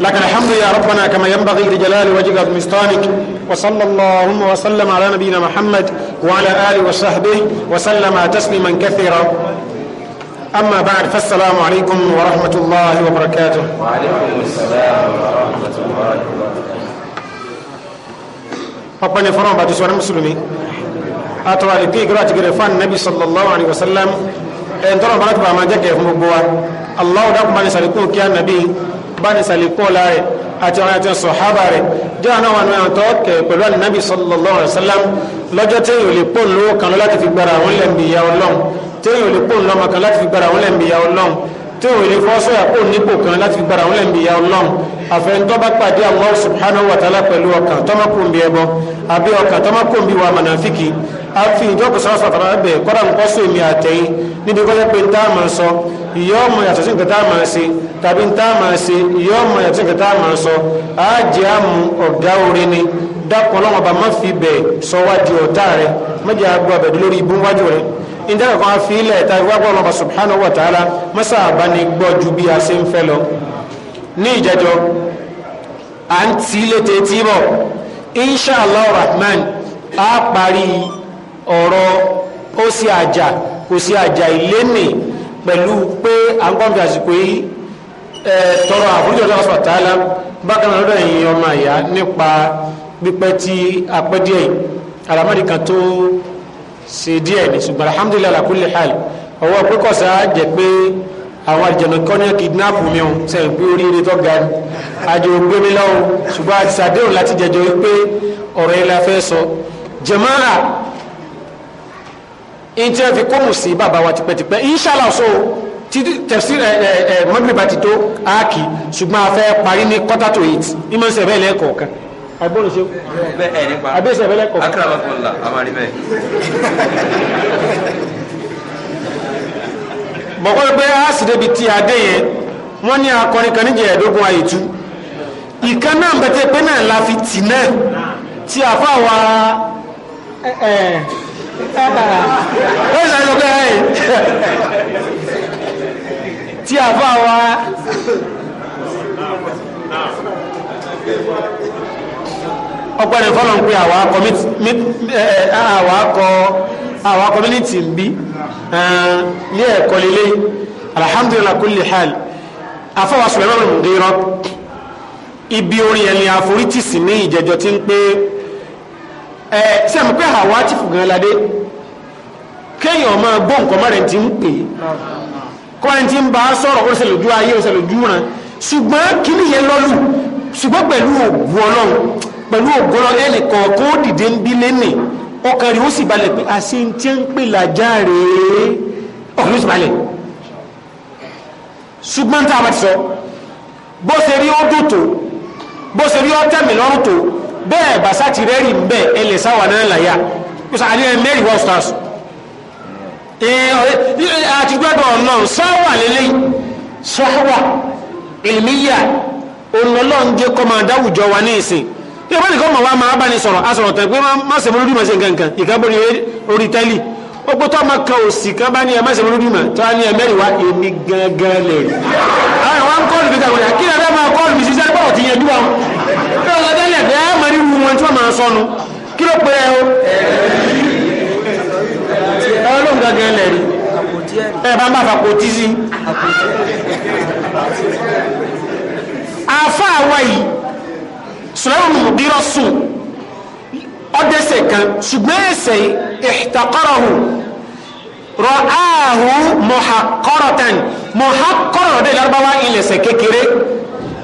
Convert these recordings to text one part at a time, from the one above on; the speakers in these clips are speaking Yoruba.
لك الحمد يا ربنا كما ينبغي لجلال وجهك ومستانك وصلى اللهم وسلم على نبينا محمد وعلى آله وصحبه وسلم تسليما كثيرا أما بعد فالسلام عليكم ورحمة الله وبركاته وعليكم السلام ورحمة الله وبركاته أبا نفران بعد سورة مسلمي أتوالي كي قرأت قرفان النبي صلى الله عليه وسلم أنتظر بركبة ما جاك يفهم الله دعوك بني سالكون كيان نبي bani salikun la rẹ̀ àti ọ̀rẹ́ àti sọ̀hábà rẹ̀ jẹ́ àná wà náà tọ́ kẹ̀ pẹ̀lú ànábì sallallahu alaihi wasallam lọ́jọ́ tí yóò lè pò ń lówó kan láti fi gbára àwọn lẹ́mìí ọlọ́run tí yóò lè pò ń lọ́mọ kan láti fi gbára àwọn lẹ́mìí ọlọ́run tí òun ní fọ́sọ́ ẹ̀kọ́ nípò kan láti fi gbára wọn lẹ́mí ìyá ọlọ́run àfẹnudọ́ bá pàdé Allah subhanahu wa ta'ala pẹ̀lú ọkàn tọ́mọ́kùnbí ẹbọ àbí ọkàn tọ́mọ́kùnbí wa mọ̀nàfíkì àfi ìjọkọ̀ sọ́wọ́ sọ̀tàrà ẹ̀bẹ̀ kọ́ra ń kọ́sọ́ èmi àtẹ̀yìn níbi kọ́jọ́ pé ń tá a máa sọ ìyá ọmọ yàtọ̀ sí nǹkan tá a máa ṣe tàbí ń tá a máa ṣe ìyá ọmọ yàtọ̀ sí nǹkan tá a máa sọ á jẹ́ àmú ọ̀gá orin ni dákun ọlọ́wọ́n ọba má fi bẹ̀ sọ wá di ọ̀tá rẹ mẹ́jẹ̀ àgbọ̀ àbẹ̀dẹ lórí ibú wájú rẹ ìjẹ́rẹ̀ kan fi ilẹ̀ ta ìwápọ̀ ọlọ́ba subhanahu wa ta'ala mọ́sá àbáni gbọ́ ju bí a ṣe ń fẹ́ lọ ní ìjẹjọ́ à ń tí létè tí bọ̀ inshallah rahman a parí ọ̀rọ̀ ó sì àjà kò sí àjà ilé nì pẹ̀lú pé à ń kọ́ńfì àsìkò yìí tọrọ àforíjì ọjọ́ ọ̀sán tààlà bákan náà lọ́dọ̀ ẹ̀yìn ọmọ àyà nípa pípẹ́ tí apẹ́ díẹ̀ àlámọ́dé kan tó ṣe díẹ̀ ní ṣùgbọ́n alhamdulilayi ala kulli hal ọwọ́ pẹ́kọ̀sá jẹ́ pé àwọn àjẹ̀nà kọ́ni kidnap mi ò sẹ́yìn pé oríire tó ga àjò gbémi lọ́wọ́ ṣùgbọ́n àti sàdéhùn láti jẹjọ pé ọ̀rọ̀ yẹn la fẹ́ sọ jẹ̀máà ìjẹ́ fi kó mùsí bàbá wa tipẹ́tipẹ́ inshallah so tẹ̀sí ẹ̀ ẹ̀ mọ́bìlì bá ti tó áàkì ṣùgbọ́n a parí ní quarter to eight ní mọ̀ ń sẹ̀ bẹ́ẹ̀ agbóhùn ṣe bẹ́ẹ̀ nípa abẹ́sẹ̀ bẹ́lẹ̀ kọ̀. akara bàtà ọ̀la a máa rí bẹ́ẹ̀. mọ̀kọ́ pé a sì débi tí a dé yẹn wọ́n ní akọrin kan níjẹ̀ ẹ̀ẹ́dógún àyètú ìkan náà bẹ́tẹ̀ pé náà la fi tì náà tí a fà wá ó sì sọ pé ẹ̀ tí a fà wá ọpẹ́rẹ́ fọ́lọ́n pé àwa community ń bí ní ẹ̀kọ́ lílé alhamdulillah kulli hal afọ́wà Suleiman Mugiro ibi orin ẹni àforítì sí ní ìjẹjọ tí ń pé ẹ sẹ́mi pé àwa ti fùgàn ládé kéèyàn máa gbọ́ nǹkan mọ́rin tí ń pè kọ́rin tí ń bá sọ̀rọ̀ ó ayé ó ràn ṣùgbọ́n kí nìyẹn lọ́lù ṣùgbọ́n pẹ̀lú òògùn ọlọ́run pẹ̀lú ògbọ́nà ẹnì kọ̀ọ̀kan ó dìde ń bí lẹ́nì ọkàn rẹ̀ ó sì balẹ̀ pé àṣẹ ń tí ń pè lájà rèé ọkàn ló sì balẹ̀ ṣùgbọ́n tá a bá ti sọ bó ṣe rí ó dùn tó bó ṣe rí ó tẹ̀mí lọ́rùn tó bẹ́ẹ̀ bàṣà ti rẹ́rì ń bẹ́ẹ̀ ẹ lè sáwà náà láyà kó sọ àní ẹ mẹ́rin wọ́n stars àti gbọ́dọ̀ ọ̀nà sáwà lélẹ́yìn sáwà ìlmíyà òun lọ́lọ́ ń jẹ́ kọ́ máa dáwùjọ wa ní ìsìn yóò bá nìkan mọ̀ wá máa bá ní sọ̀rọ̀ asọ̀rọ̀ tẹ̀ pé má ṣe mọ́ lórí màá ṣe nǹkan kan ìkábó ni orí tẹ́lì ó pé tọ́ ma kan òsì kan bá ní ẹ má ṣe mọ́ lórí màá tọ́ ní ẹ mẹ́rin wá èmi gangan lẹ̀ rí. àwọn wa ń kọ́ọ̀lù mi kàwé kí ẹ̀rọ máa kọ́ọ̀lù mi ṣiṣẹ́ bọ́ọ̀ ti yẹn dúró àwọn. kí ló sọ tẹ́lẹ̀ bẹ́ẹ̀ á máa rí ru wọn tí wọ́n máa sọnu kí ló pé ẹ o. ẹ̀rọ ló ń gangan lẹ̀ sùlẹ́mù mùdírọ̀ sùn ọdẹsẹ̀ kan ṣùgbọ́n ẹsẹ̀ ìhtàkọ́rọ̀hù rọ̀áhù mọ̀hàkọ́rọ̀tàn mọ̀hàkọ́rọ̀ ọdẹ lárúbáwá ilẹ̀sẹ̀ kékeré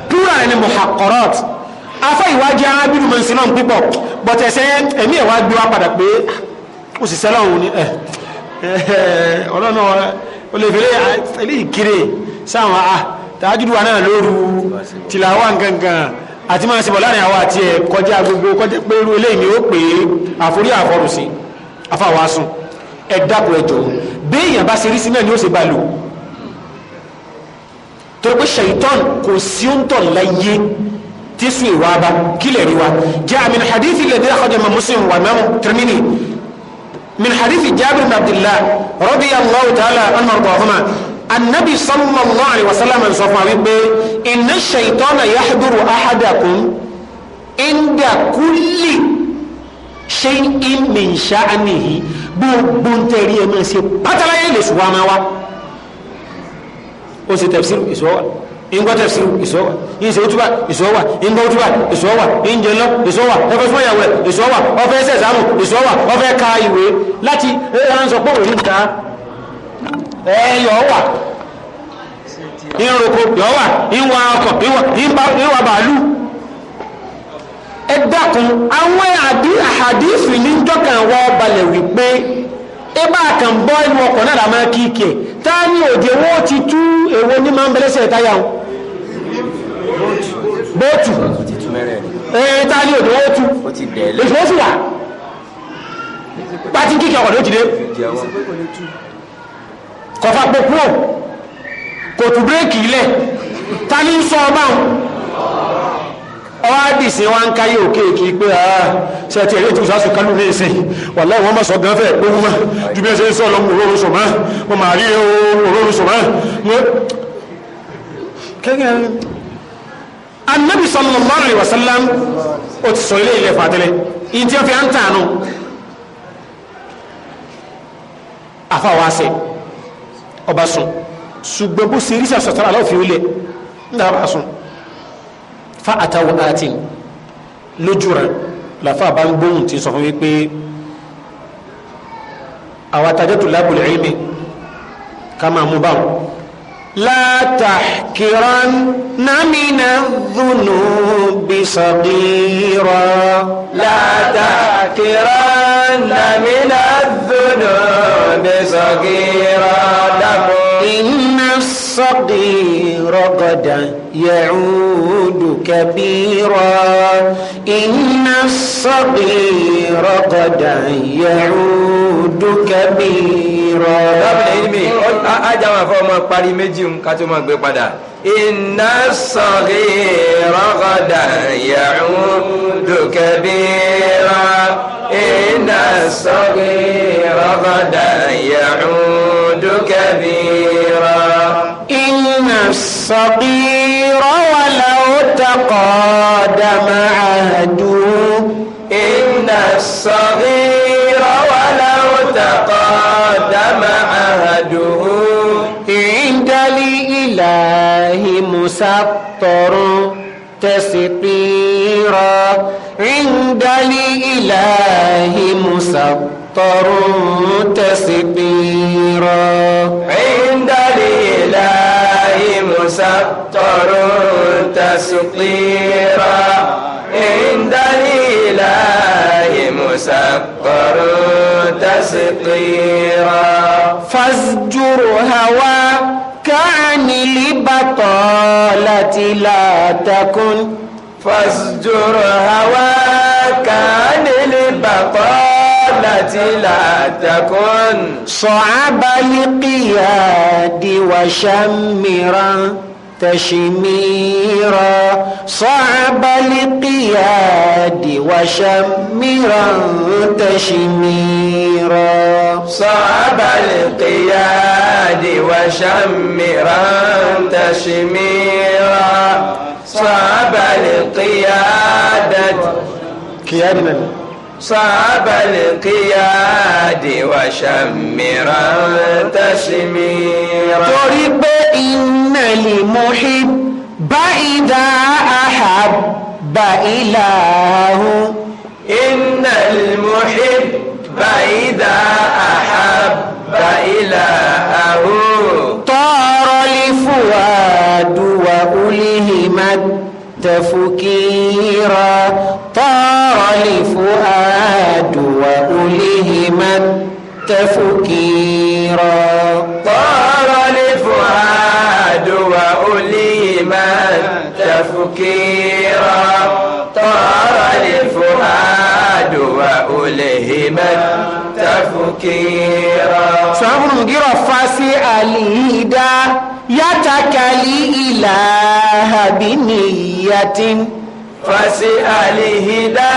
plural ni mọ̀hàkọ́rọ̀t afẹ́ ìwájú arábìnrin mọ̀ sínú púpọ̀ bọ̀tẹ̀sẹ̀ ẹ̀mí ẹ̀wá gbé wa padà pé ó sì sẹ́lọ̀ òun ni ẹ̀ eh, eh, ọlọ́nà olèfẹ́lẹ́ ilé ah, ìkéré sáwọn ah, àti máa ṣebọ̀ láàrin àwọn àti ẹ̀ kọjá gbogbo kọjá pé irú eléyìí ni ó pè é àforí àfọrùsí afáwàásùn ẹ dákun ẹ jọ̀ọ́ béèyàn bá ṣe rí sí náà ni ó ṣe bá lò torí pé ṣèyítọ́n kò sí ń tọ̀ láyé tí sùn ìwà bá kílẹ̀ rí wa jẹ́ àmì hadithi lẹ́dẹ́ àkọjọ mọ̀ muslim wà mẹ́mú tìrìmìnì min hadithi jabir bin abdullah radiyallahu ta'ala anhu wa anabi sallallahu alayhi wa sallam sọ fún wa wípé inna shaytana yahduru ahadakum inda kulli shay'in min sha'nihi gbogbo ń tẹ̀rí ẹ̀ máa ṣe pátáláyé lè ṣùgbọ́n máa wá ó ṣe tafsir ìṣọ́wà ìgbọ́ tafsir ìṣọ́wà ìṣe òtúbà ìṣọ́wà ìgbọ́ òtúbà ìṣọ́wà ìjẹ lọ ìṣọ́wà ọfẹ́ fún ìyàwó ẹ̀ ìṣọ́wà ọfẹ́ ṣẹ̀ṣàmù ìṣọ́wà ọfẹ́ ka ìwé láti ẹ̀ ń sọ pé òun ta ẹ yọ wà ìrùkù yọ wà ìwà ọkọ̀ bàálù ẹ àwọn àbí àhàdífì ní jọkàn wọ balẹ̀ wípé eba kan bọ́ inú ọkọ̀ náà kíkẹ a ní òde ti tú èwo ní máa ń bẹ́lẹ́sẹ̀ táyà o bóòtù ee a òde tú pàtí ló ti dé. kọfà pọ̀pọ̀ kò tún bírèkì ilẹ̀ ta ní sọ ọba ọwọ́ àdìsí wa ń káyé òkè kí pé àá ah, ṣe ti ẹ̀rí ìtúsá sí kánú ní ìsìn wàláhì wọ́n mọ̀ sọ gan fẹ́ gbóhùn mọ́ ju bí ẹ ṣe ń sọ lọ́mú òróró sọ mọ́ wọ́n rí òróró sọ mọ́. anabi sallallahu alayhi wa sallam ti sọ ilé ilẹ̀ fàtẹ́lẹ̀ ìdí ọ̀fẹ́ à ń tànú àfa wa ọba sùn ṣùgbọ́n bó ṣe rí sàṣọ̀tara aláwọ̀fin ilẹ̀ ńlá bá sùn fa àtàwọn àti lójú rẹ̀ làfà bá ń gbóhùn tí sọ fún mi pé àwọn àtàjẹ́tò lábùlẹ̀ ẹ̀mí ká máa mú báwọn لا تحكرن من الذنوب صغيرا لا تحكرن من الذنوب صغيرا الصغير غدا يعود كبيرا إن الصغير غدا يعود كبيرا lábìlì ajá máa fọ́ ọmọ parí méjì ká tó máa gbé padà iná sọ̀rí rọ́gọ̀dà ya'udu kabira iná sọ̀rí rọ́gọ̀dà ya'udu kabira. الصغير ولو تقادم عهده إن الصغير ولو تقادم عهده عند الإله مسطر تسطيرا عند الإله مسطر تسطيرا عند الإله مسطرون تسقيرا عند الإله مسطر تسطيرا فازجر هوى كان لبطالة لا تكن فازجر هوى كان لبطالة لا تكن صعب القياد وشمرا تشميرا صعب القياد وشمرا تشميرا صعب القياد وشمرا تشميرا صعب القيادة قيادنا صعب القياد وشمرا تشميرا ترب إن لمحب بعد أحب إله إن المحب بعد أحب إلهه طار الفؤاد وألهمت تفكيرا طار لفؤاد وأولهما التفكيرا طار لفؤاد وأولهما التفكيرا طار لفؤاد وأولهما التفكيرا صاحب المغيرة فاسي أليدا yàtàkàlì ìlàhàbí nìyàtín fàṣẹ àlèhìdá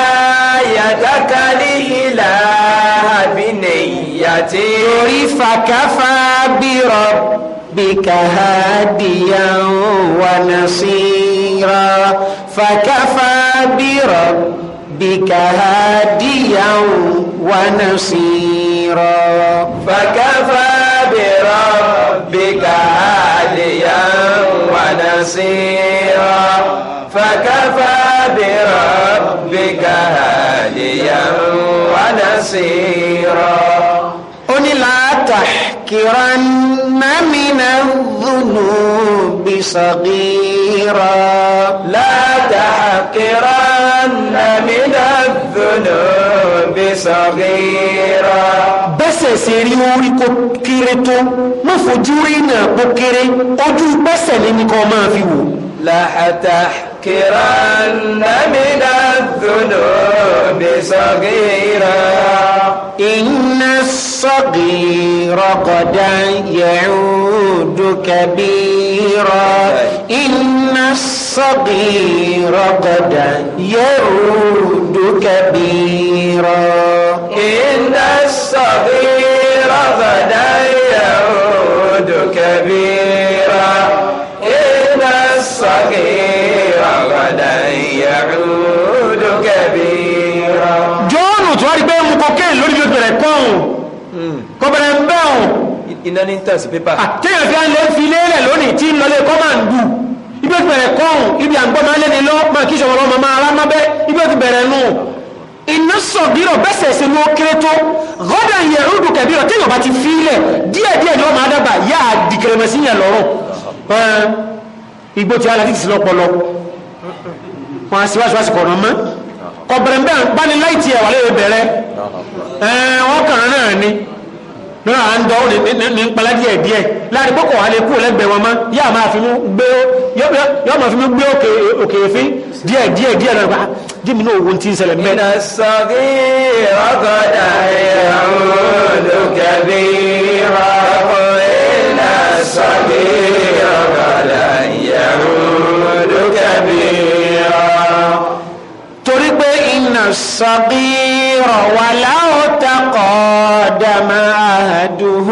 yàtàkàlì ìlàhàbí nìyàtín orí fàkàfà bírọ bíkàhádìyà wà nàṣírà fàkàfà bírọ bíkàhádìyà wà nàṣírà fàkàfà bírọ bíkàhádìyà. يسيرا فكفى بربك هاديا ونصيرا قل لا تحكرن من الذنوب صغيرا لا تحكرن من الذنوب sọ̀gẹ́rà. bẹ́sẹ̀ ṣe rí orí kó kéré tó má fojú rí náà kó kéré ojú bẹ́sẹ̀ lé ní kan máa fi wò. làhàtà kìrà nàmínà dùnú bí sọ̀gẹ́rà. إن الصغير قد يعود كبيرا إن الصغير قد يعود كبيرا إن الصغير قد bọ́ọ̀n hmm. kọ́bẹ̀rẹ̀ ń bọ́ọ̀n. iná ní tẹ̀sí pépà. Ah, àtẹ̀yìn fi alẹ́ fi lélẹ̀ lónìí tí lọlé kọ́ máa ń dù ibi ó ti bẹ̀rẹ̀ kọ́ọ̀n ibi àgbọ̀ máa lẹ́ni lọ máa kí ìṣòwò ọmọ máa rá mábẹ́ ibi ó ti bẹ̀rẹ̀ nù. iná sọ̀gírọ̀ bẹ́sẹ̀ ṣe ló kéré tó gọ́dà yẹ̀rù dùn kẹ̀bí rẹ̀ téèyàn bá ti fi ilẹ̀ díẹ̀díẹ̀ ni wọ́n máa dábàá yá àdìkẹrẹmẹsí yẹn lọ́rùn igbó ti alẹ́ ti sì lọ́pọlọ wọn á síwájú kọ̀ọ̀nà mọ́ kọ̀bẹ̀rẹ̀ bẹ́ẹ̀ bá ní láìtì ẹ̀wà lè bẹ̀rẹ̀ ẹ̀ẹ́n wọ́n kàn náà ni náà à ń dọ́ ní pẹ́lá díẹ̀ díẹ̀ láti pọ́kọ̀ wà lè lẹ́gbẹ̀ẹ́ wọn mọ́ yóò máa fi mú gbé òkè èéfín díẹ̀ díẹ̀ díẹ̀ lọ́dọ̀ bá jimmy náà owó ti ń ṣẹlẹ̀ mẹ́. iná sọ́kì ọkọ̀ dàrí àwọn olùkẹ́bí rọ̀. الصغير ولو تقادم عهده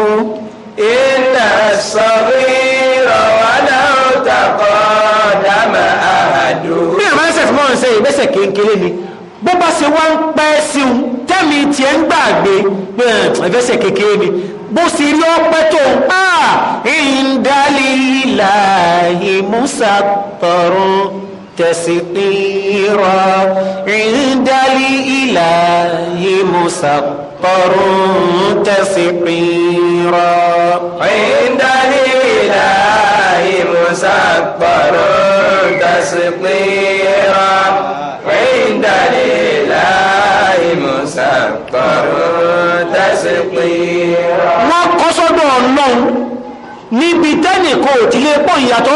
إن الصغير ولو تقادم عهده bí àwọn ẹsẹ̀ tí wọ́n ń ṣe ìgbésẹ̀ kéńkéré ni bó bá ṣe wá ń pẹ́ sí un tẹ́mi tiẹ̀ ń gbàgbé pé ẹ̀fẹ́sẹ̀ kékeré ni bó sì rí ọpẹ́ tó ń pa ìdálílà ìmúṣàtọ̀rọ̀. تسطيرا عند الإله مسطر تسقيرا عند الإله مسطر تسقيرا عند الإله مسطر تسقيرا ما kọ́ sọ́dọ̀ ọlọ́run níbi tẹ́nì kò tí lè pọ̀ ìyàtọ̀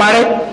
ọ́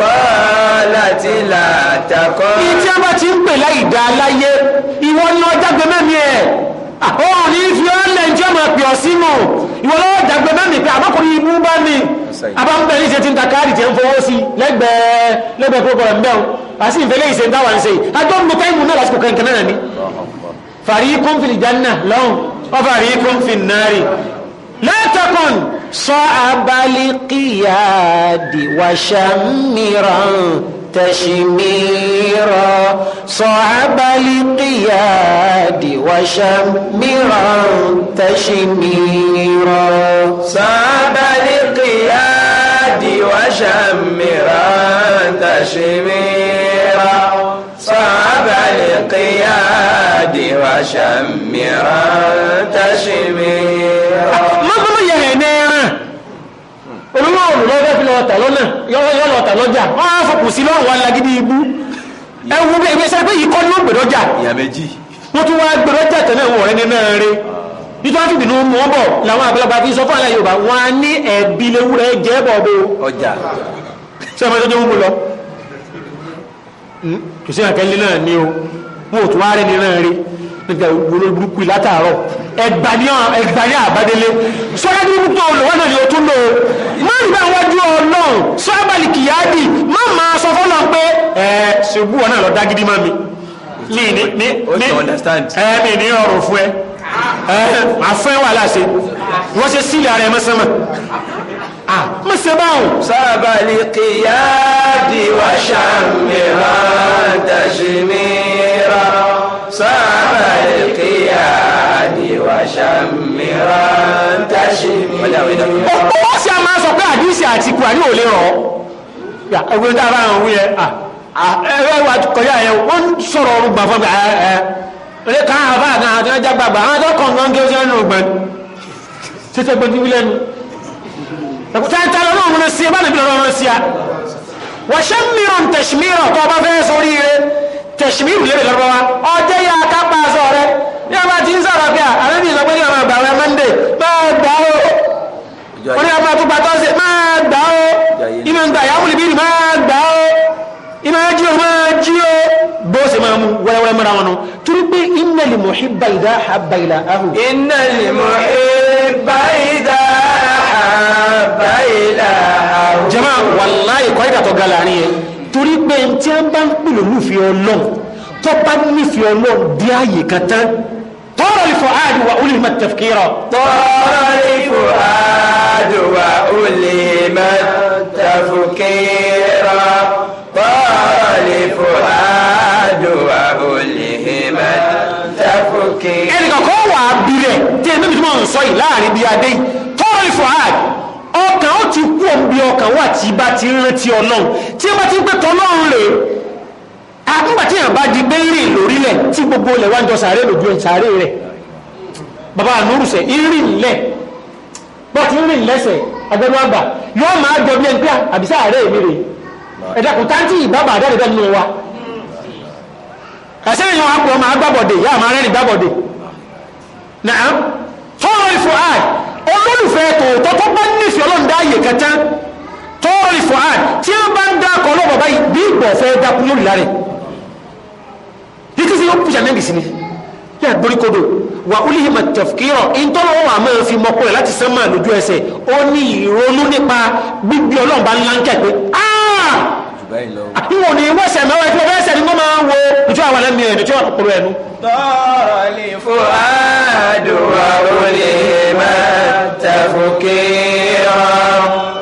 kọ́ láti là takọ́. ìtí a bá ti ń pè láì dá láyé ìwọ ni ọjà gbẹmẹ́mi ẹ̀ ọ̀hún ah, ní fi ọ́ lẹ́jọ́ máa pè ọ́ sínú ìwọ lọ́wọ́ dàgbẹ́ mẹ́rin pé àbákùnrin ibú bá ní abáńbẹ̀rẹ̀ ìṣe ti ń ta káàdì tẹ́ ń fọwọ́ sí lẹ́gbẹ̀ẹ́ lẹ́gbẹ̀ẹ́ program bẹ́ẹ̀ àti ìfẹ́lẹ́ ìṣe ń dáwà ń ṣe àjọ ń bẹ náà lásìkò kẹ́kẹ́ náà ni fàrí kún fìlì lọ́hùn ọ fàrí kún náà rí لا تكن صعب القياد وشمرا تشميرا صعب القياد وشمرا تشميرا صعب القياد وشمرا تشميرا صعب القياد وشمرا تشميرا olóòrùn lọ́wọ́ fi lọ tà lọ́nà yọ́ lọ tà lọ́jà wọ́n á fòkù sí lọ́rùn wa lagidi ibú ẹwú bí ẹgbẹ́ sẹ́gbẹ́ yìí kọ́ ní ògbèdọ́jà wọ́n tún wá gbèdọ́jà tẹ̀lé wọn ọ̀rẹ́ nínú rẹ nítorí wọ́n fi bínú mú ọ bọ̀ làwọn àgbàlagbà fi sọ fún àlàyé yorùbá wọn á ní ẹ̀bí lewúrẹ́ jẹ́ bọ̀ bó ọjà ṣé ọmọ ìjọba mú lọ hmm? kò sí àkẹ́lẹ́ náà ní o wọn ò tún wá rí nínú rẹ nígbà wọlé burúkú látàárọ̀ ẹgbàníyàn ẹgbàníyàn àbádélé sọ́kàtí burúkú tó lò náà ni o tún lò ó má nígbà wájú ọlọ́run sọ́ọ́bàlì kìyáàdì má máa sọ fọ́nà pé ẹ ṣègbú ọ̀nà lọ dágídí má mi ní ní ní ní ẹ ní ní ọrùn fún ẹ ẹ àfẹ́ wà láṣẹ wọ́n ṣe sílẹ̀ ara ẹ mọ́sánmọ́ مسمعوا ساب القياد وشمها تشميرا ساب ó sì a máa sọ pé àdísì àti kùránì ò lè rọ̀ ẹgbẹ́ tá a bá ń wí ẹ ẹgbẹ́ wa kọjá yẹn wọ́n sọ̀rọ̀ ọ̀rùn gbà fún mi ẹ ẹ ká àbá àgbà àti ọjà gbàgbà àwọn tó kàn gán gẹ́gẹ́ sẹ́nu gbẹ̀ títí ẹgbẹ́ níbi lẹ́nu ẹ̀kúta ẹ̀ta lọ́nà òun sí ẹ bá nàbí lọ́nà òun sí ẹ wọ́n ṣẹ́ mìíràn tẹ̀sí mìíràn tó ọba fẹ́ sórí rẹ̀ tẹ̀síbírù lérè lọ́rọ́wá ọjọ́ yà ká pa aṣọ rẹ ní ọba tí ń sọ̀rọ̀ fíà àbẹ́bí sọ pé ní ọmọ àgbà rẹ mọ́ndé máa gbà ó wọ́n ní ọmọ àtúgbà tó ṣe máa gbà ó ìmọ̀ ń gbà yàwó lè máa gbà ó ìmọ̀ jí o máa jí o bó ṣe máa mú wẹ́rẹ́wẹ́rẹ́ mọ́ra wọn nù torí pé innal muhibba idha habba ilahu. innal muhibba idha habba ilahu. jama wallahi kọ́ ìdàtọ̀ galani yẹn torí pé tí a bá ń pèlò lùfẹ́ ọlọ́n tó bá nífẹ́ ọlọ́n di ààyè kan tán tọ́rọ lè fọ àdùwà ó lè má tafkira. tọ́rọ lè fọ àdùwà ó lè má tafkira. tọ́rọ lè fọ àdùwà ó lè má tafkira. ẹnì kan kọ́ wà bí rẹ̀ tí ẹ̀mí mi tún sọ yìí láàrin bí adé tọ́rọ lè fọ ọkàn ó ti kú òǹbi ọkàn wà tí bá ti ń rántí ọlọ́run tí wọ́n ti ń pẹ́ tọ́lọ́run rè àgbà tí yàn bá di pé lórílẹ̀ tí gbogbo ilẹ̀ wá ń jọ sàárè lójú ẹ̀ sàárè rẹ̀ bàbá ànúrùsẹ̀ ìrìn lẹ̀ bá ti rìn lẹ́sẹ̀ agbẹ́nu àgbà yóò máa jọ bí ẹni pé àbí sàárè mi rè ẹ̀dàkùn táǹtì ìbábà àdáyébẹ́ nínú wa ẹ̀sẹ̀ ìyàn àpò ọmọ agbábọ̀dé yá nàá ìfọ̀ tó bá nífẹ̀ẹ́ ọlọ́run dá ààyè kẹta tó rí fuad tí a bá ń dá akọ ọlọ́run bàbá yìí bí ìgbọ̀ fẹ́ dákú lórí lárẹ̀ títí sí ó pùsà nẹ́bì sí ni yà gbórí kodo wà ó lìhìmà tẹ̀fùkírọ̀ ìtọ́lọ́wọ́ wà máa fi mọ́kọ́ rẹ̀ láti sánmà lójú ẹsẹ̀ ó ní ìrònú nípa gbígbé ọlọ́run bá ń kẹ̀ pé ìwọ̀n ni wọ́n sẹ̀ mẹ́wàá tí wọ́n bẹ́ẹ̀ ni wọ́n máa ń wo ìjọ àwọn ẹlẹ́mi ẹ̀ ìjọ àpòpọ̀lọ́ ẹnu. tọ́ọ̀lì fún àdùn àwọn olè máa فكيرا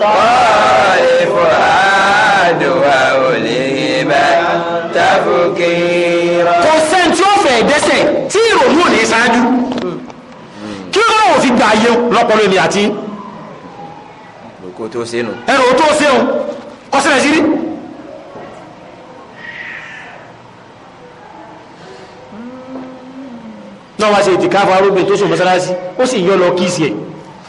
طائف عدوى الهبة تفكيرا kò sẹ́ni tí ó fẹ́ dẹ́sẹ̀ tí ìrònú ò ní ṣáájú kí ọlọ́run fi gbà yẹ lọ́pọ̀lọ́ èmi àti ẹ̀rọ tó ṣeun kọ́sẹ̀ nàìjírí. náà wá ṣe ìtìkáfà arúgbìn tó sùn mọ́sálásí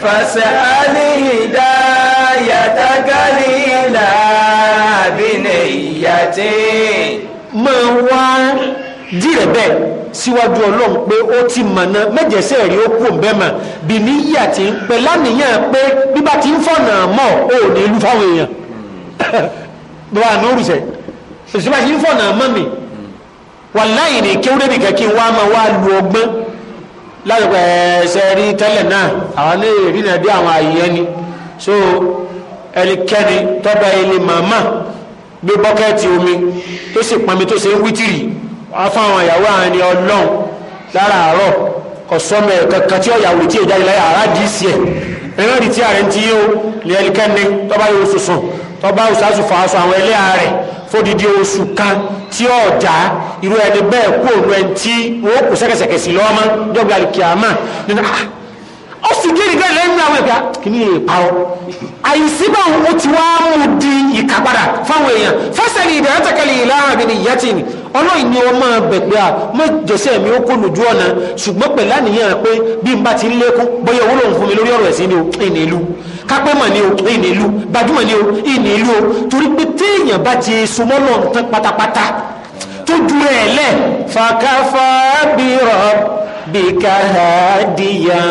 فاسألي هدايتك لإلى بنيتي máa wá dìrẹ̀ bẹ́ẹ̀ síwájú ọlọ́run pé ó ti mọ̀nà mẹ́jẹsẹ̀ rí ó kù bẹ́ẹ̀ mọ̀ bí níyà tí ń pẹ́ lánìyàn pé bíbá ti ń fọ̀nà mọ̀ ó ní ìlú fáwọn èèyàn bá a nọ́ọ̀rù sẹ́ òṣìṣẹ́ bá ti ń fọ̀nà mọ̀ mi wà láyìn ní kéwúrẹ́ nìkan kí n wá máa wá lu ọgbọ́n láìpẹ́ ẹ̀ẹ́sẹ̀ rí tẹ́lẹ̀ náà àwọn lè rí nàbí àwọn àyè ni so ẹnikẹ́ni tọ́ba ilé màmá gbé bọ́kẹ́ẹ̀tì omi tó sì pọnmi tó ṣe ń wítìrì wá fún àwọn ìyàwó àwọn ẹni ọlọ́run lára àárọ̀ kọ̀sọ́mẹ̀ kankan tí ọ̀yàwó tí èjáde láyà àrádìí sí ẹ̀ ẹ̀rọ rí tí ààrẹ ti yíò lè ẹnikẹ́ni tọ́bá yóò sùsùn tọ́bá òsàsù fàásù àwọn ilé ààrẹ fódìdí oṣù kan tí ọjà irú ẹni bẹ́ẹ̀ kú òun ẹni tí wọ́n kù sẹ́kẹsẹ̀kẹ̀ sí lọ́wọ́ mọ́ dọ́gba àlùkìyàmá nínú ah, ó sì gé ìgbẹ́ lẹ́yìn àwọn ẹ̀ka kìíní èèpá ọ àìsíbà ó ti wá mú di ìkàpadà fáwọn èèyàn fẹsẹ̀ ní ìbẹ̀rẹ̀ ìlànà bí ni ìyá tì ní ọlọ́run ni ó máa bẹ̀ pé à mọ jẹ̀sẹ̀ mi ó kó lójú ọ̀nà ṣùgbọ́n pẹ̀lú àníyàn pé bí n bá ti ń lékún bóyá owó lòun fún mi lórí ọ̀rọ̀ ẹ̀sìn ni o ìní ìlú kápẹ́ mọ̀ ni o ìní ìlú gbajúmọ̀ ni o ìní ìlú o torí pé téèyàn bá ti sumọ́ lọ́n pátápátá tó ju ẹ̀ lẹ̀ fàkàfà bírọ̀ bíkà hàdìyà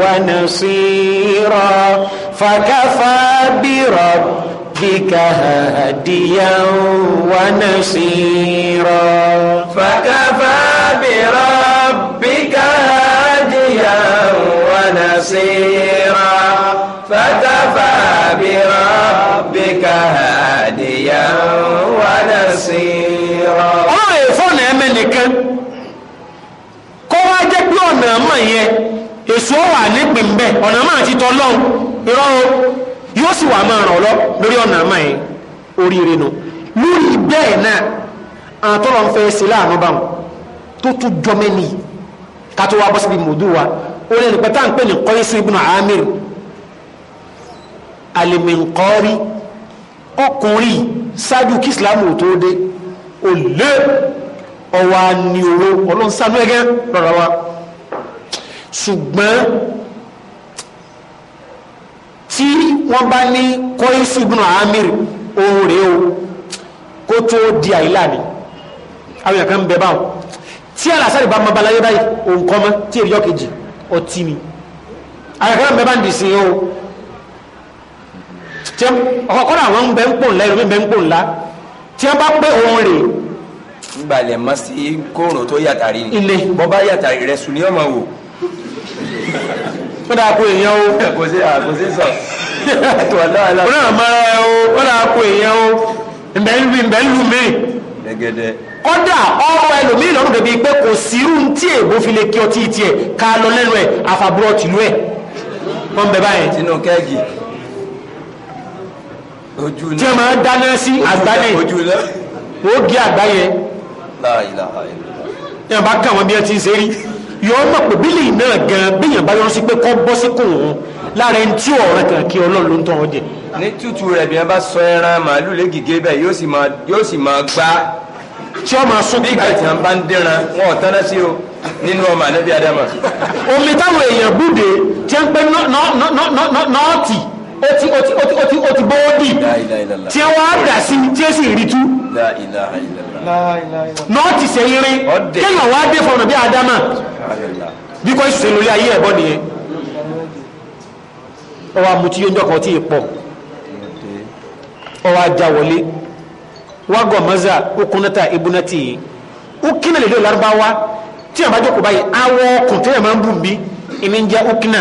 wà nasira fàkàfà bírọ̀ bíkà hàdìyà wà nasira. fàkàfà bírọ̀ bíkà hàdìyà wà nasira fàkàfà bírọ̀ bíkà hàdìyà wà nasira. nìkan kó wá jẹ́ pé ọ̀nà àmà yẹn èso wà nípìn bẹ́ẹ̀ ọ̀nà àmà àti tọ́lọ́hún irọ́ yóò sì wà máa ràn ọ́ lọ lórí ọ̀nà àmà yẹn oríire nu lórí bẹ́ẹ̀ náà àtọ́rọ̀ ń fẹ́ wa ó tá à ń pè ní Amir ọkùnrin ṣáájú kí Islam ò ọwọ́ á ní owó ọlọ́run sánú ẹgẹ́ lọ́ra wa ṣùgbọ́n tí wọ́n bá ní kọ́ífù ibùnà amir ohun rèé o kó tó di àìlà ni àwọn èèyàn kan ń bẹ báwọn tí alásàrì bá máa balayé báyìí òun kọ́ mọ́ tí èrè yọkejì ọtí ni àwọn kan ń bẹ bá ń dì sí o ọkọ̀ kọ́ra àwọn ń bẹ ń pò ńlá ìrọ̀mí ń bẹ ń pò ńlá tí wọ́n bá pé òun rèé nbalẹ̀ mọ́ sí kóòrùn tó yàtàrí ilé bọ́bá yàtàrí rẹ̀ sùn ní ọmọ wò. ó dáa kó èèyàn o. kò sí kò sí sọ. ó náà mara ẹ o ó dáa kó èèyàn o ǹbẹ̀ ń lu ǹbẹ̀ ń lu mi. gẹ́gẹ́dẹ́. kódà ọ̀rọ̀ ẹlòmíì lọ́rùn bèbí pé kò sí irú tí èèbó fi lè kí ọtí tiẹ̀ ká lọ lẹ́nu ẹ̀ àfàbúrọ̀ tìlú ẹ̀ wọ́n bẹ báyẹn. tinú kẹ́ẹ̀gì ojú náà tí wọ́n máa dáná sí àgbáyé ojú àgbáyé yẹn bá kà wọn bí ẹ ti ń ṣe rí yọ ọmọ pé bílì náà gan bíyàn bá yọ sí pé kọ́ bọ́ sí kùn ún lára ẹni tí ọ̀rẹ́ kan kí ọlọ́run ló ń tọ́ wọn jẹ. ní tútù rẹ̀ bí wọ́n bá sọ ẹran màálù légige bẹ́ẹ̀ yóò sì máa yóò sì máa gbá. tí wọ́n máa sún kí báyìí. bí ìgbà tí wọ́n bá ń dẹ́ran wọn ò tán náà sí o nínú ọmọ àlẹ́bí adama. omi táwọn èèyàn búde tí wọ́n pẹ́ nọ́ọ̀tì oti oti oti oti bọ́ọ̀dì tí wọ́n á dà sí tí ó sì rí tú. la ilaha illallah. náà ti ṣe irin kéèyàn wá dé fọ̀nà bí adama bí kò ìṣòṣèlú ilé ayé ẹ̀bọ nìyẹn ọwọ́ amutí ń jọkọ̀ tí ì pọ̀ ọwọ́ ajá wọlé wagọ ibunati ukina lè lè Lárúbáwá tí a bá jókòó báyìí awọ ọkùn tí a máa ń bù bí ìní ń jẹ ukina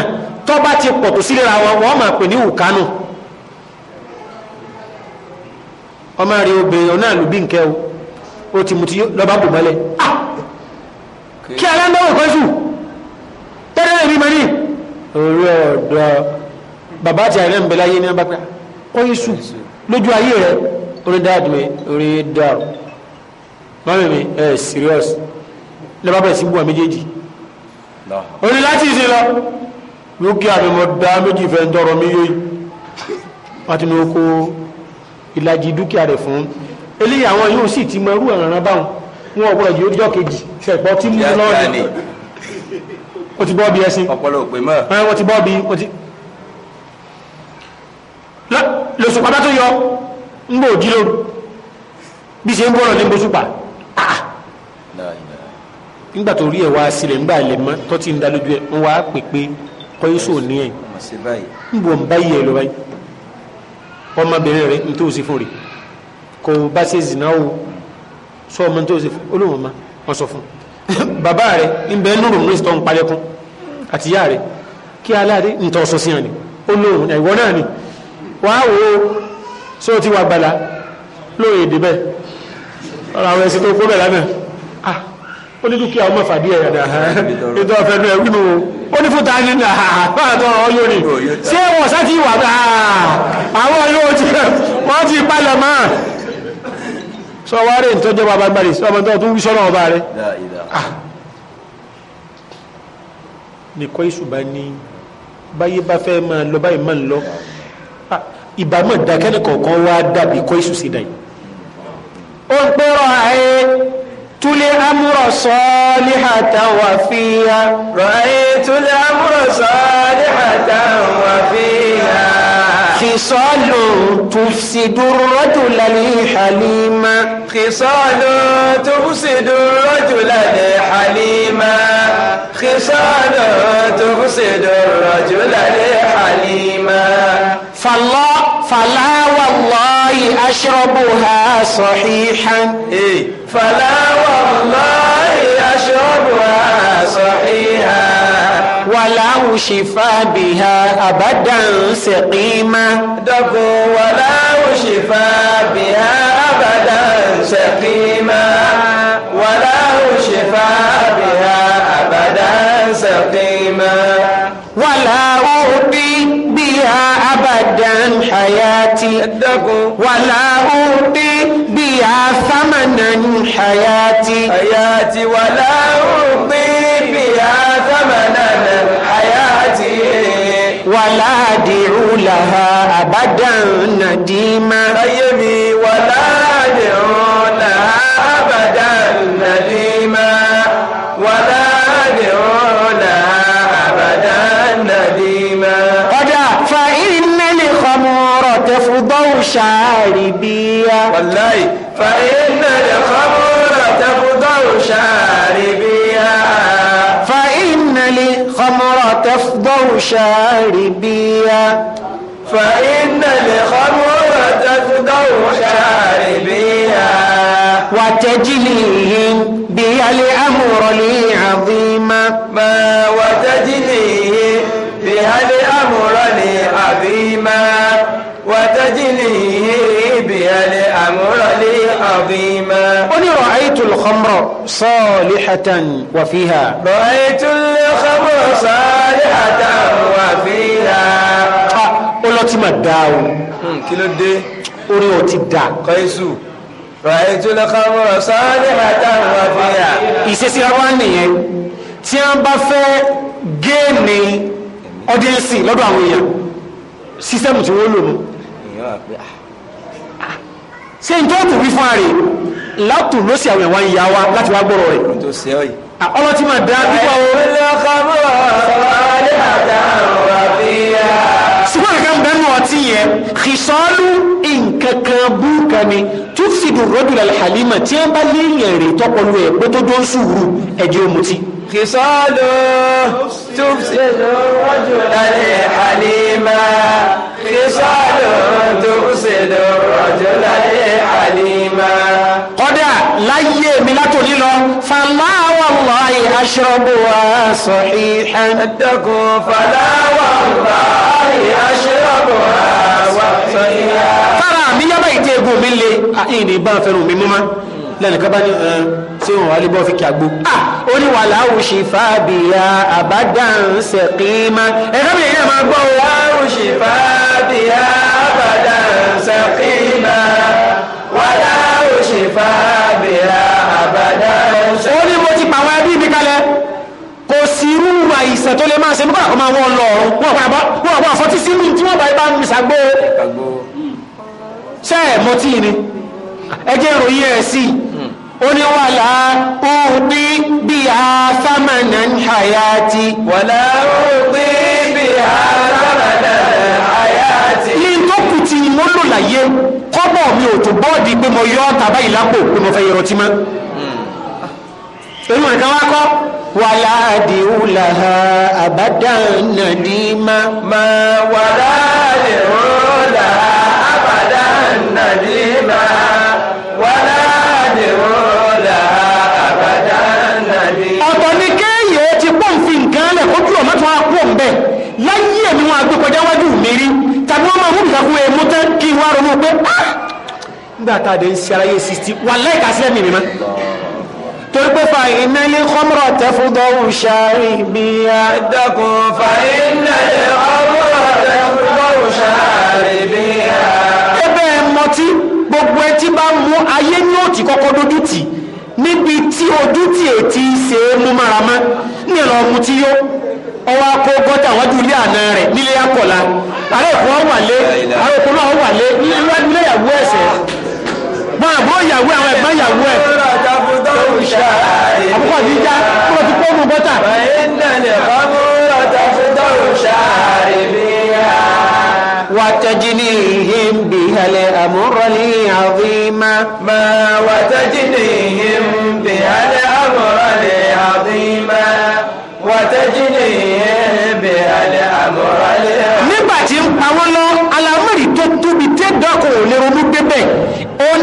tó ti pọ̀ tó sílera wọn máa pè ní wùkánù ọmọ obìnrin ọ̀nà ó ti mutí lọ́ba bò mọ́lẹ̀ ah! kí ara ń dáwọ̀ kọ́sù tẹ́lẹ̀ lè rí mọ́ ní orí ọ̀dọ́ bàbá àti àìrẹ́ ń bẹ láyé ní ọba pé kọ́yísù lójú ayé rẹ̀ orí dáàdì mi orí dáàrù mọ́mí mi ẹ̀ serious lọ́ba bẹ̀rẹ̀ sí bùwà méjèèjì orí láti ìsìn lọ dúkìá mi mo dá méjì fẹ́ ń tọrọ mi yóò àti ní oko ìlàjì dúkìá rẹ̀ fún eléyìí àwọn yóò sì ti mọ irú ọ̀ràn báwọn wọn ò gbọdọ̀ jọ kejì ṣẹ̀pọ̀ tí mú lọ́ọ̀dì o ti bọ́ bí ẹṣin ọpọlọ òpè mọ́ ẹ wọ́n ti bọ́ bí o ti lọ́sùpá bá tó yọ ń bò jí lóru bí ṣe ń bọ̀rọ̀ ní gbósùpá ah, ah. nígbà tó rí ẹ̀ wá sílẹ̀ ńgbà ilẹ̀ mọ́ tó ti ń da lójú ẹ̀ ń wá pèpè kọ́yéṣò ní ẹ̀ ń bọ̀ ń báyìí ẹ̀ lọ́wọ́ ọmọbìnrin rẹ̀ ń tó o sí fún rẹ̀ kò bá ṣe zìnà o sọ ọmọ tó ṣe fún olóhùn ọmọ wọn sọ fún bàbá rẹ ń bẹ nínú òun ìṣòtọ́ ń palẹ́kún àti ìyá rẹ kí aláàdé ń tọ́ sọ sí hàn ní olóhùn ìwọ náà ni wàá wo sọ ti wà gbàlá lóye èdè bẹ́ẹ̀ ọ̀rọ̀ àwọn ẹ̀sìn tó kó bẹ̀ lánàá ah ó ní dúkìá ọmọ fàdí ẹ̀yà dà ha ètò ọ̀fẹ́ náà wí nù ó ní fún tani nà ha ah, ah, báyà ah, tó ọ̀rọ̀ yóò ní ṣé wọ́n sá ti wà bá àwọn yóò sọ wá rè tó jẹ́ bàbá gbàdé sọ ọmọdé tó wí sọ́nà ọba rẹ̀ nìkọ́ ìṣùgbà ni báyé bá fẹ́ máa lọ báyìí máa ń lọ ah, ìbámọ̀ dákẹ́ nìkọ̀ọ̀kan wá dàbí kọ́ ìṣù sí dàí ó ń pẹ́rọ ààyè túlẹ̀ amúrọ̀ sọ́ọ́lì àtàwà fìyà rọ̀ ààyè túlẹ̀ amúrọ̀ sọ́ọ́lì àtàwà fìyà. خصال تفسد الرجل لحليما خصال تفسد الرجل لحليما خصال تفسد الرجل لحليما فالله فلا والله أشربها صحيحا فلا والله ولو شفى بها أبدا سقيما دفو ولو شفى بها أبدا سقيما ولو شفى بها أبدا سقيما ولا أهدي بها أبدا حياتي ولا أهدي بها ثمنا حياتي حياتي ولا أهدي ládìrú làhà àbádàn nàdìmá. ayé mi. أو شاربيا فإن الخمر تفدو شاربيا وتجليهم بي الأمر لي عظيما ما وتجليهم بها الأمر لي عظيما وتجليه بها الأمر لي عظيما قل رأيت الخمر صالحة وفيها رأيت الخمر صالحة wà ah, fíhà. ó lọ tí mà dá o. Hmm, kí ló dé. orin ò ti dà. kọ́ ràyè tó lọ kọ́ mọ́ sọ́ọ́dì bàtà wà fíhà. ìṣesí wa nìyẹn tí wọ́n bá fẹ́ géèmì ọdíẹ̀nsì lọ́dọ̀ àwọn èèyàn sísẹ́mù tí wọ́n lò mú. Ah. Ah. ṣé n tó tù wí fún àrè látù ló sì àwọn ẹ̀wọ̀n ìyá wa láti wá gbọ́rọ̀ rẹ̀. ọlọ́tí máa dá púpọ̀ o. yẹn xisọ́lù nkankan búkan ni tufsidu rọ́dùlà halima tí wọ́n bá lé yẹn rè tọ́pọ̀lù ẹ̀ pé tó jọ ń sùúrù ẹ̀jẹ̀ òmùtí. xisọ́lù tufsidu rọ́dùlà halima xisọ́lù tufsidu rọ́dùlà halima. kọ́dà láyé mi látòlí lọ fàlà wàlláhi aṣọ́bù wa sọ̀hí ẹ̀. ẹ̀dẹ́kun fàlà wàlláhi aṣọ́bù wa tára mi yábà ìdí egun mi le àyìn ní bá fẹ́ràn mi mọ́mọ́ lẹ́nìkan bá ní ṣé wọn wà lè fi kí àgbo ó ní wàhálà òṣì fàbíyà àbádàn ṣèkìmá ẹ̀ka mi yìí máa gbọ́ wàhálà òṣì fàbíyà. nǹkan tó lè máa ṣe nígbà kan máa wọ́n lọ wọ́n àpá wọ́n àpá àfọ́tí sí mi tí wọ́n bá ibà mi ṣàgbó ṣe é ni ẹjẹ́ ìròyìn ẹ̀ sí oní òbí bí a fámànà ń hayati wàlá òbí bí a fámànà ń hayati ní tó kù ti mo lò láyé kọ́bọ̀ mi ò tó bọ́ọ̀dì pé mo yọ ọ́ tàbá ìlápò pé mo fẹ́ yọrọ tí mọ́ èyí wọn kan wá kọ́ ولا أدعو لها أبدا نديما ما ولا أدعو لها أبدا نديما ولا أدعو لها أبدا نديما ọ̀tọ̀ ni kéèyè ti pọ̀ ń fi nǹkan lẹ̀ kójú ọ̀mọ́ tó wá pọ̀ ń bẹ̀ láyé ẹ̀mí wọn àgbẹ̀ kọjá wájú mi rí tàbí wọn máa wúlùkà fún èèmú tán kí n wá ronú pé ah! nígbà tá a dé ń ṣe aráyé sixty wà láìka sílẹ̀ mi mi mọ́ torípé fa ìnáyé kọ́mọ̀rọ̀ tẹ́fúdọ̀ òṣàrí bí a dákun fa ìnáyé kọ́mọ̀rọ̀ tẹ́fúdọ̀ òṣàrí bí a. ẹbẹ́ mọtí gbogbo ẹtí bá mú ayé ní òtí kọ́kọ́ dójú tì níbi tí ojú tì ètí ṣe é mú máramá ní ẹ̀rọ ọmú tí yó ọwọ́ akó gọ́tà wájú ilé àná rẹ̀ nílé akọ̀la àárẹ̀ ìfọ̀ wà lé àárẹ̀ ìfọ̀ wà lé nílé ìyàwó ẹ̀sẹ̀ wọn àbọ̀ ìyàwó àwọn ẹ̀gbọ́n ìyàwó ẹ̀ àbúkọ̀ àdíjá kó lọ ti pọ́ mú bọ́tà. وتجنيهم بها الأمر العظيمة ما وتجنيهم بها الأمر العظيمة وتجنيهم بها الأمر العظيمة nígbà tí ń pa wọ́n lọ alámọ̀rí tó tóbi tẹ́dọ̀kọ̀ ò lè ronú gbé bẹ́ẹ̀ òun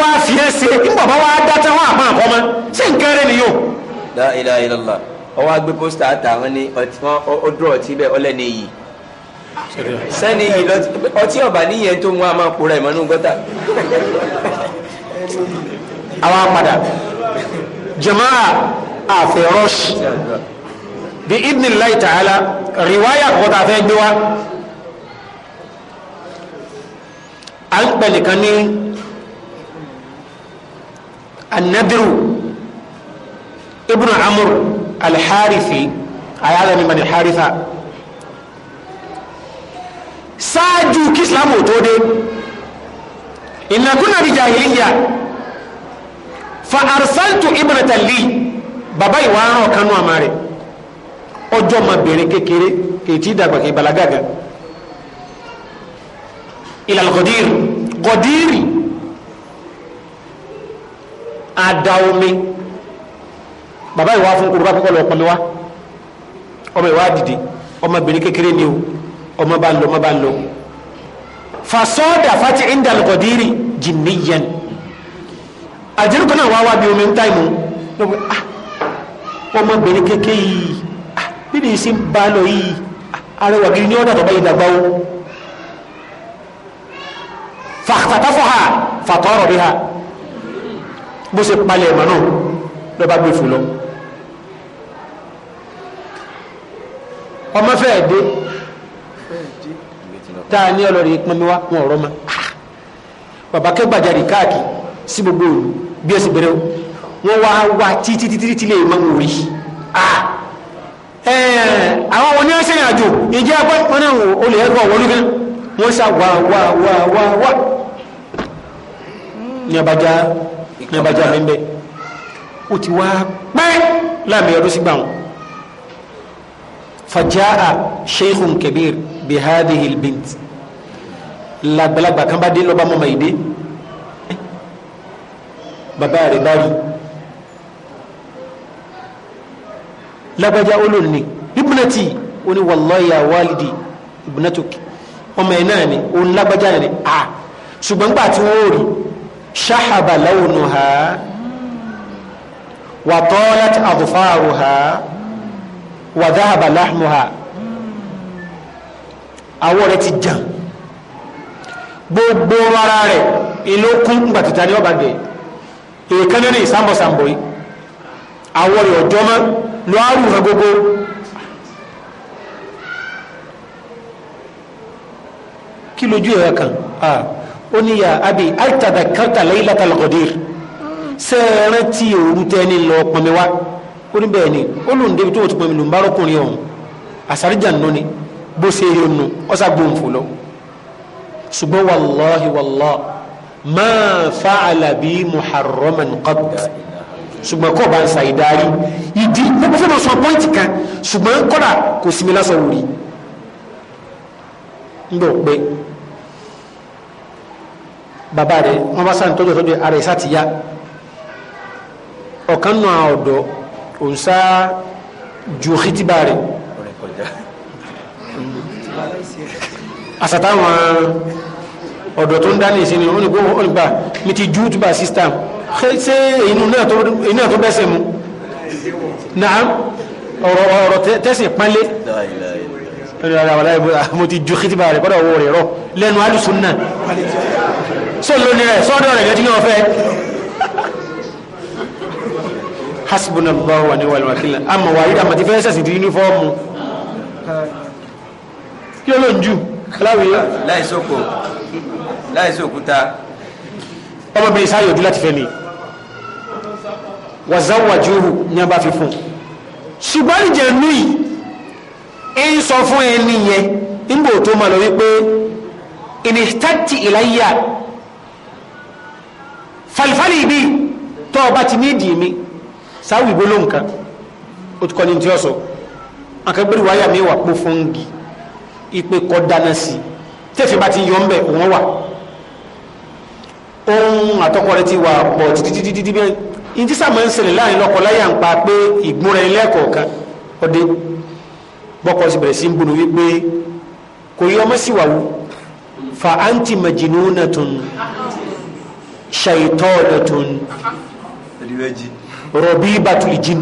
wá fi ẹ́ nígbà bá wá la ilaha illallah ọwọ́ agbé pósítà àtàwọn ní ọdún ọtí bẹ́ẹ̀ ọlẹ́ni yìí sẹ́ni yìí ọtí ọ̀bà níyẹn tó mú a máa kóra ìmọ̀nú gọ́tà àwọn apàdà jama'a àfẹ́ rọ́ọ̀ṣì bí idnillahi ta'ala rìwáyà kọ́tà fẹ́ gbé wa à ń pẹ̀lẹ̀ kan ní anadiru ibnu amr alharithi ayára mi mani haritha ṣáájú kí islam ò tó dé ìnàkúnà bí jahiliya fa arsaltu ibnata li bàbá ìwà rán kanú àmà rẹ̀ ọjọ́ ma bèèrè kékeré kètí ìdàgbà balagaga ìlànà gọdírì gọdírì àdá bàbá ìwà fún kúrò bá fún kọlọ ọpọlọ wa ọmọ ìwà dìde ọmọbìnrin kékeré ni o ọmọ bá lọ ọmọ bá lọ fasọ́dà fati indalkọ̀dírì jìnnìyàn àjẹrù kan náà wá wá bí omi ń táìmù lọ́wọ́ ah ọmọbìnrin kékeré yìí ah bí ni ìsìn bá lọ yìí ah, arẹwà gidi ní ọ̀dà tó bá dàgbà o fàtàtàfọ́ ha fàtọ́rọ̀ bí ha bó ṣe palẹ̀ ẹ̀mọ́ náà lọ́ba gbé fò lọ. ọmọ fẹ́ẹ̀ dé tá a ní ọlọ́rin pọnmi wá wọn ọ̀rọ̀ ma bàbá kẹgbàjarì káàkiri sí gbogbo òlu bí ẹsẹ bẹ̀rẹ̀ wọn wá wá títí títí tí lè má wò rí àwọn wọn ní ẹsẹ yẹn àjò ìjẹ apá ìpọnà wọn olè ẹgbẹ wọn lókè wọn sá wá wá wá wá wá ní abajà ní abajà mi bẹ́ẹ̀ ó ti wá pẹ́ láàmì ọdún sígbà wọn fàjáà sheikhun kabir bihadihi bint làgbàlagbà kan bá dé lọ́ba mọ́mọ́ ìdè eh? bàbá rẹ̀ bá rí lágbájá olóòní ibùnàtì oní wàlláyà wálìdì ibùnàtòkì ọmọ ẹ̀ náà ni òun lágbájá ni à ah, ṣùgbọ́n gbà tí wọ́n rí ṣáhàbà láwùnú ha wàtọ́lát àdùfáàrùhà wàdáhàbà láhmùhà àwọ̀ rẹ̀ ti jà gbogbo ara rẹ̀ ìlókún gbàtìta ní ọba gẹ̀ èèkan nínú ìsàmbọ̀sàmbọ̀ yìí àwọ̀ rẹ̀ ọjọ́ mọ́ lọ àrùn hàn gbogbo kí lójú ẹ̀rọ kan ó níyà abi àìtàdàkátà laylatal qadir sẹ́ẹ̀rán tí òru tẹ́ni lọ pọnmi wá ó ní bẹ́ẹ̀ ni ó lòun débi tó ti pọnmi lòun bá rọ́kùnrin ọ̀hún àsáríjà nù ni bó ṣe rí nù ọ̀sà gbóhùn fò lọ. ṣùgbọ́n wàláhi wàlá máa fa àlàbí muharraman qabla ṣùgbọ́n kọ́ bá ń sa ìdarí ìdí gbogbo fún mi sọ pọ́ǹtì kan ṣùgbọ́n kọ́dà kò sí mi lásán wòrí ń bọ̀ pé bàbá rẹ̀ wọ́n bá sáà tọ́jú ọ̀tọ́jú ara ẹ̀ sá ti yá ọ̀kan nù àwọn ọ̀dọ́ òǹsà ju hitiba rẹ̀ àsàtàwọn ọ̀dọ̀ tó ń dá ní ìsinmi wọn ni kó wọn gbà mi ti ju tuba system ṣé inú náà tó bẹ́sẹ̀ mu naam ọ̀rọ̀ ọ̀rọ̀ tẹ̀sìn pánlé ah, mo ti ju hitiba rẹ̀ kọ́dọ̀ owó rẹ̀ rọ lẹ́nu alùsùn náà sọ́ọ́ lónìí rẹ̀ sọ́ọ́dọ̀ rẹ̀ gẹ́gẹ́ tí wọ́n fẹ́ hasbunallahu wa ni'mal wakil àmọ́ wàyí àmọ́ ti fẹ́ sẹ̀sìn di yunifọ́ọ̀mù kí ló ń jù láwìí. láìsókò láìsókúta. ọmọbìnrin sáyò ojú láti fẹ́ mi wàzáwàjúhù ní a bá fi fún ṣùgbọ́n ìjẹ̀nú yìí ń sọ fún ẹni yẹn nígbò tó ma lọ wípé ìnìtàtì ìláyà falifali bíi tọ́ ọba ti ní ìdí mi sáwì bó ló nǹkan ó ti kọ́ ní tí ó sọ akẹgbẹ́rì wáyà mi wà pò fún gi ipe kọ́ dáná sí tẹ́fì bá ti yọ ń bẹ̀ òun wà ohun àtọkọ rẹ ti wà pọ̀ títítítítí bẹ́ẹ̀ ní tí sàmọ́ ń ṣẹlẹ̀ láàrin lọ́kọ láyà ń pa pé ìgbón rẹ lẹ́ẹ̀kọ̀ọ̀kan ọdẹ bọ́kọ sì bẹ̀rẹ̀ sí ń bono wípé kò yọ ọmọ sí wàwú fa anti majinunatun shaitonatun. ẹni bẹ́ẹ̀ jí rọ̀bí batul jin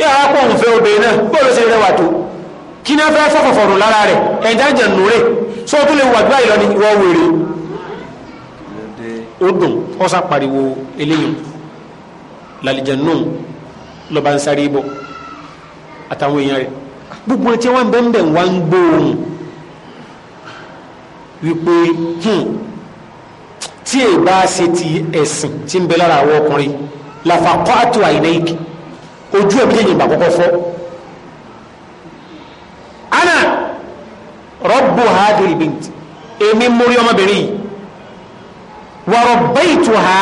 yà á kó nfẹ́ obìnrin náà bóòlù sí rẹwà tó kí náà fẹ́ fọ́fọ̀fọ̀rọ̀ lára rẹ̀ ẹ̀já jẹ̀ nù rẹ̀ Só tó lè wà gbáyìí lọ ní ìwọ wèrè ó dùn ó sá pariwo eléyìí làlìjẹ̀ nù lọ́ba ń sáré bọ̀ àtàwọn èèyàn rẹ̀ gbogbo ẹtí wọn bẹ́ẹ̀ bẹ́ẹ̀ wá ń gbóòórùn wípé hmm, tí è bá ṣe ti ẹ̀sìn tí ń bẹ lára àwọn ọkùnrin làfàkọ́ àtò àìnáìkì ojú ẹ̀ méjèèjì ìgbà kọ́kọ́ fọ́ ana rọ́bù hadhihi bint èmi mórí ọmọbìnrin yìí wa rabbaytuha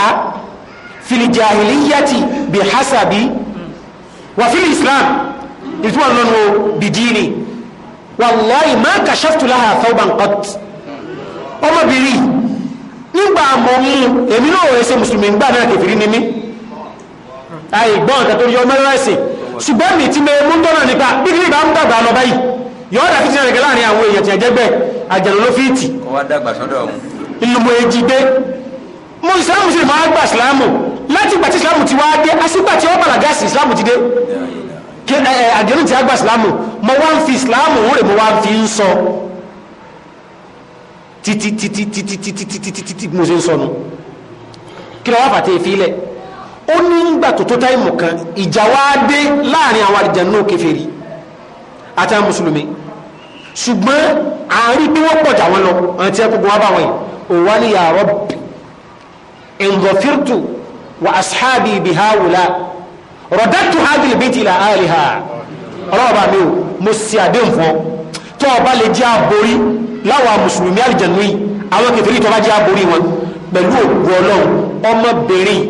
fil jahiliyyati bi hasabi wa fil islam ìtumọ̀ lọ́nu bi dini wallahi ma kashaftu laha thawban qat ọmọbìnrin yìí nígbà mo mú èmi náà rẹ̀ musulmi mùsùlùmí gbà náà kẹfìrí ni mí àìgbọ́n nǹkan tó yọ mẹ́rẹ́sì ṣùgbọ́n mi ti mẹ́rin mú tọ́nà nípa bí kí ìbá ń dàgbà lọ báyìí yọ ọ́dà fìtì náà láàrin àwọn èèyàn ti wá dé àsìgbà tí wọ́n bàlágà sí títí títí títí títí títí títí tí mo ṣe ń sọnù kí lọ́wọ́ fàtẹ́ ìfilẹ̀ ó ní ìgbà tó tó táìmù kan ìjà wá dé láàrin àwọn àdìjàn náà kèfèrí àti àwọn mùsùlùmí ṣùgbọ́n àárín bí wọ́n pọ̀ jà wọ́n lọ àwọn tí ẹkùnkùn wá bá wọn yìí òun wá ní ya Rabbi ìǹgọ̀fírtù wa ashabi bihawula rọ̀dátù hadil bíti ilà àlìhà ọlọ́ọ̀bà mi ò mo ṣe àdéhùn fún ọ tó ọba lè jẹ́ àborí láwọn mùsùlùmí àlìjẹ̀nú yìí àwọn kẹfìrí tó bá jẹ́ àborí wọn pẹ̀lú ògùn ọlọ́run ọmọbìnrin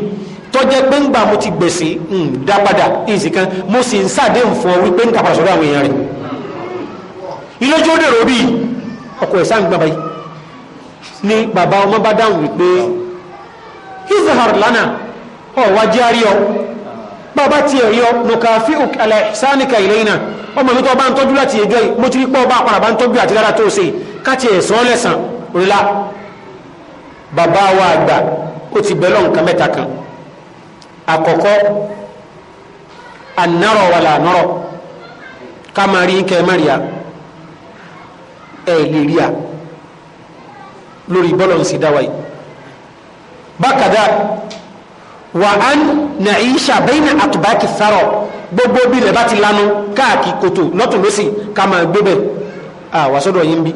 tó pé ńgbà mo ti gbèsè ń dá padà ìsìnkan mo sì ń sáàdé nǹfọ wípé ń kàpàṣọ lọ́wọ́ àwọn èèyàn rẹ̀ ilójú ó dèrò bíi ọkọ̀ ẹ̀sà ń gbàbá ni bàbá ọmọ bá dáhùn wípé izhar lana ọ̀wájú àríyọ bàbá ti ẹ̀rí ọ nùkàfí òkàlẹ̀ sáníkà ilẹ̀ iná ọmọ mi tó bá ń tọ́jú láti ẹjọ́ yìí mo ti rí pọ́ bá àpàrà bá ń tọ́jú àti dára tó ṣe káti ẹ̀sán lẹ́sàn ríla bàbá wa àgbà ó ti bẹ̀rẹ̀ nǹkan mẹ́ta kan àkọ́kọ́ ànárọ̀ wà lànárọ̀ ká máa rí kẹ́ má ẹ̀ lè ríà lórí bọ́lọ̀ ń sì dáwà yìí bákàdá wà á nàí ṣàbẹ́yìnà àtùbákì sárọ̀ gbogbo bí ilẹ̀ bá ti lanu káàkiri kòtò lọ́tún lọ́sì ká máa gbé bẹ̀ àwàsọ́dọ̀ yín bí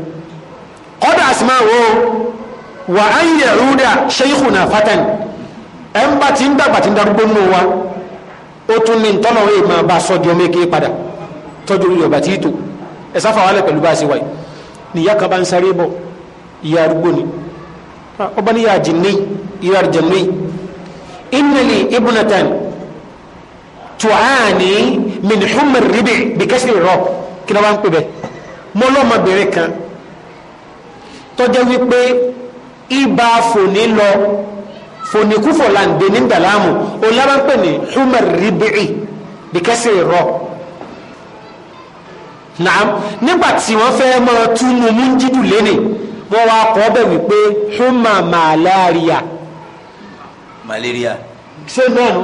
kọ́dà sì máa wo wà á yẹ rúdà ṣẹ́yìkù náà fátán ẹ̀ ń bá ti ń dàgbà ti ń darúgbó nù wa ó tún ní ntọ́nà òye máa bá sọ́ọ́ di ọmọ èké padà tọ́jú yorùbá tí ì tò ẹ̀ sáfà wàhálẹ̀ pẹ̀lú bá a ṣe wáyé nìyá kan bá ń sáré bọ̀ ìyá arúgbó ni ọba níyà jìnnì ìyá jìnnì ìnìlì ibùnatan tuwaani minihumma ribi bikasi rọ kí ni wọn pè bẹ mo lọmọbìnrin kan tọjá wípé ibà fòní lọ fòní kúfọ làǹdè ní dàlámù olábàpẹ ní humma ribi bikasi rọ naam nígbà tí wọ́n fẹ́ máa túnú mú jídù lẹ́nì wọ́n wá kọ́ bẹ̀ wípé humma malaria malaria. ṣé bẹ́ẹ̀ nu.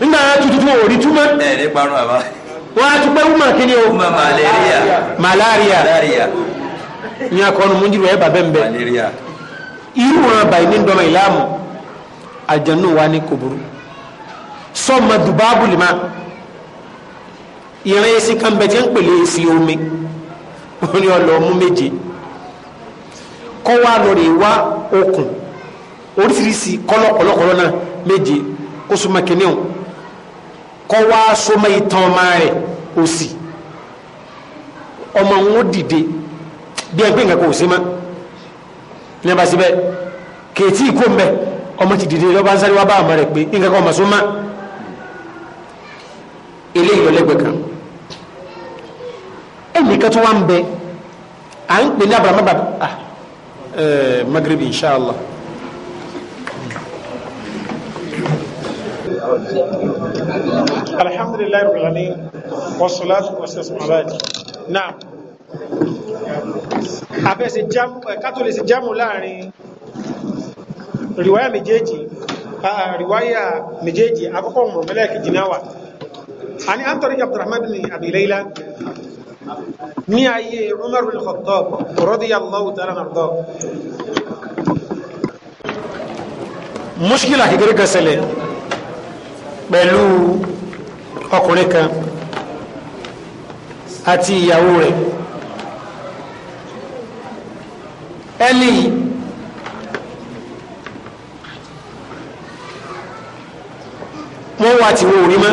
nígbà tuntun tí o rí túmọ̀. ẹ ní parun àbá. wọ́n á tún pé wúmọ̀ kí o. wúmọ̀ malaria. malaria. malaria. ní akọni mo ń jíròrò ẹ bàbá mi bẹ. malaria. irú wọn bàyí ní dọ́mọ ìlàmù àjẹnú wa ní kò burú sọ́ọ̀mà dùbáàbù lè má ìrìn èsì kan bẹ̀ tí ń pèlè èsì omi ó ní ọlọ́ọ̀mú méje kọ́ wa lórí wa okùn. oríṣiríṣi kọ́lọ́kọ́lọ́kọ́lọ́ náà méje kó súnmọ́ kínní o kọ́ wá súnmọ́ ìtàn ọmọ rẹ̀ òsì ọmọ wọn dìde bí ẹgbẹ́ nǹkan kò sí mọ́ ní ẹ bá síbẹ̀ kèétí ìkó mbẹ ọmọ ti dìde bá ọmọ pé nǹkan kan ọmọ súnmọ́ eléyìí lọ́lẹ́gbẹ̀ẹ́ kan ẹnìkan tó wá ń bẹ à ah, eh, inshallah. alhamdulillah alamin wassalatu wassalamu ala na'am abe se jamu katole se jamu láàrin riwaya méjèèjì riwaya méjèèjì àkọ́kọ́ mo meleki jinawa ani antori abdurrahman bin abi layla ní ayé umar bin khattab radiyallahu ta'ala anhu mushkila higir gasale pẹ̀lú ọkùnrin kan àti ìyàwó rẹ̀ ẹni wọ́n wá tí wọ́n rí mọ́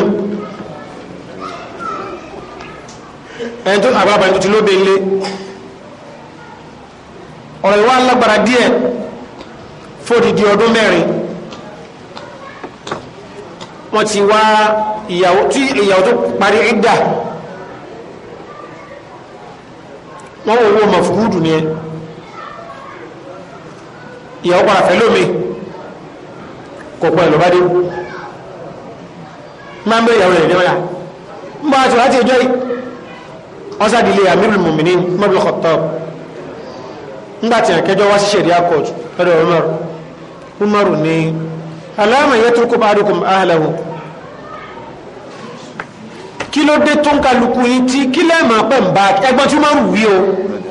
ẹni tó àbábà tó ti lóbe ọ̀rọ̀ ìwà alágbára díẹ̀ wọ́n ti wá ìyàwó tó parí ìdá wọ́n wọ́n wọ́n mọ̀fúkúdù ni ẹ ìyàwó padà fẹ́ lómi kò pọ̀ ẹ̀lọ́bá máa ń bẹ ìyàwó rẹ̀ níwáyà ń bá aṣọ láti ẹjọ́ ọ̀sádìlẹ̀ àmìrì muminin mọ́bí Khattab ńgbà wá lọ́dọ̀ ní aláàmà yatruku ba'dukum ahlahu kí ló dé tó ń kálukú yín tí kí lẹ́ẹ̀mà pẹ̀ ń bá ẹgbọ́n tí ó máa ń wí o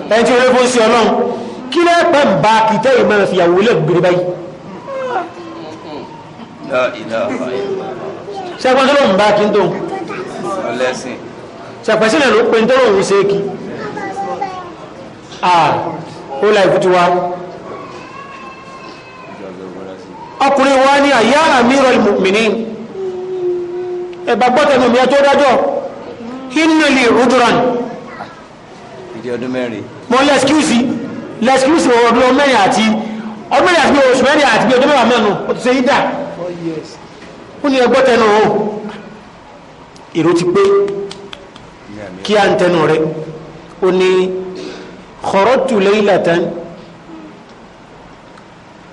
ẹni tí ó lébo sí ọlọ́run kí lẹ́ẹ̀ pẹ̀ ń bá kìtẹ́ yìí máa fìyàwó lẹ̀ gbèrè báyìí. sẹ́gbọ́n tó ló ń bá kí n tó sẹ̀pẹ̀sílẹ̀ ló pe ń tó lóun ṣe kí ó la ìfútu ọkùnrin wa ní àyà àmírọ̀ ìmùmìnì ẹ̀bà gbọ́tẹ̀nu mi ẹ tó dájọ́ hinnali rudran mo lẹ́skúsì lẹ́skúsì ọdún ọmọrin àti ọdún àti oṣù mẹ́rin àti bí ọdún mẹ́wàá mẹ́nu ó ti ṣe yí dà ó ní ẹgbọ́tẹ̀nu o èrò ti pé kí à ń tẹnu rẹ ó ní kharatu laylatan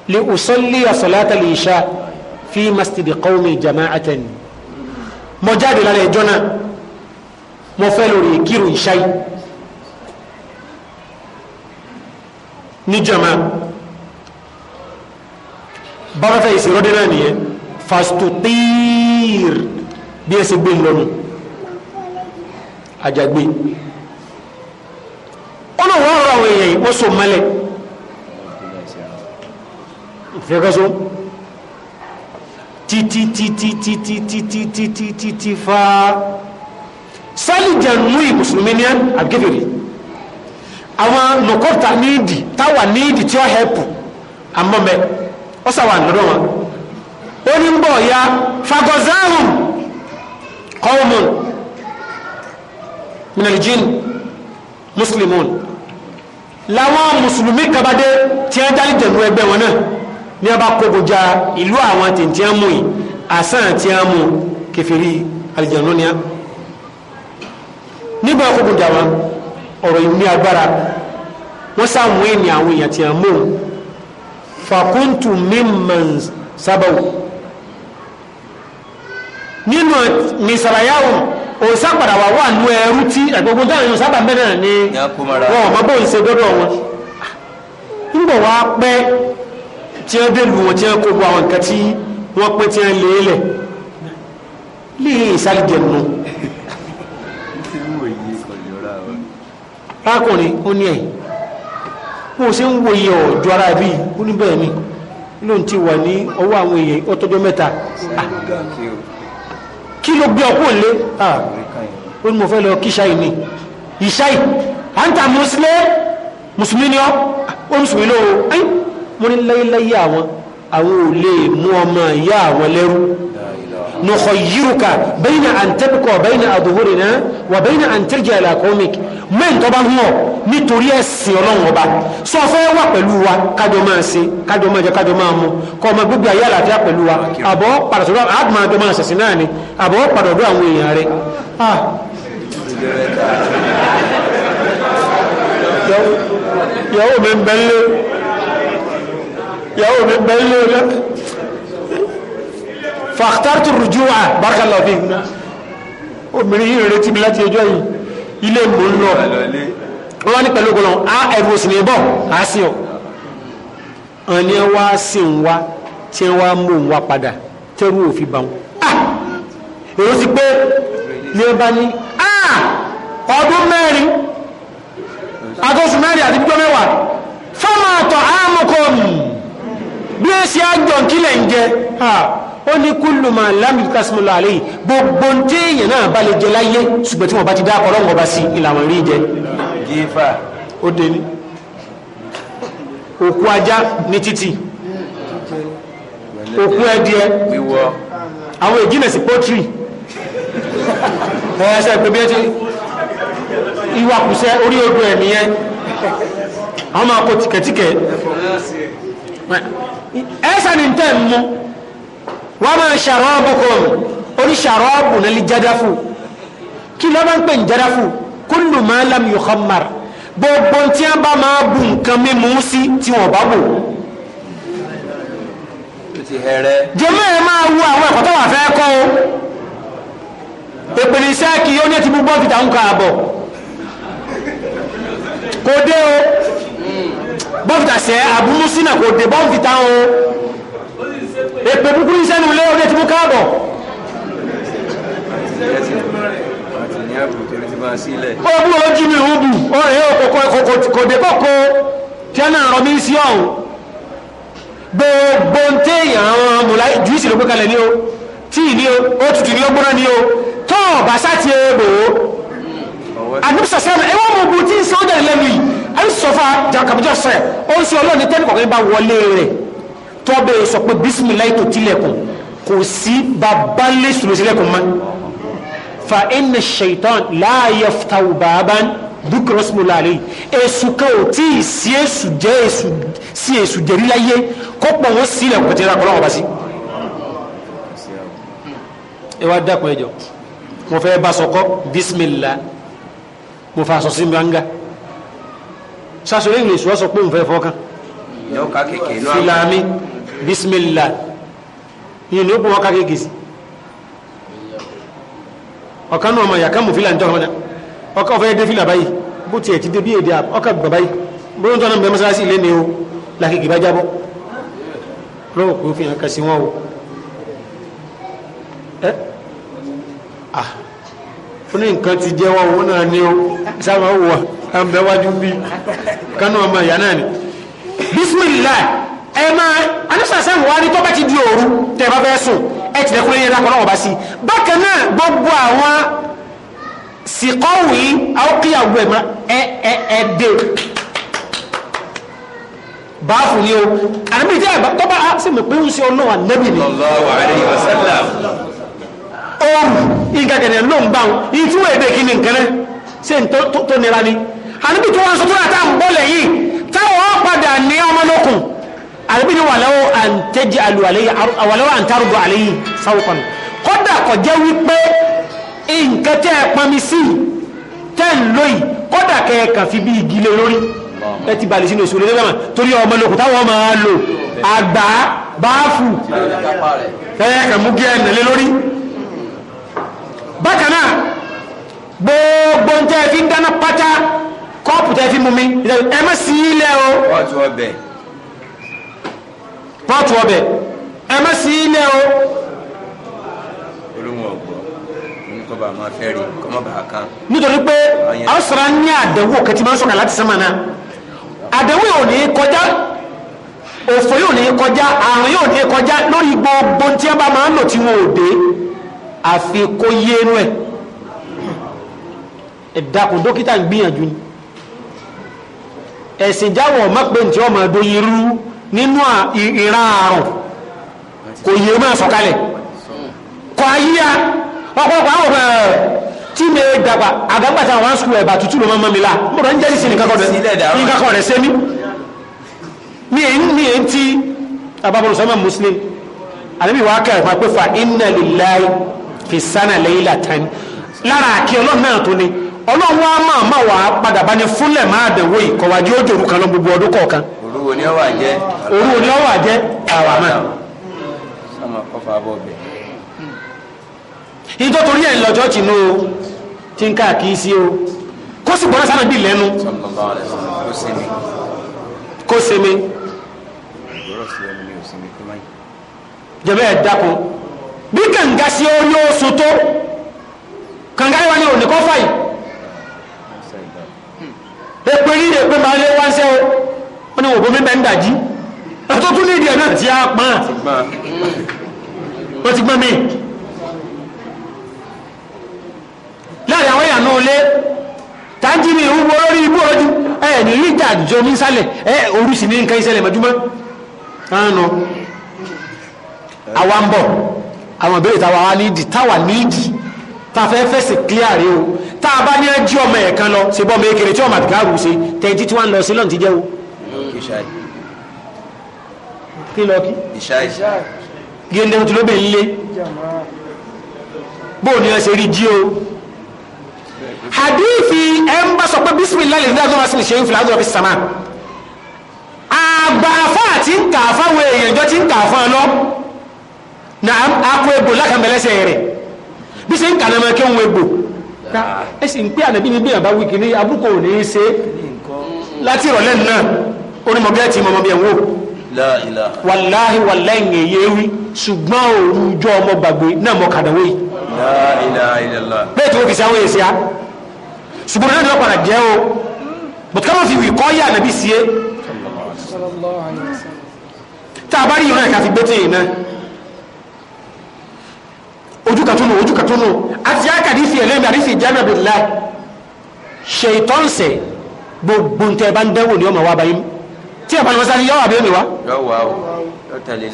لأصلي صلاة العشاء في مسجد قومي جماعة mo jáde lálẹ́ ẹjọ́ náà mo fẹ́ lórí ìkírù ìṣáì níjọba bábá fẹ́ ìṣèlódé náà nìyẹn fastotir bí ẹ ṣe gbé lọ́nu àjàgbé ó lóun wá rọ àwọn èèyàn yìí wọ́n so mọ́lẹ̀ ìfẹ́kọ́sọ́ títí títí títí títí títí títí fa sálìjànú ìmùsùlùmí ní àgbẹ̀fẹ̀rẹ̀ àwọn lòkọ́ta níìdì táwà níìdì tí ó hẹ́pù àmọ́mẹ́ ó sàwà lọ́dọ̀ wọn ó ya fagọ́záhùn kọ́ọ̀mùn minalijin muslimun làwọn mùsùlùmí kabadé tí ẹ dálìjànú ẹgbẹ́ wọn náà ní ọba kógojá ìlú àwọn tìǹtì ń mú yìí àsán tí ń mú kẹfìrí alìjẹ̀nú ni á nígbà kógojá wọn ọ̀rọ̀ ìní agbára wọ́n sáàmù ẹ̀mí àwọn èèyàn tí ń mú fàkúntù mímọ̀n sábàwò nínú misarayahu òsán padà wà wà nú ẹrú tí àgbègbè táwọn èèyàn sábà mẹ́rin ní wọn ò mọ bóun ṣe dọ́dọ̀ wọn ń bọ̀ pẹ́ tí wọ́n dé lu wọn tí wọ́n kó bu àwọn nǹkan tí wọ́n pín tí wọ́n lé lẹ̀ lè ìsàlìjẹ̀ nù. arákùnrin ó ní ẹ̀ bó ṣe ń wòye ọ̀jọ́ ara bíi ó ní bẹ́ẹ̀ ni ló ń ti wà ní ọwọ́ àwọn èèyàn ọtọ́jọ́ mẹ́ta ah. kí ló gbé ọkùn lé ah. ó ní mo fẹ́ lọ kí ṣáì ni ìṣáì à ń ta ni ó mùsùlùmí lóo wọ́n ní láyéláyé àwọn àwọn ò lè mú ọmọ ìyá àwọn lẹ́rú nukhayiruka bayna an tabqa bayna adhurina wa bayna an tarji ala qawmik mẹ́rin tó bá ń wọ̀ nítorí ẹ̀sìn ọlọ́run ọba sọ fẹ́ wà pẹ̀lú wa kájọ máa ṣe kájọ máa jẹ kájọ máa mu kọ́ ọmọ gbogbo ayé àlàáfíà pẹ̀lú wa àbọ̀ padà sọ̀rọ̀ àdùnmọ̀ àjọ máa ṣẹ̀sìn náà ni àbọ̀ padà ọ̀dọ̀ àwọn èèyàn rẹ̀ ah. yọ̀wọ̀ mi ń bẹ́ńlẹ̀ ìyàwó mi bẹ́ ilé rẹ̀ fàtàtù rùjúwà bákàlá fi hùnà obìnrin yìí retí mi láti ẹjọ́ yìí ilé mò ń lọ wọ́n wá ní pẹ̀lú ògbọ́n á ẹ̀rù òsì ní bọ̀ á sí ọ ẹni wá sí ń wá tí wọ́n á mú ń wá padà tẹ́rù òfin bá wọn. èrò ti pé ní ẹ bá ní ọdún mẹ́rin àtọ́sùn mẹ́rin àti gbígbọ́ mẹ́wàá fọ́ọ̀mù àtọ̀ àmọ́kọ́ mi bí ó ṣe àjọ̀n kí lẹ̀ ń jẹ ó ní kúlù máa lámìlíkà símúlò àlè gbogbo ń tí èèyàn náà bá lè jẹ láyé ṣùgbọ́n tí wọ́n bá ti dá ọlọ́run ọba sí ìlànà rí jẹ. gífà ó dé ní òkú ajá ní títì òkú ẹdìẹ àwọn ìjìnà sí pọ́tírì ẹ̀ẹ́sẹ̀ pé bí ẹ ti orí odò ẹ̀mí yẹn àwọn máa kó tìkẹ̀tìkẹ̀ ẹ̀sà ni tẹ́ ń mú wọ́n máa ṣàrọ́ọ̀bù kan orí ṣàrọ́ọ̀bù náà lè jádàfù kí ló máa ń pè ní jádàfù kúlù máa lam yukhammar gbogbo tí wọ́n bá máa bu nǹkan mímu sí tí wọ́n bá bò jẹ́mọ́ ẹ̀ máa wo àwọn ẹ̀kọ́ tó wà fẹ́ kọ́ o ìpìlẹ̀ iṣẹ́ kì ní ti gbogbo fìtà ń àbọ̀ kò dé o bọ́ǹfìtà sẹ́ àbúrú sínà kò dé bọ́ǹfìtà o èpè búburú iṣẹ́ nu lé ọdẹ tí mo káàbọ̀. ọbú ojú mi ò bù ọ̀rẹ́ kò dé kókó tí wọn náà rọ mí sí ọ̀hún gbogbo ntẹ̀yìn àwọn mùlá jùísì ló gbé kalẹ̀ ní o tíì ní o ó tutù ní ọgbọ́n ní o tọ́ọ̀ bàṣà ti ẹ̀ bò ó àdúgbò sàṣẹ́ ẹ̀ wọ́n mọ̀ bù tí ń sọ́jà lẹ́nu yìí àìsọ̀fà jàǹkàbíjọ́ sẹ̀ ó ń sọ ọlọ́ọ̀ni tẹ́nìkọ̀ọ́kẹ́ bá wọlé rẹ̀ tọ́bẹ̀ sọ pé bísímìláì tó tilẹ̀kùn kò sí bàbá lè sùn sílẹ̀kùn mọ́ fa inna shaitan la yaftahu baban dúkìrọ́sìmọ̀lá rẹ̀ èsù kan ò tí ì sí èsù jẹ́ èsù sí èsù jẹ́rí láyé kó pọ̀ wọ́n sílẹ̀ kò tẹ́lá kọ́lọ́wọ́ bá sí. ẹ wá dákun ẹjọ mo fẹ́ bá sọkọ́ bísímìlá mo fà sọ sí mi sasoro english wọ́n sọ pé òun fẹ́ fọ́kàn filami Bismillah. yìí ni ó pọ̀ wọ́n ká kéèké sí ọ̀kan náà ọmọ ìyá kan mú fílà ní tọ́kọ̀ ọkọ̀ ọ̀fẹ́ dé fílà báyìí bó tiẹ̀ ti dé bí èdè ọkọ̀ gbà bó ń tọ́nà bẹ ah fún ní nǹkan ti jẹ́ wọn òun sáwọn wò àmbẹ̀ wájú bí kánú ọmọ ìyá náà ni bisimilayi ẹ máa anisasa ìwádìí tó bá ti di òru tẹ̀ bá fẹ́ sùn ẹ ti dẹkùn lẹ́yìn lápá náà wọ́n bá sí bákan náà gbogbo àwọn sìkọ́wì àwòkíyàwó ẹ̀ ẹ̀ ẹ̀ dé báàfù ni o ànábì tí àgbà tọ́ba á sì mọ̀ pé ń ṣe ni. lọ́wọ́ àlẹ́ yìí sẹ́lá. ohun ìgbàgẹ̀dẹ̀ ló ń bá wọn ìtúwọ̀ èdè kí nira ni àníbi tí wọ́n sọ fúnra tá à ń bọ́lẹ̀ yìí táwọn padà ní ọmọlókun àníbi ni wàlẹ́wọ́ àǹtẹ́jì àlù àlẹ́yìn wàlẹ́wọ́ àǹtárùgbò àlẹ́yìn sáwọ́kọ̀nù kódà kò jẹ́ wípé nǹkan tẹ́ ẹ pami sí tẹ́ ń lóyìn kódà kẹ́ ẹ kàn fi bí igi lé lórí ẹ ti balẹ̀ sínú ìṣòro lẹ́gbẹ̀mọ̀ torí ọmọlókun táwọn máa lò àgbà báàfù ẹ kàn mú kí ẹ lórí bákan náà gbogbo ń tẹ́ fi ń dáná pátá kọ́ọ̀pù tẹ́ fi mú mi ẹ má sí ilẹ̀ o pọ́ọ̀tù ọbẹ̀ pọ́ọ̀tù ọbẹ̀ ẹ má sí ilẹ̀ o. olóhùn ọ̀gbọ́n kọ́ bá máa fẹ́ rí kọ́ má bàa kán. nítorí pé ọ̀sán á ní àdánwò kẹtí máa ń sọ̀kà láti sánmà náà àdánwò yóò ní kọjá òfò yóò ní kọjá àrùn yóò ní kọjá lórí gbogbo tí a bá máa ń lò tí wọn ò dé àfi kó yé inú ẹ̀ ẹ̀dàkùn dókítà ń gbìyànjú ni ẹ̀sìn jáwọ̀ mọ́pẹ́ tí ọmọ ẹ̀dọ́ irú nínú ìran àrùn kò yé máa sọ̀kalẹ̀ kọ ayíyá ọ̀pọ̀pọ̀ àwọn ọ̀pọ̀ tí mi dàgbà àgbàgbàtà àwọn sùkúl ẹ̀bà tútù ló máa mi la mo rọ̀ ń jẹ́ ìsìn nǹkan kan rẹ̀ sẹ́mi ní muslim àdébí wàá kẹ́ ẹ̀fà pé fi sánà laylatan lára àkí ọlọ́run náà tó ni ọlọ́run wa máa máa wà á padà bá ní fúnlẹ̀ máa dẹ̀wò ìkọ̀wájú ó dòrú kan lọ gbogbo ọdún kọ̀ọ̀kan. òru wo ni ó wà jẹ́. òru wo ni ó wà jẹ́ àwa náà. sọ́mọ kọ́fà bọ̀ bẹ̀. ìjọ torí ẹ̀ lọ́jọ́ tì ní o tí ń káàkiri sí o kó sì gbọ́dọ̀ sánà bí lẹ́nu. kó se mi. jẹ́bẹ́ ẹ̀ dákun bí kànga sí ó yóò so tó kànga yìí wá ní òní kọ́fà yìí èpè ní èpè máa lé wáṣẹ́ o wọ́n ní òbó mi bẹ́ẹ̀ ń dàjí ẹ̀tọ́ tún ní ìdí ẹ̀ náà ti á pọ́n wọ́n ti gbọ́n mi láàrin àwọn èèyàn náà lé tàjí ní ìwúwo lórí ibú ọjú ẹ̀ ní ríjà jọ ní sálẹ̀ ẹ̀ orúsì ní nǹkan ìṣẹ̀lẹ̀ mẹ́júmọ́ ààrùn àwa bọ̀ àwọn ìbéèrè táwa wá nídìí táwa nídìí tàfẹ́ fẹ́sì clear o tá a bá ní ẹjí ọmọ ẹ̀ kan lọ ṣe bọ́ ọmọ ekele tí ọmọ àti gáàrú ṣe tẹ̀yìntì tí wọ́n lọ sí lọ́n ti jẹ́ o. kí lọ kí. gèdè tó ló bè ń lé bó o ní ẹ ṣe rí jí o. hadithi ẹ ń bá sọ pé bisimilahi ní adúlọ́ sí ṣe ń fi adúlọ́ fi sàmà. àgbà afá àti ń kà fáwọn èèyàn jọ ti ń kà lọ. nà á egbò lákàmbẹ́lẹ́sẹ̀ rẹ̀ bí ṣe ń kà náà kí òun egbò ẹ sì ń pé ànábì ní bíyànjú wíkì ní abúkò ò ní í ṣe láti ìrọ̀lẹ́ náà onímọ̀bí ẹ̀ ti mọ̀ mọ̀bí ẹ̀ wò wàláhì wàláhì ń èyí wí ṣùgbọ́n òru jọ ọmọ gbàgbé náà mọ̀ kàdáwé yìí bẹ́ẹ̀ tí wọ́n fi sí àwọn èsì á ṣùgbọ́n náà ni wọ́n padà jẹ́ o but káwọn fi wì kọ́ yà ànábì sí e tá a bá rí ìran ẹ̀ka fi gbé tèèyàn náà ojú kàtúnù ojú kàtúnù àti àkàdífì ẹlẹ́mì àdífì jẹ́mẹ̀bì láì ṣe ìtọ́nsẹ̀ gbogbo ń tẹ́ bá ń dẹ́wò ní ọmọ wa báyìí tí ẹ̀ bá ní wọ́n sáré yọ́wà bẹ́ẹ̀ mi wá. yọ́wà o yọ́ tẹ̀lé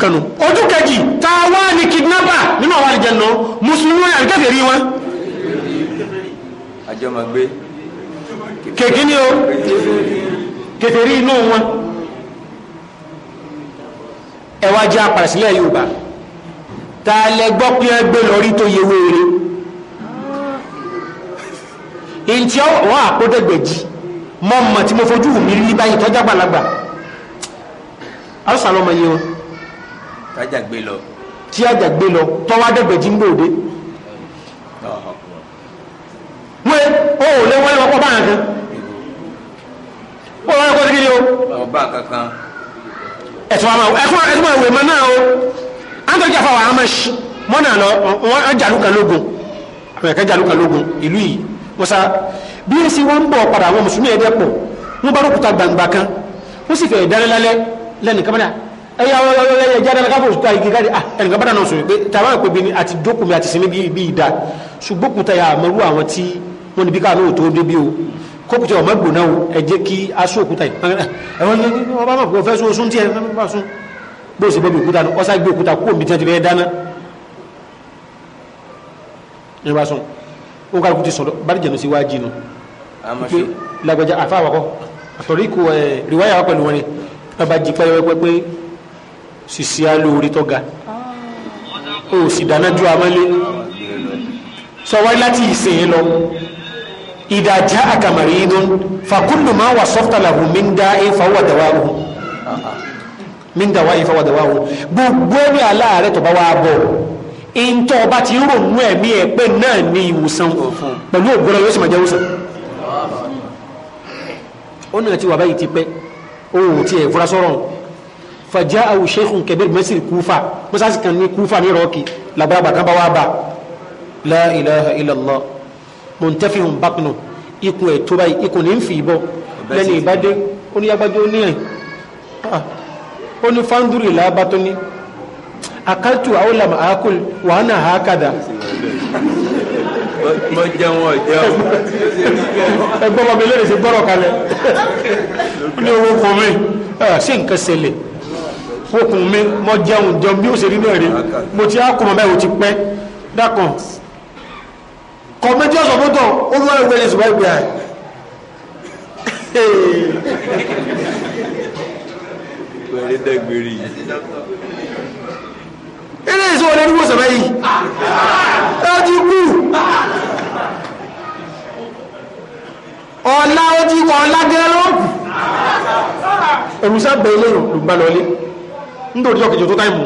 kanu ojú kejì tá a kidnapper nínú àwọn àlejò náà mùsùlùmí wọn àríkẹ́fẹ́ rí wọn. àjọmọ̀gbé. kèkí ni o kèfèrí inú wọn ẹwà jẹ́ àpàrẹ̀sílẹ̀ yorùbá ta lẹ gbọ́ pé ẹ gbé lọ rí tó yẹ wéere ntí wọn àkódẹ́gbẹ̀jì mọ mọ tí mo fojú mi rí báyìí tọ́jà gbàlagbà alùsàn lọmọ yẹn o tájà gbé lọ tí àjà gbé lọ tọ́wọ́ àdẹ́gbẹ̀jì ń gbòde wé o ò lé wọ́n lọ́kọ́ báyìí kan ó wọ́n lọ́kọ́ sí kí ni o. ọba kankan ẹ̀tọ́ àmà ẹ̀kọ́ ẹ̀tọ́ àwẹ̀ mọ́ náà o àǹtọ́jà fà wà ámà ṣì mọ́nà àná wọ́n jàlúkà lógun àwọn ẹ̀kẹ́ jàlúkà lógun ìlú yìí wọ́n sá bí èsì wọn ń bọ̀ padà àwọn mùsùlùmí ẹ̀dẹ́ pọ̀ wọ́n bá rọ́kùtà gbangba kan wọ́n sì fẹ̀ẹ́ dárẹ́ lálẹ́ lẹ́nu kábàdà ẹ̀yà ọ̀yọ̀yọ̀yọ̀ ẹ̀jẹ̀ adálẹ́ káfọ̀ òṣùtà igi káde ah, ẹ̀nu kábàdà náà sọ̀rọ̀ pé tàbá ẹ̀kọ́ kókùtì ọmọ gbòná o ẹ jẹ́ kí aṣọ òkúta yìí ẹ̀wọ̀n yẹn ní ọba máa fẹ́ sún sún tí ẹ máa sún bó sì bẹ́ẹ̀ bí òkúta ọ sá gbé òkúta kó omi tí wọ́n ti fẹ́ dáná ní ọba sún ó ká kùtì sọ̀rọ̀ bá dìjẹ̀nu sí wájú inú pé lágbájá àfa àwọ̀kọ́ إذا جاءك مريض فكل ما وصفت له من داء فهو دواؤه من دواء فهو دواؤه gbogbo ní aláàárẹ̀ tó bá wá bọ̀ ìntọ́ ọba ti rònú ẹ̀mí ẹ̀ pé náà ní ìwòsàn pẹ̀lú ògbóná yóò sì máa jẹ́ ìwòsàn. ó nà ti wà báyìí ti pẹ́ òun ti ẹ̀ fura sọ́rọ̀ fàjá àwọn sheikhun kabir kúfà mọ́sáàsì kan ní kúfà ní rọ́ọ̀kì làbàràbà kan bá wá bá la ilaha illallah mọ̀ntẹ́fì hùn bákùnà ikùn ẹ̀ tó báyìí ikùn ní ń fi ìbọ lẹ́nu ìbádé oníyàgbájú onírin ó ní ah, fáńdúrì làbá tó ní akaltu awolama akul wàhánà hakada mọ jẹun ọjẹ o. ẹgbọ́n bàbá eléyìí ṣe gbọ́rọ̀ kalẹ̀ ní owó kun mi ah, ṣé nǹkan ṣẹlẹ̀ okùn mi mọ jẹun jẹun bí ó ṣe rí náà rí mo ti á kùn mọ́ báyìí ó ti pẹ́ dákan kọ̀mẹ́tì ọ̀sán tó tọ̀ ó fi wá ìwé ẹ̀yẹ ṣùgbọ́n ìgbé ẹ̀ pẹ̀lú dẹ́gbẹ̀rì ilé ìṣòwò lè dúró sọ̀rọ̀ yìí ó ti kú ọ̀la ó ti kọ̀ ọ̀la gẹ́rẹ́ ló kù ẹ̀rù sábẹ̀ ilé ìrùbá lọlé nítorí ọkẹ̀jọ tó táìmù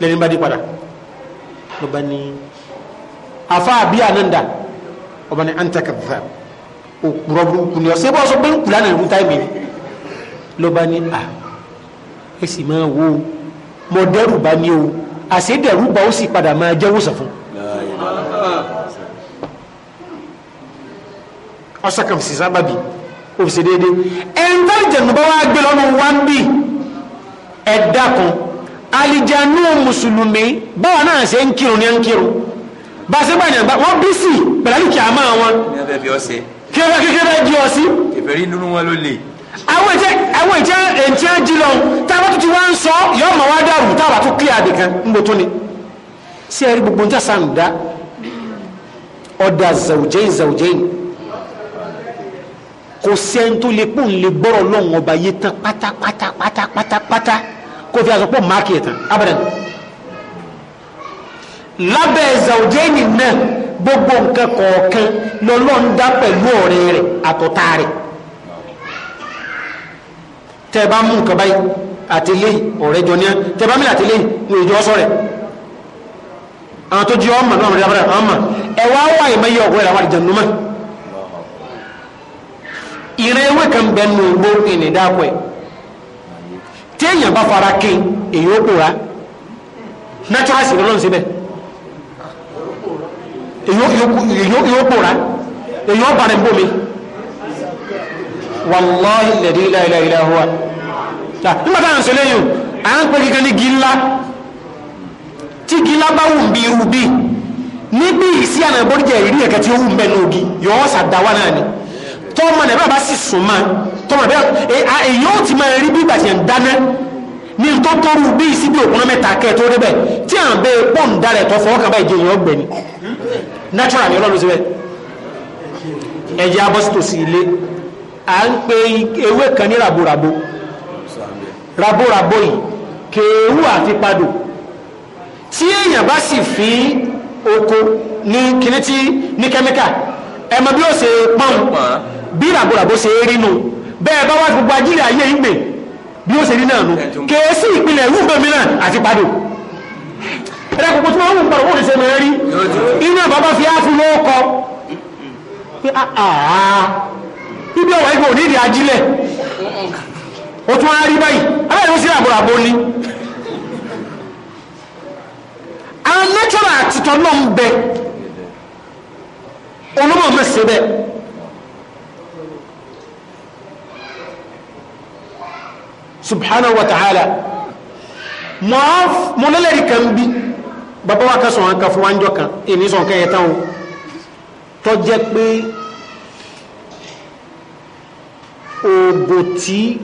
lẹ́ni bá dé padà ló bá ní afa biya nan da o bani an takadza o kura burúkú ni ọsẹ bọ́sọ bẹ́ẹ̀ kula nà ẹ̀hún táìmì ló bá ní a ah, ẹ sì máa wo mọ dẹrù bá ní o àṣẹ dẹrù bá ó sì padà máa jẹ́ wòsàn fún. ọsàn kan sì sábà bì ó fi ṣe déédéé ẹnìkan ìjẹ̀nu bá wá gbé lọ́nu wá ń bì ẹ̀dá kan alìjánu mùsùlùmí báwa náà ṣe ń kírun ní ń kírun bá a ṣe gbà yàn gbà wọ́n bí sí pẹ̀lú kí a máa wọn. kí wọ́n fẹ́ fi ọ ṣe. kí wọ́n fẹ́ kí wọ́n fẹ́ di ọ sí. kẹfẹ́ rí nínú wọn ló le àwọn ìjẹ àwọn ìjẹ ẹ̀ǹtí á jí lọ táwa tó ti wá ń sọ yọ ọmọ wa dàrú táwa tó kílíà nìkan ń bọ tó ni sí ẹrí gbogbo níta sàn dá ọ̀dà zàwùjẹ́yìn zàwùjẹ́yìn kò sẹ́ni tó lè pọ́n lè gbọ́rọ̀ lọ́wọ́n ọba yé tán pátápátápátápátá kó fi àsopọ̀ máàkì ẹ̀ tán abẹ́rẹ́ nù lábẹ́ zaujeni náà gbogbo nǹkan kọ̀ọ̀kan lọ́lọ́n dá pẹ̀lú ọ̀rẹ́ rẹ̀ àtọ̀tá rẹ̀ tẹ́ bá mú nǹkan báyìí àti lé ọ̀rẹ́ jọ ní tẹ́ bá mílẹ̀ àti lé ní ìjọ ọ̀sọ̀ rẹ̀ àwọn tó jí ọmọ náà rẹ̀ rẹ̀ ọmọ ẹ̀wà wà ìmọ̀ yẹ ọ̀gbọ́n rẹ̀ wà nùmọ̀ ìrẹ́ ewé kan bẹ̀ nù gbó ìnìdáàpọ̀ ẹ̀ téèyàn bá fara kí èyí ó pòórá natural sí lọ́lọ́run síbẹ̀ èyó pòrá èyó bàrẹ̀ bómi wàláhì lẹ̀dí ìlàìlàìlàwà nígbàtà à ń sọ lẹ́yìn à ń pẹ́ kíkan ní gílá tí gílá bá wù bí irú bí níbi ìsí àná ìbọ́díjẹ ìrí ẹ̀kẹ́ tí ó wù bẹ́ẹ̀ lógi yọ̀ọ́ sàdáwà náà ni tọ́mọ nàbẹ́ bá sì sùn máa tọ́mọ nàbẹ́ e, èyí ó ti máa rí bí ìgbà tí ń dáná ní tó tọ́rù bí ìsíbí òkúná mẹ́ta kẹ́ẹ̀ tó débẹ̀ tí à ń bẹ́ẹ̀ pọ́ǹdà rẹ̀ tọ́ fọwọ́ kan báyìí jẹ́ ìyẹn ọgbẹ̀ni natural ni ọlọ́run síbẹ̀ ẹ̀jẹ̀ abọ́sítòsí ilé à ń pe ewé kan ní ràbòràbò ràbòràbò yìí kéwú àti padò tí èèyàn bá sì fi oko ní kíní tí ní kẹ́míkà ẹ mọ̀ bí ó ṣe pọ́n bí ràbòràbò ṣe rí nu bẹ́ẹ̀ bá wá gbogbo ajílẹ̀ ayé ń gbè bí ó ṣe rí náà nu kèé sí ìpínlẹ̀ rúbọ̀mí náà àti padò ẹ̀rẹ́ kòkó tí wọ́n ń pàrọ̀ wọ́n lè ṣe mẹ́rin rí iná bàbá fi á fún lọ́wọ́ kọ pé àà ah, ah, ah. ibi ọ̀wà igbó nídìí ajílẹ̀ ó tún á rí báyìí aláìlú sí àbúrò àbó ni àwọn lẹ́tọ́rọ̀ àtìtọ́ náà ń bẹ olóbò mẹ́sẹ̀ bẹ́ẹ̀ subhanahu wa ta'ala mo lẹ́lẹ́rìí kan bíi bàbá wa kẹsàn án kan fún wa ń jọ kan èmi sàn kẹyẹ tán o tọjẹ pé òbò tí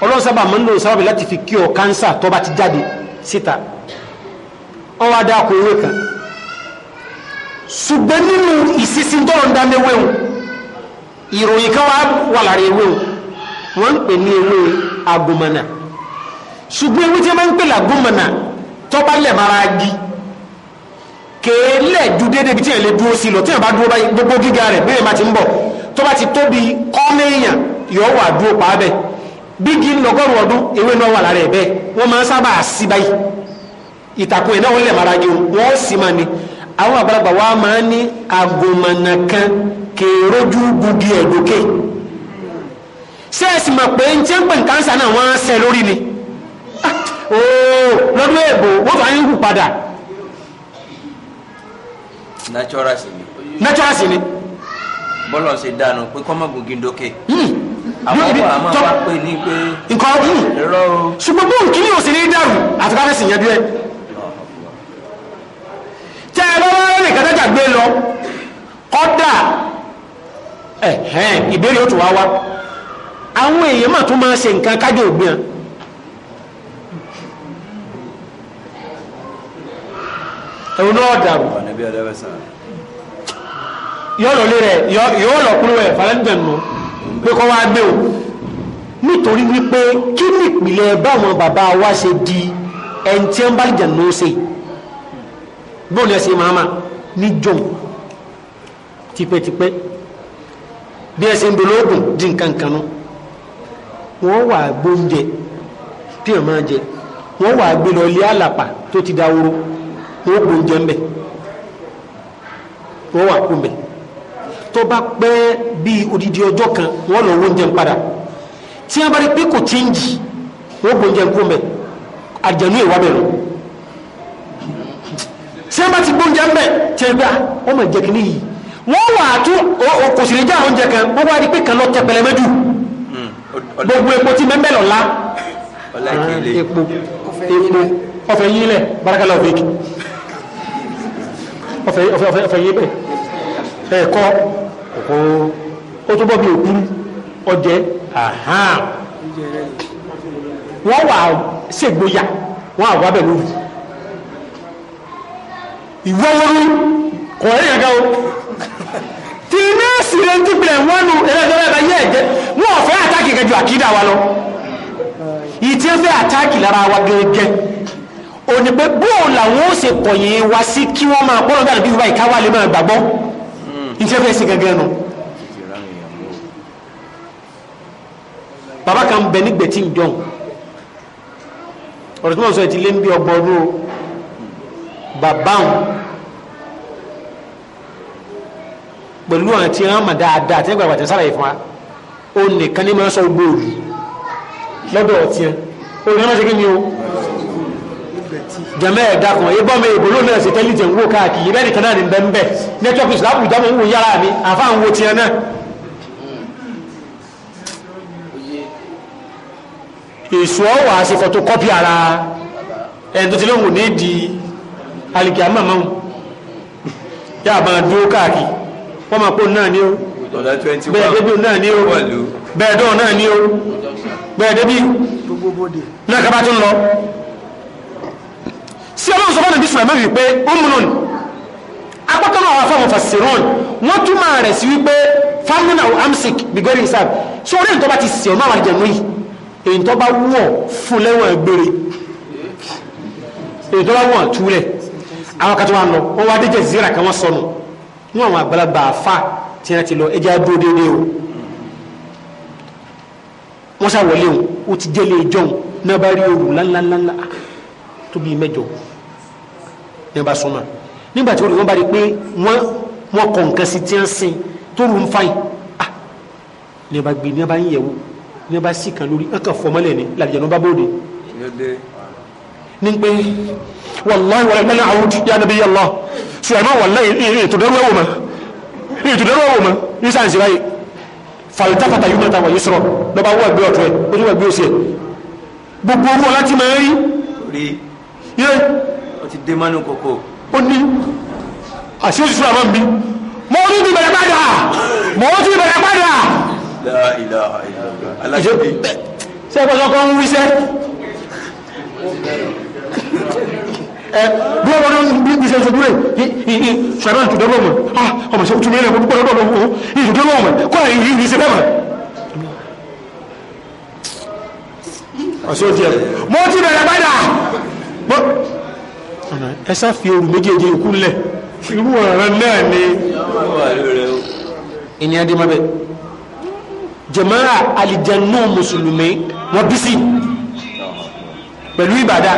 ọlọ́run sábà máa ń lò sábàbí láti fi kí ọ kánsà tó bá ti jáde síta ọwọ́ adá kò ewé kan ṣùgbọ́n nínú ìsísí tọ́rọ ń dáná ewéhùn ìròyìn kan wà lára ewéhùn wọ́n ń pè ní ewé agomana ṣùgbọ́n ewé tí wọ́n máa ń pè lágomana tọ́ba lẹ̀ mara gi kéèlè ju déédéé bi tí yẹn lè dúró sí lọ tí yẹn bá dúró báyìí gbogbo gíga rẹ̀ bí yẹn bá ti ń bọ̀ tọ́ba ti tóbi kọ́mẹ́yàn yọ wà dúró pa á bẹ̀ bígi lọ́gọ́rùn ọdún ewé náà wà lára ẹ̀ bẹ́ẹ̀ wọ́n máa ń sábà sí báyìí ìtàkùn ẹ̀ náà wọ́n lẹ̀ mara gi wọ́n sì máa ní àwọn àgbàlagbà wa máa ń ní agomọ̀nà kan kèròjú gbùgì ẹ̀dókè ṣé ẹ̀sìn mọ̀ pé ń ń ni ooo lọ́dún èbò wọ́n fà yín kù padà. natural sí ni. natural sí ni. bọ́lọ̀ ṣe dànù pé kọ́mọ̀gùn gíndókè. Hmm. àwọn ọmọ àmọ́ wa pè ní pé. nǹkan ọdún ṣùgbọ́n bóun kí ni òsì ní dàrú àti káfíńsì yẹn bí ẹ. tẹ ẹ lọ́wọ́ rẹ̀ kẹ́tẹ́jà gbé lọ kọ́dà ẹ̀hẹ́n ìbéèrè ó tún wá wá àwọn èèyàn mà tún máa ṣe nǹkan kájọ ògbìn ẹ̀rù náà dàrú yóò lọ lé rẹ̀ yóò lọ kúrò rẹ̀ falẹ́ǹdẹ̀ nù pé kọ́ wá gbé o nítorí wípé kí ni ìpìlẹ̀ báwọn bàbá wa ṣe di ẹni tí ń bá lè jẹun lóṣè bóun ẹsẹ̀ màmá níjọ́ tipẹ́tipẹ́ bí ẹsẹ̀ ń dolóògùn di nǹkan kan nù wọ́n wà gbóúnjẹ tí wọ́n máa jẹ wọ́n wà gbé lọ ilé àlàpà tó ti dáwóró ó kó oúnjẹ ń bẹ̀ wọ́n wà kó ń bẹ̀ tó bá pẹ́ bí odidi ọjọ́ kan wọ́n lọ oúnjẹ ń padà tí wọ́n bá rí pé kò change wọ́n kó oúnjẹ ń kó ń bẹ̀ àjẹnú ìwà bẹ̀rẹ̀ tí wọ́n bá ti gbóúnjẹ ń bẹ̀ tí ah, wọ́n bá ọmọ ìjẹkìn níyì wọ́n wà á tún kò sì lè já oúnjẹ kan wọ́n wá rí pé kan lọ tẹ pẹlẹmẹ́dù hmm, gbogbo epo ti mẹ́mbẹ́ lọ́la epo ọ̀fẹ́ yín lẹ̀ barakala ọ̀fẹ́ kì ọ̀fẹ́ yé bẹ́ẹ̀ ẹ̀kọ́ ó tó bọ́ bí òkú ọjẹ́ wọ́n wà ṣègbóyà wọ́n àwọn abẹ́ lórí ìwọ́wọ́rú kọ̀ ẹ́yìn àgá o tí ní ìsìnlẹ̀ tí bìrẹ̀ wọ́n nu ẹlẹ́dọ́rẹ́ ẹ̀bá yẹ́ ẹ̀jẹ́ wọ́n fẹ́ àtàkì kẹjọ àkídà wa lọ ìtí àtàkì lára wa gẹ́gẹ́ òní pé bóò làwọn ó ṣe kọ̀yìn wá sí kí wọ́n máa pọ́nà dáadáa bí báyìí káwá lè máa gbàgbọ́ ìfẹ́fẹ́ hmm. sí gẹ́gẹ́ nu. bàbá kan bẹ nígbẹ̀ tí ń jọun ọ̀rọ̀ tí wọ́n sọ ẹ̀ ti lé bí ọgbọ́n ọdún o bàbá òun pẹ̀lú àwọn tí wọ́n mọ̀ dáadáa tí wọ́n gbàgbà tí wọ́n sàlàyé fún wa ó nìkan ní máa ń sọ gbòòlù lọ́dọ̀ ọ̀tí ẹ̀ ó ní wọ́n máa ṣe kí ni o jẹmẹ ẹdakùn ebọ mi ìbòló náà ṣe tẹlí tẹ ń wò káàkiri bẹ́ẹ̀ nìkan náà ní bẹnbẹ network islam ìjọba ń wò yàrá mi àfa ń wo tiẹ̀ náà. èso ọwọ àṣefọ tó kọpì ara ẹni tó ti lóun ò ní di alìkí àmàmà wọn yà bá dúró káàkiri wọn máa pò náà ní o bẹ́ẹ̀ débi náà ní o bẹ́ẹ̀ dọọ náà ní o bẹ́ẹ̀ débi náà kábàtún lọ sí ọlọ́run sọ fọ́nà bí sùnà mẹ́rin pé umrun apákan àwọn afọ́ mufassirun wọ́n túmọ̀ rẹ̀ sí wípé famina o amsik bigori isab so orí ìtọ́ bá ti sè ọmọ àwọn àjẹmọ́ yìí èyí tó bá wọ̀ fún lẹ́wọ̀n gbére èyí bá wọ̀ túlẹ̀ àwọn kan wà lọ wọ́n wá déjẹ́ zira kan wọ́n sọnù wọ́n àwọn àgbàlagbà àfa tí wọ́n ti lọ ẹja dúró déédéé o wọ́n sá wọlé o ó ti délé ìjọ́un náà bá rí òrùn ní bá súnmọ́ nígbà tí olùkọ́ bá rí pé wọ́n kọ̀ nǹkan sí tí ń sin tó rú ń fáyìn ah ní bá gbé ní bá ń yẹ̀wò ní bá sì kan lórí ẹ̀kan fọmọ́lẹ̀ ni làdìjànú bá bóde. ní pé wàláyé wàláyé mẹ́lẹ́ àwọn ojú yá níbi yàlá ṣùgbọ́n wàláyé ètò dẹ́rù ẹ̀wò mọ́ ètò dẹ́rù ẹ̀wò mọ́ ní sáǹsì báyìí fàlítàfàtà yóò mẹ́ta wàyí sọ̀rọ̀ lọ́ba wọ́n ẹgbẹ́ ọ̀tún ẹ̀ ó ní wọ́n ẹgbẹ́ òsì ti dé mọ́nú kòkó. ó ní àṣírí sùn àmọ́ mi mo rí ti bẹ̀rẹ̀ padà mo ti bẹ̀rẹ̀ padà. ṣé kọ́sọ́ kan ń wíṣẹ́ bí wọn lọ bí ṣe ṣe dúró ṣàdán tó dọ́gbọ̀n mọ̀ ah ọmọ ṣe tún nílẹ̀ púpọ̀ lọ́dọ̀ lọ́wọ́ oh, ìṣe dọ́gbọ̀n mọ̀ kọ́ ẹ̀ yìí ṣe bẹ́ẹ̀ mọ̀. ọ̀ṣọ́ tiẹ̀ mo ti bẹ̀rẹ̀ padà ẹ sáfi ooru méjèèjì ikú lẹ̀ irú ọ̀ràn náà ni ìní adé má bẹ jẹmọ́ra alìjẹnú mùsùlùmí wọ́n bí sí pẹ̀lú ìbàdá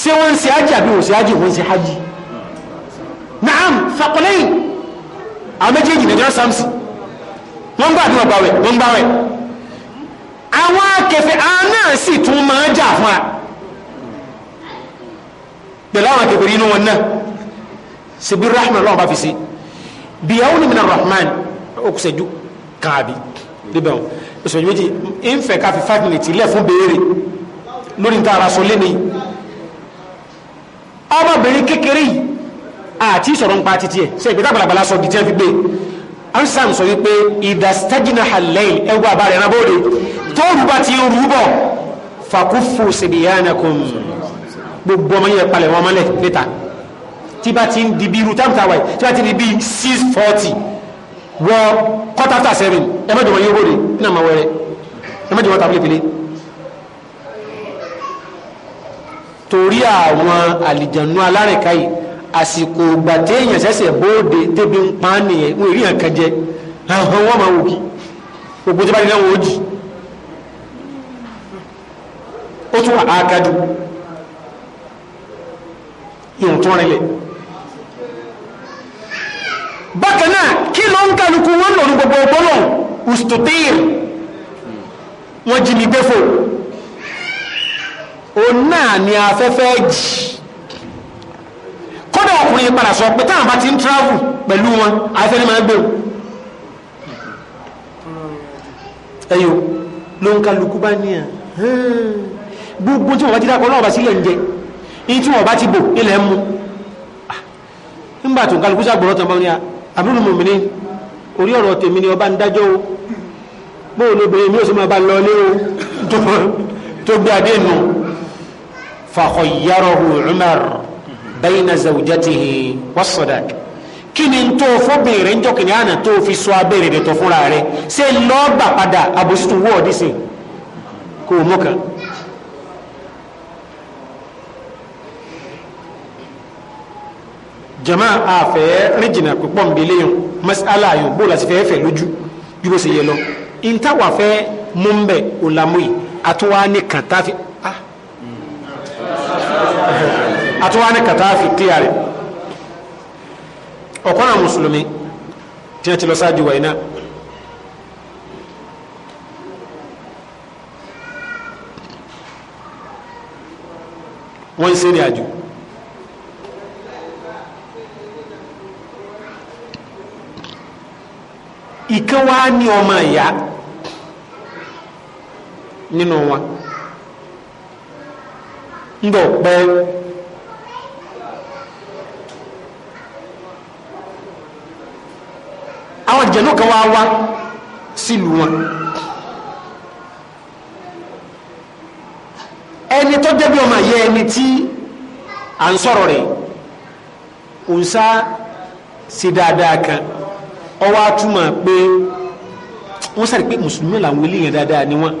ṣé wọ́n ń ṣe ájì àbí wọ́n ṣe ájì wọ́n ṣe ájì naam fàkọlẹ́yìn àwọn méjèèjì nàìjíríà samson wọ́n gbà bí wọ́n gbàwẹ̀ wọ́n gbàwẹ̀ àwọn akẹfẹ́ àwọn náà sì tún máa jà fún wa pẹ̀lú àwọn àtẹ̀kùn nínú wọn náà ṣebí rahman lọ́wọ́ bá fi sí bí yàwó ni minan rahman ó kù sẹ́jú kààbí níbẹ̀ wọn ìṣòyìn méjì ń fẹ́ ká fi five minutes ilẹ̀ fún béèrè lórí níta ara sọ léni ọmọbìnrin kékeré yìí àti ìṣòro ń pa títí ẹ̀ ṣe ìgbésẹ̀ àgbàlagbà lásọ di tí wọ́n fi sọ wípé ìdásítájìnà halẹ́yìn ẹgbẹ́ àbá rẹ̀ rábóde tó rúbà ti rúbọ̀ fàkúfò sèbìyànà gbogbo ọmọ yẹn palẹ̀ wọn mọ́lẹ̀ níta tí bá ti ń di bí irú táàmù táwa yìí tí bá ti di bí six forty wọ quarter after seven ẹ mẹ́jọ wọn yóò wọlé nínú àmọ́ wẹrẹ ẹ mẹ́jọ wọn tàbí lépele. torí àwọn àlìjànú alárìnká yìí àsìkò ìgbà téèyàn ṣẹ̀ṣẹ̀ bóde débi ń pa á nìyẹn wọn èrí hàn kan jẹ hàn wọn máa wò kí gbogbo tí bá di náà wọn ò jì ó tún àkàdù ìhùn tó rinlẹ̀ bákan náà kí ló ń kálukú wọn lòrú gbogbo ọgbọ́nà ustotir wọn jí mi gbéfò òun náà ni afẹ́fẹ́ jì kódà ọkùnrin padà sọ pé táwọn bá ti ń travel pẹ̀lú wọn afẹ́ ni máa gbé o ẹ̀yọ́ ló ń kálukú bá ní à gbogbo tí wọ́n bá ti dákọ̀ náà bá sílẹ̀ ń jẹ́ ní tí wọ́n bá ti bò ilẹ̀ ń mu ah, nígbà tó kálukú sàgbọ̀rọ̀ tán bá ní àbúrò ah, mòmìnì orí ọ̀rọ̀ ọba ń dájọ́ o bóun obìnrin mi ò sì máa bá lọ lé o tó gbé adé nù fàkọ̀yárọ̀hù Umar bayna zawjatihi was kí ni tó fọ́bìnrin fi sọ abẹ́rẹ́ rẹ̀ tó fúnra rẹ̀ lọ́ọ́ gbà padà àbòsítù wọ́ọ̀dì sí kò jama àfẹ́ rìnjìnà pípọ̀ nbẹ̀lẹ̀ yàn masala yàn bó la ti fẹ́ fẹ́ lójú bí bó ṣe yẹ lọ ntàwà fẹ́ mú n bẹ̀ o lamú yìí àtúwá ní kàtá fi ah àtúwá ní kàtá fi kíyà rẹ̀ ọ̀kan náà ti lọ sáájú wáyé náà wọ́n ń ṣe àjò. ìkan wá ní ọmọ ìyá nínú wọn ń bọ̀ pẹ́ àwọn ìjẹ̀lú kan wá wá sílùú wọn ẹni tó jẹ́ bí ọmọ ìyá ẹni tí à ń sọ̀rọ̀ rẹ̀ òun sá sí dáadáa kan ọwọ́ àtúmọ̀ pé wọ́n sáré pé mùsùlùmí làwọn eléyàn dáadáa ni wọ́n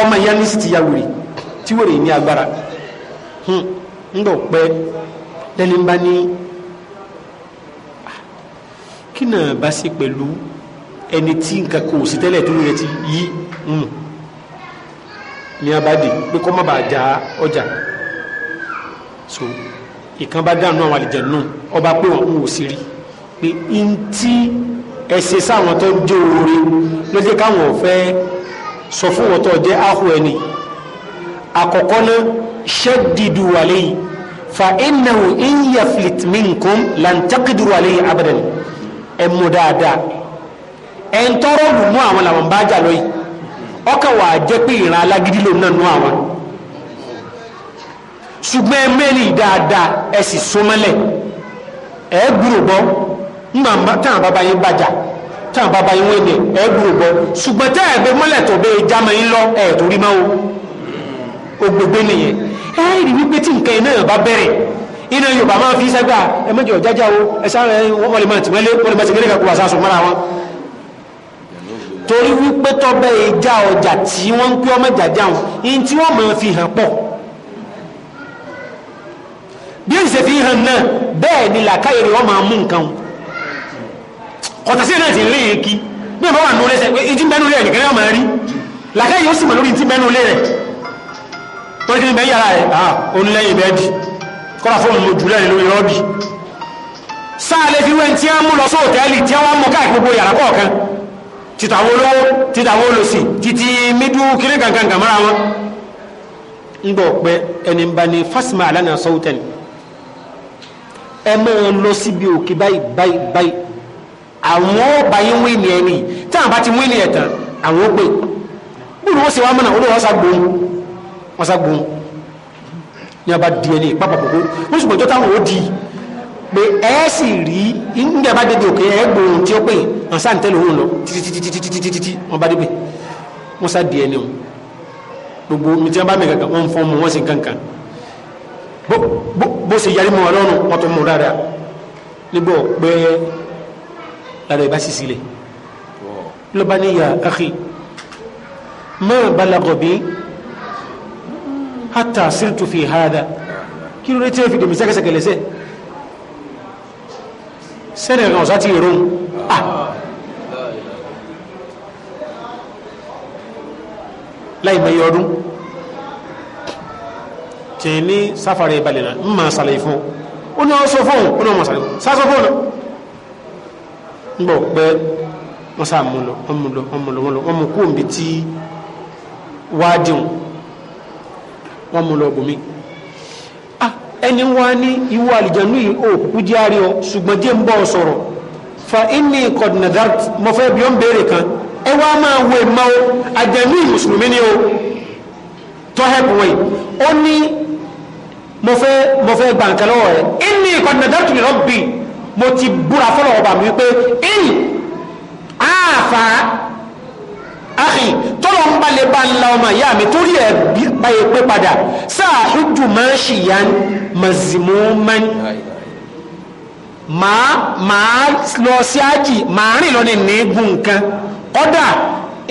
ọmọ ìyá ní sì ti ya wèrè tí wèrè ní agbára hmm, ń dọ̀ pẹ́ lẹ́ni bá ní ah, kí náà bá sí pẹ̀lú ẹni tí nǹkan kò sí tẹ́lẹ̀ tó rẹ̀ ti yí hmm, ní abáde pé kọ́ má bàa já ọjà so ìkan bá dànù àwọn àlejò náà ọba pé wọn kò sí rí pé ntí ẹsẹ sáwọn tó jẹ oore ló jẹ káwọn fẹ́ sọ fún wọn tó jẹ ahu ẹni àkọ́kọ́ náà ṣẹdìdù wàlẹ yìí fa innahu in yaflit minkum lan taqidiru alayhi abadan ẹ mú dáadáa ẹ ń tọrọ lù mú àwọn làwọn bá jà lọ yìí ọkàn wà á jẹ pé ìran alágídí lòun náà nú àwọn ṣùgbọ́n ẹ mẹ́lì dáadáa ẹ sì súnmọ́lẹ̀ ẹ gbúrò bọ́ ńgbà táwọn bàbá yín bàjá táwọn bàbá yín wọ́n ènìyàn ẹ gbúrò bọ́ ṣùgbọ́n tẹ́ ẹ̀ mọ́lẹ̀ tó bẹ jámọ́ yín lọ ẹ̀ tó rí máa o gbogbo nìyẹn ẹ rí wípé tí nǹkan iná yóò bá bẹ̀rẹ̀ iná yóò bá máa fi sẹ́gbà ẹ mọ́jọ jájá o ẹ sáré wọ́n lè máa tì mọ́lé wọ́n lè máa ti gẹ́gẹ́ kó wà sásùn mọ́ra wọn torí wípé tọ́bẹ̀ ìjà ọjà tí wọ́n ń bí èsì fi hàn náà bẹ́ẹ̀ ni làkàyè rẹ̀ wọ́n máa mú nǹkan kọ̀tà sí náà ti rí èkí bí ìbọn wà nù lẹ́sẹ̀ pé ìdí bẹ́nu lé rẹ̀ nìkan máa rí làkàyè yóò sì mọ̀ lórí ìdí bẹ́nu lé rẹ̀ torí kí ni bẹ́ẹ̀ yàrá rẹ̀ ah òun lẹ́yìn bẹ́ẹ̀ di kọ́ra fóònù mo jù lẹ́yìn lórí rọ́ọ̀dì sáà lè fi wé tí a mú lọ sóòtẹ́ẹ̀lì tí a wá mọ káàkiri gbogbo yàrá kọ̀ọ̀kan títàwó olówó títàwó olòsì títí kiri kankan kàmára wọn ń gbọ́ pé ẹni bá ní fásitì máa lánàá sọ́wọ́tẹ́ni ẹ máa lọ síbi òkè báyìí báyìí báyìí àwọn ọba yín wí ni ẹni tí àwọn bá ti wí ni ẹ̀ tán àwọn ó gbé bóòlù wọn sì wá mọ̀nà olóòwò ọ̀sà gbòòrò ọ̀sà gbòòrò ní ọba di ẹni pápákòkó ó sì gbọ́dọ̀ táwọn ó di pé ẹ sì rí nígbà bá débi òkè ẹ gbòòrò tí ó pè hàn sáà ń tẹ́lẹ̀ òun lọ títítítítítítítí wọn bá débi wọn sá di ẹni o gbogbo mi tí wọn bá mi kankan wọn fọ́ ọmọ wọn sì kankan bó ṣe yarí mọ́ ọlọ́run wọ́n tó mú dáadáa nígbà pé lára ìbá sì sílẹ̀ ló bá ní ya akhi ma balagha bi hatta sirtu fi hada kí ló dé tí fi dèmí sẹ́kẹsẹ̀kẹ̀ lẹ́sẹ̀ sẹ́rẹ̀ ẹ̀rọ ọ̀sá ti rún ah láì mẹ́yọ ọdún tiɲɛ ni safari balẹ̀ na n ma fún ó ní wọn fún ó ní ọmọ ma sàlàyé fún sásọ na n bọ̀ pẹ́ wọ́n sá mú lọ wọ́n mú lọ wọ́n mú lọ wọ́n tí wáádìí wọ́n mú lọ bùnmí ah, ẹni wá ní iwu àlìjẹ̀nú yìí ó kú jẹ́ ọ ṣùgbọ́n díẹ̀ ń bọ̀ sọ̀rọ̀ fa inni kọ̀dínàdàt mo bí ó ń béèrè kan ẹ wá máa wo ìmọ̀ o mùsùlùmí ni wọ̀nyí ó ní mo fẹ́ mo fẹ́ gba nǹkan rẹ̀ inni kọ̀nàdàtù ni rọ́bì mo ti búra fọlọ́ ọba mi pé in àfà àhìn tọ́lọ̀ ń balẹ̀ bá ńlá ọmọ ìyá mi torí ẹ̀ báyé pé padà sáà hujju máa ń ṣìyá màzìmú máa ń màá màá lọ sí ájì màá rìn lọ ní nígun nǹkan kọ́dà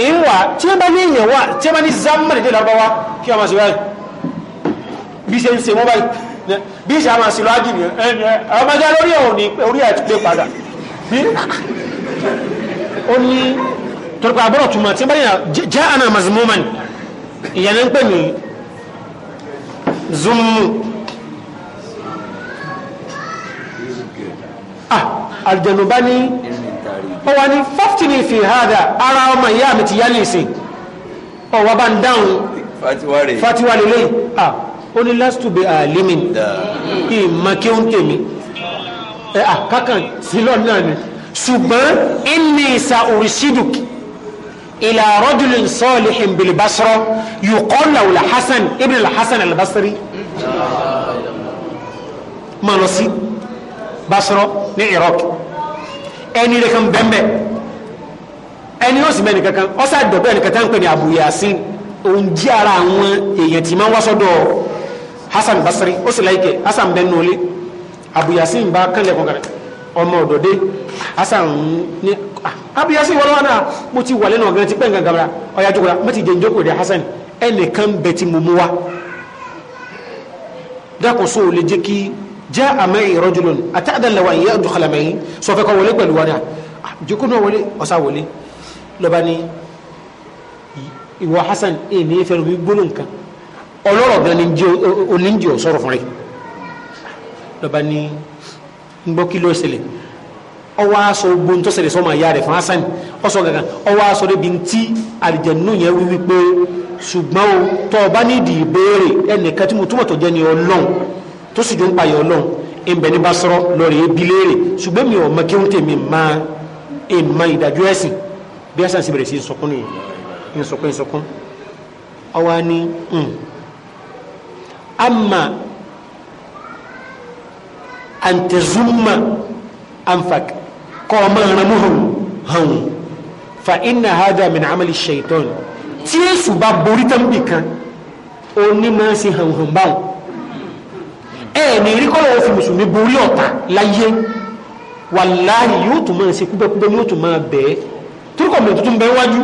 ìwà tí wọ́n bá ní ìyẹ̀wà tí wọ́n bá ní zámàlì dé lọ́gbọ́wá kí wọ́n máa ṣe báyìí bí ṣe ń ṣe wọ́n báyìí bí ṣe àmà sílọ ájì nìyẹn ọmọdé lórí ẹ̀ òní orí ẹ̀ lè padà bí ó ní torípa àbúrò túmọ̀ tí bá yàn jẹ́ àná mazmuman ìyẹn ń pè ní zumu ah àjẹnubá ní ọwọ́ ní fọ́fìtìní fi hádà ara ọmọ ìyá mi ti yá ní ìsìn ọwọ́ bá ń dáhùn fatiwa lè ah ó ní lásìtò bí àlímì ìmọ̀ kí ó ń tèmi àkákàn sílọ̀ náà ni ṣùgbọ́n inni sa urṣiduk ila rajulin salihin bil basra yuqal lahu hasan ibn hasan al-basri ma lọ sí basra ní iraq ẹni rẹ̀ kan bẹ́ẹ̀ bẹ́ẹ̀ ẹni ó sì bẹ́ẹ̀ nìkankan ọ́sà dọ̀bẹ́ nìkan tá ń pè òun jí ara àwọn èèyàn tí máa ń wá sọ́dọ̀ ọ́ hasan basri ó sì láìkẹ hasan bẹ nùlé abuyasin bá kẹlẹ kọkàrẹ ọmọ ọdọdẹ hasan ní ah, abuyasin wọlọwọ náà mo ti wà lẹnu ọgẹrẹ ti pẹ nǹkan gabara ọyà jókòrà mo ti jẹ njókòrò dẹ hasan ẹnìkan bẹ ti mú mú wa dákòóso ò lè jẹ kí jẹ àmọ ìrọjùlọ ni àtàdàlẹwà ìyá ọdúnkọlàmẹ yìí sọfẹ kọ wọlé pẹ̀lú wa náà ah, jókòó náà wọlé ọsà wọlé lọba ni ìwọ hasan èmi fẹnu bí ọlọ́rọ̀ gan ni oníjì ò fún rẹ̀ lọ́ba ní gbọ́ kí ló ṣẹlẹ̀ ọwọ́ aṣọ ogun tó ṣẹlẹ̀ sọ́mọ ìyá rẹ̀ fún hasan ọsọ gangan ọwọ́ aṣọ débi tí àlìjẹ̀nù yẹn wí wípé ṣùgbọ́n o tọ́ ọba nídìí ìbéèrè ẹnìkan tí mo túmọ̀ tó jẹ́ ni ọlọ́run tó sì jọ ń payọ̀ ọlọ́run ìbẹ̀ ní bá sọ̀rọ̀ lọ́rẹ̀ ebi léèrè ṣùgbọ́n mi ò mọ kí n tèmi máa ìmọ̀ ìdájọ́ ẹ̀sìn bí hasan sì bẹ̀rẹ̀ sí ń sọkún nìyẹn ń sọkún ń sọkún ọwọ́ á ní hmm. أما أن تزم أنفك قوما رمهم هم فإن هذا من عمل الشيطان tí èsù bá borí tán bì kan òní máa ń ṣe hànhàn báwọn ẹ ní rí kọ́ lọ́wọ́ fi mùsùlùmí borí ọ̀tá láyé wàláhì yóò tún máa ṣe kúbẹ́kúbẹ́ ni yóò tún máa bẹ̀ẹ́ torí kọ́ tuntun bẹ́ẹ̀ wájú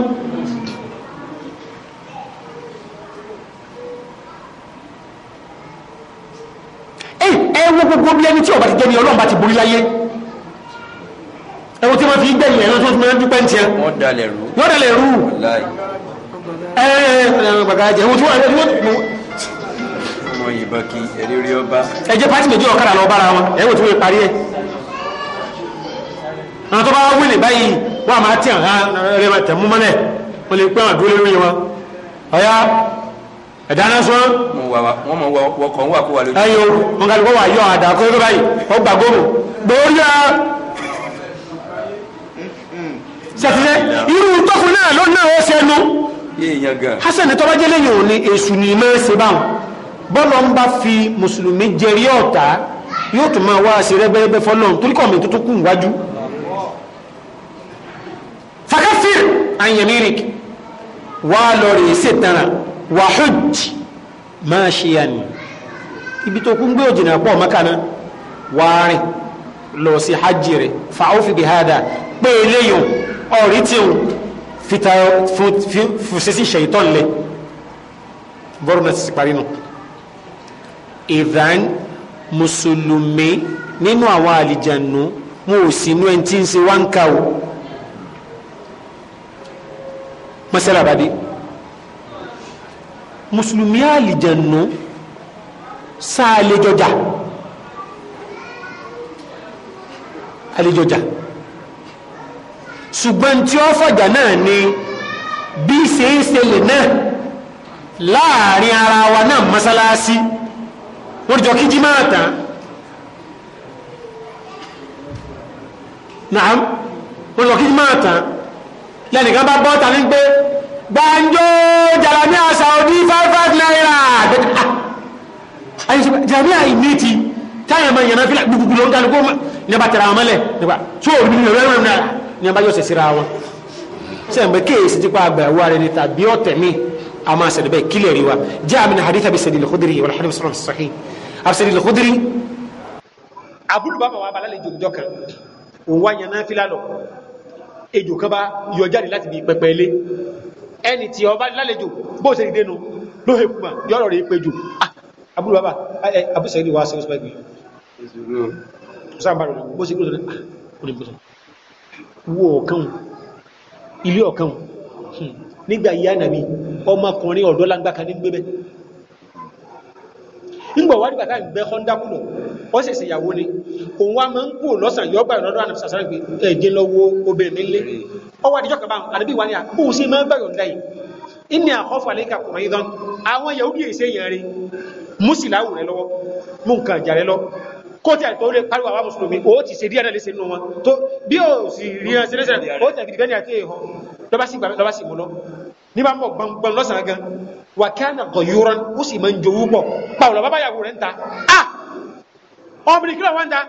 ẹwọ́ gbogbo bí ẹni tí ọba ti jẹ́ ni ọlọ́run bá ti borí láyé ẹwọ́ tí wọ́n fi gbẹ̀yìn ẹ̀rọ tó fi máa ń dúpẹ́ ń tiẹ̀ wọ́n dalẹ̀ rú wọ́n dalẹ̀ rú ẹjẹ́ pàtí méjì ọ̀kadà lọ bára wọn ẹ̀wọ̀ tí wọ́n parí ẹ̀ àwọn tó bá wílì báyìí wọ́n àmà tí àwọn ẹ̀rẹ́ tẹ̀mú mọ́lẹ̀ wọ́n lè pẹ́ àwọn àdúró lórí wọn ọ̀yá ẹ̀dáná sán. wọ́n mọ̀ wọkọ̀ ń wà kó wà lójú. ẹyin o wọn kàlí kó wà yọ àdá kó tó báyìí kó gbà gómù gbòórí ẹ. ṣètìlẹ irú tọkùnrin náà ló náà ó ṣẹnu. hasan tọ́ba jẹ́ lẹ́yìn òní èṣù ni máa ṣe báwọn bọ́lá ń bá fi mùsùlùmí jẹrí ọ̀tá yóò tún máa wá ṣe rẹ́bẹ́rẹ́bẹ́ fọlọ́n torí kọ́ mi wahud mashiyan ibi tó kún gbé òjìnà pọ̀ mọ́kànnà wárin lọ sí hajj rẹ̀ fàáfì bí hádà pé eléyìn ọ̀rí tí òun fìtàfùsẹ́sì ṣèyítọ́ lẹ̀ bọ́rọ̀ náà ti parí nù ìdán mùsùlùmí nínú àwọn àlìjànú wọn ò sí inú ẹni tí ń ṣe wáńkà o mọ́sálà mùsùlùmí àlìjẹ̀nù sáàlejọjà àlejọjà ṣùgbọ́n tí ó fọ̀jà náà ni bí ṣe ń ṣẹlẹ̀ náà láàrin ara wa náà mọ́sálásí wọ́n jọ kíjí máa tán náà wọ́n jọ kíjí máa tán lẹ́nìkan bá bọ́ta ní pé Gbanjo Jalamiya Saudi five five naira ayi ah, sọ Jalamiya yi ní ti táyà máa yànnà fílà gbogbo ló ń kálukú ma ní a bá tẹ̀ra wọn mọ́lẹ̀ nípa tí o bìbí rẹ̀ rẹ̀ náà ní a bá yọ̀ sẹ̀sẹ̀ ra wọn. sẹ́yìnbẹ́ kéèsì ti pa àgbà wa rẹ̀ ni tàbí ọ̀tẹ̀ mi a máa sẹ̀dẹ̀ bẹ́ẹ̀ kílẹ̀ rí wa jẹ́ àmì ní hadith abi sẹ̀dí lẹ́kọ́dìrì wàlá hadith sọ̀rọ̀ sọ̀hí abi sẹ̀dí lẹ́kọ́dìrì. abúlùbáfà wa balẹ̀ jòjọ kan òun wá yànnà fílà lọ ejò kan bá yọjáde láti bí pẹpẹ ẹni tí ọba lálejò bó ṣe dénú ló hẹ kúmà yọ́rọ̀ rẹ̀ pé jù ah, abúrú bàbá abúṣẹ́ ìdíwá sí ọ̀sán ìgbìyànjú sáàbàrò bó ṣe gbọ́sọ̀ onígbọ́sọ̀ ah, wo ọ̀kan ilé ọ̀kan hmm, nígbà ìyá nàbí ọmọkùnrin ọ̀dọ́ lágbàkan ní gbẹ́bẹ́ nígbà wá nígbà táà ń bẹ honda kùnà ó ṣẹ̀ṣẹ̀ ìyàwó ni òun wa máa ń kú lọ́sàn yọ gbà lọ́dọ̀ àná sàṣàrà gbé ẹ̀jẹ̀ lọ́wọ́ obìnrin mi lé ọwọ́ àdìjọ́ kan báwọn àdìbí wa ni à kó o ṣe máa ń gbà yọ̀ǹda yìí ìní àkọ́fà lẹ́ka kùnà yìí dán àwọn yahudi èsè yẹn rí mùsìláwù rẹ lọ́wọ́ mú nǹkan ìjà rẹ lọ kó tí a tó lè pariwo àwọn mùsùlùmí ó ti ṣe díẹ̀ náà lè ṣe nù wọn tó bí ó sì rí ẹ ṣe lẹ́sẹ̀ ó tẹ̀ gidi bẹ́ẹ̀ ni àti èèyàn lọ́ba sì mú lọ níbà ń bọ̀ gbọ̀ngbọ̀n lọ́sàn-án gan wà kánà gọ̀yúrọ̀ ó sì máa ń jowú pọ̀ pàwọ̀lọ̀ bàbá ìyàwó rẹ̀ ń ta ah ọmọbìnrin kílọ̀ wọ́n ń ta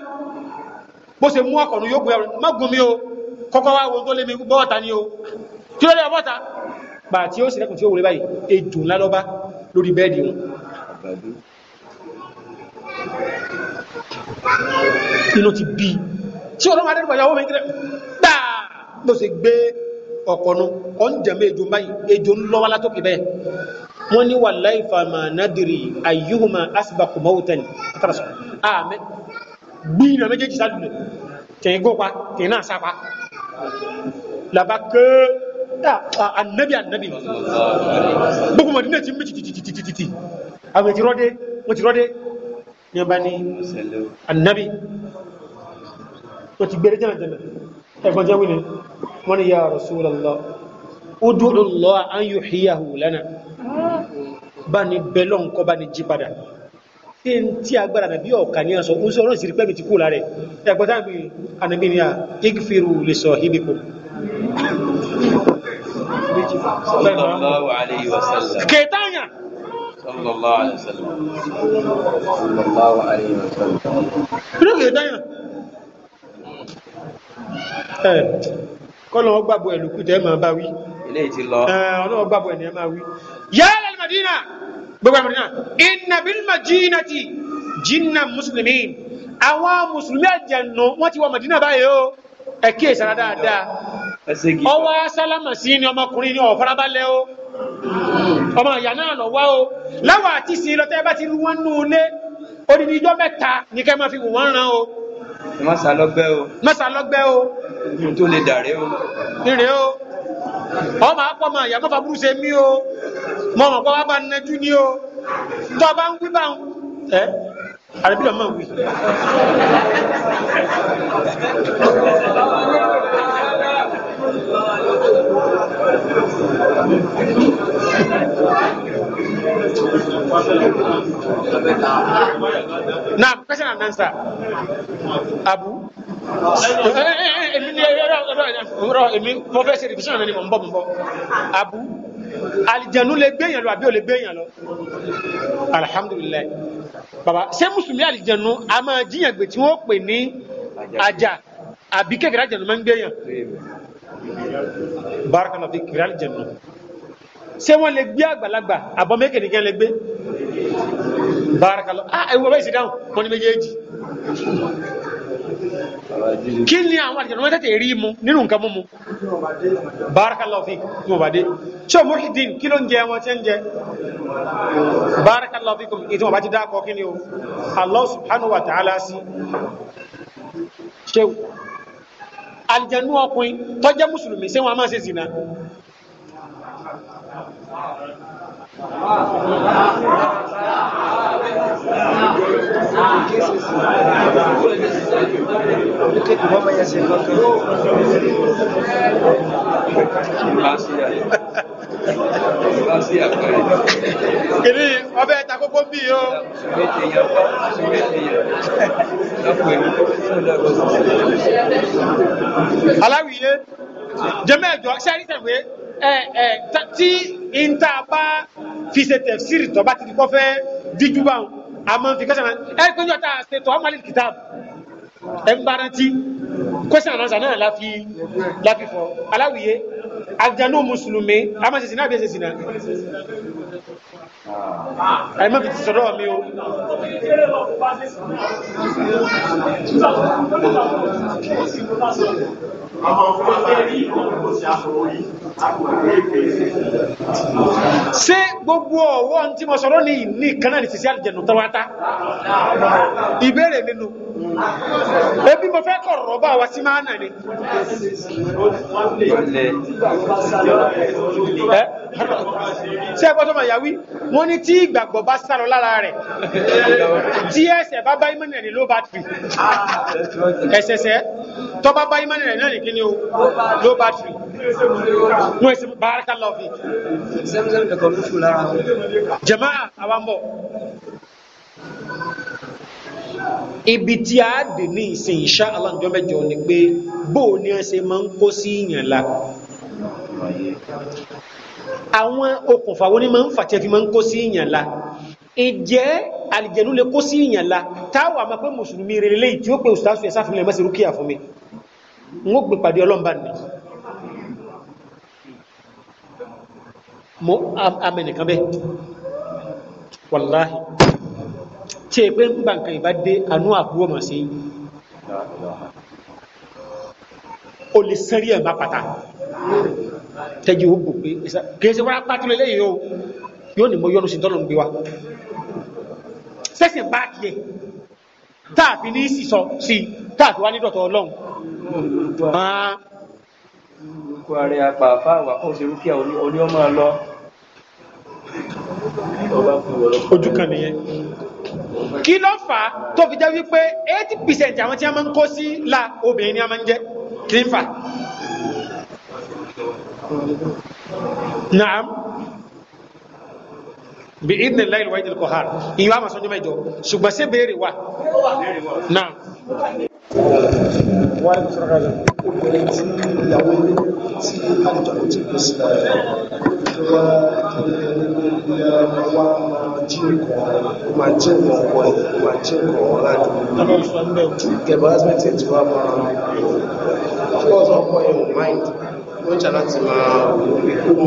bó ṣe mú ọkọ̀ yóò gbé ọ̀rọ̀ mọ́gun mi o kọ́kọ́ wá wọn tó lé mi bọ́ọ̀ta ni o kí ló lé ọbọ̀ta bà tí ó sì rẹ́kùn tí ó wọlé báyìí ejò ńlá lọ́ba lórí bẹ́ẹ̀dì wọn inú ti bí tí ọlọ́run adẹ́rùbọ̀ ọ̀kọ̀nu ọ̀njẹ̀mẹ́ ejò báyìí ejò ń lọ́wọ́ látòkè bẹ́ẹ̀ wọ́n ní wallahi fama nadiri ayyuhuma asbaku mawtan àtàràsọ àmẹ́ ah, gbìyànjú méjèèjì sálùlẹ̀ tẹ̀yìn gópa tẹ̀yìn náà sápa làbá kéé annabi ah, annabi ah, gbogbo mọ̀dínà ti mí títítítítítí àwọn ti rọ́dé wọ́n ti rọ́dé ní ọba ní annabi wọ́n ti gbẹ̀rẹ̀ jẹ́mẹ̀jẹ́mẹ̀ ẹ̀gbọ́n jẹ́ wílẹ̀ wọ́n ni ya Rasulullah ud'u Allah an yuhyiyahu lana bá ní bẹ́lọ̀ nǹkan bá ní jí padà tí n tí agbára nàbí ọ̀kà ní ọ̀sọ̀ oúnjẹ ọ̀rọ̀ ìsìnkú ẹ̀mí ti kú lára ẹ̀gbọ́n tábí ànàbí ni a igfiru li sahibikum sallallahu alayhi wa sallallahu alayhi wa sallallahu alayhi wa kọ́lọ̀ wọ́n gbàgbọ́ ẹ̀lú kùtẹ́ máa bá wí ilé ti lọ ọlọ́wọ́ gbàgbọ́ ẹ̀ máa wí yá al-Madina gbogbo al-Madina inna bil madinati jinna muslimin àwọn mùsùlùmí àjẹnù wọ́n ti wọ Madina báyìí o ẹ kí èsàrà dáadáa ọwọ́ sálámà sí ni ọmọkùnrin ni ọ̀farabalẹ̀ o ọmọ ìyá náà lọ wá o láwọn àti sí lọ́tẹ́ bá ti rú wọn nù ilé odidi ijọ́ mẹ́ta ní kẹ́ máa fi wù wọ́n ràn o mọ́sà lọ́gbẹ́ o. mọ́sà lọ́gbẹ́ o. ohun tó lè dàrẹ́ o. ire o ọmọ akpọ ma yàtọ̀ fàbúrú ṣe mí o mọ ọmọ kọ́ wa bá nẹjú ni o tọ́ bá ń wí bá ń ẹ àrẹ̀bí lọ́mọ wí. Now, question and answer. Abu? Èmi mo fẹ́ ṣe ìbísọ̀ mi ni mò ń bọ̀ mò ń bọ̀. Abu? Àlìjẹ̀nu lè gbéyàn lọ àbí ò lè gbéyàn lọ? Alhamdulilayi. Bàbá ṣé Mùsùlùmí àlìjẹ̀nu a máa jíyàn gbè tí wọ́n pè ní ajá àbí kékeré àjẹ̀nu máa ń gbéyàn? barakallahu fik kìrìàlì jẹ̀nà ṣé wọ́n lè gbé àgbàlagbà àbọ̀ mékèdèkẹ́ lè gbé barakallahu ah ẹ̀wọ̀ bẹ́ẹ̀ sì dáhùn wọ́n ní méjèèjì kí ni àwọn àjẹ̀nà wọ́n tẹ́tẹ̀ rí mu nínú nǹkan mímu barakallahu fik tí wọ́n bá dé ṣé Muhyiddin kí ló ń jẹ wọn tẹ́ ń jẹ barakallahu fikum ìtí wọ́n bá ti dákọ̀ kí ni o Allah subhanahu wa ta'ala sí ṣe àlìjẹnú ọkùnrin tó jẹ́ mùsùlùmí ṣé wọn a máa ṣe zìnà. Thank kìnnì ọbẹ̀ ta kókó bí o. aláwìyé jẹ́mẹ́ ẹ̀jọ́ sẹ́rí tẹ̀wé tí ìta bá fi ṣe tẹ̀sírì tọ́ bá ti di kọ́fẹ́ díjú bá wọn àmọ́ fi kẹ́sàn án ẹ̀ pé ní ọ̀tá ṣe tọ́ ọmọ alẹ́ kìtàbù ẹ̀ ń bá rántí kọ́sàn án náà la fi fọ́ aláwìyé àjànú mùsùlùmí a máa ṣe sìnà Ah. ẹ mẹ́bi ti sọ̀rọ̀ mi o. ṣé gbogbo ọwọ́ tí mo sọ̀rọ̀ ní ìní kan náà ní sísí àlìjẹ̀nù tó wá tá ìbéèrè nínú ebi mo fẹ́ kọ̀ rọ̀ wa sí máa nà ni. ṣé ẹ gbọ́dọ̀ máa yà wọ́n ní tí ìgbàgbọ́ bá sálọ lára rẹ̀ tí ẹsẹ̀ bá bá ìmọ̀nà rẹ̀ ló bá tì ẹsẹsẹ tó bá bá ìmọ̀nà rẹ̀ náà nìkíni o ló bá tì wọ́n èsì bàárẹ́kà lọ́ọ̀fì. jẹ̀má àwọn bọ̀ ibi tí a dè ní ìsìn insha Allah ǹjọ́ mẹ́jọ ni pé bóò ni wọ́n ṣe máa ń kó sí ìyàn la àwọn okùnfà wo ni máa ń fàtẹ́ fi máa ń kó sí ìyàn la ìjẹ́ àlìjẹ̀nu lè kó sí ìyàn la táwa máa pé mùsùlùmí rere léyìí tí ó pe ustaasu ẹ̀ sáfìlẹ̀ mẹ́sì rúkìá fún mi n ó gbé pàdé ọlọ́mbà nì mo amẹnìkan bẹ́ẹ̀ wàláhì tí èpè ń gbà nǹkan ìbá dé àánú àbúrò màá sí o lè sẹ́rí ẹ̀ bá pàtà tẹ́jú ó bò pé kìí ṣe wárápá tó lélẹ́yìn yóò yóò ní mo yọ́nu sí tọ́lọ̀ ń gbé wa sẹ́sìn bá kìí táàfi ní sísọ sí táàfi wá ní dọ̀tọ̀ ọlọ́run kó ààrẹ apá àfáàwà kó nìyẹn kí ló tó fi jẹ́ wípé 80% àwọn tí a máa ń kó sí la obìnrin ni a máa ń jẹ́ kí ń fà naam bi idni lahi alwahid alqahar ìwà àmà sọ́jọ́ mẹ́jọ ṣùgbọ́n sí béèrè wa naam. Kẹ̀bá husband ti wá mọ́ course ọkọ ẹ mind ó ń jà láti máa wò ó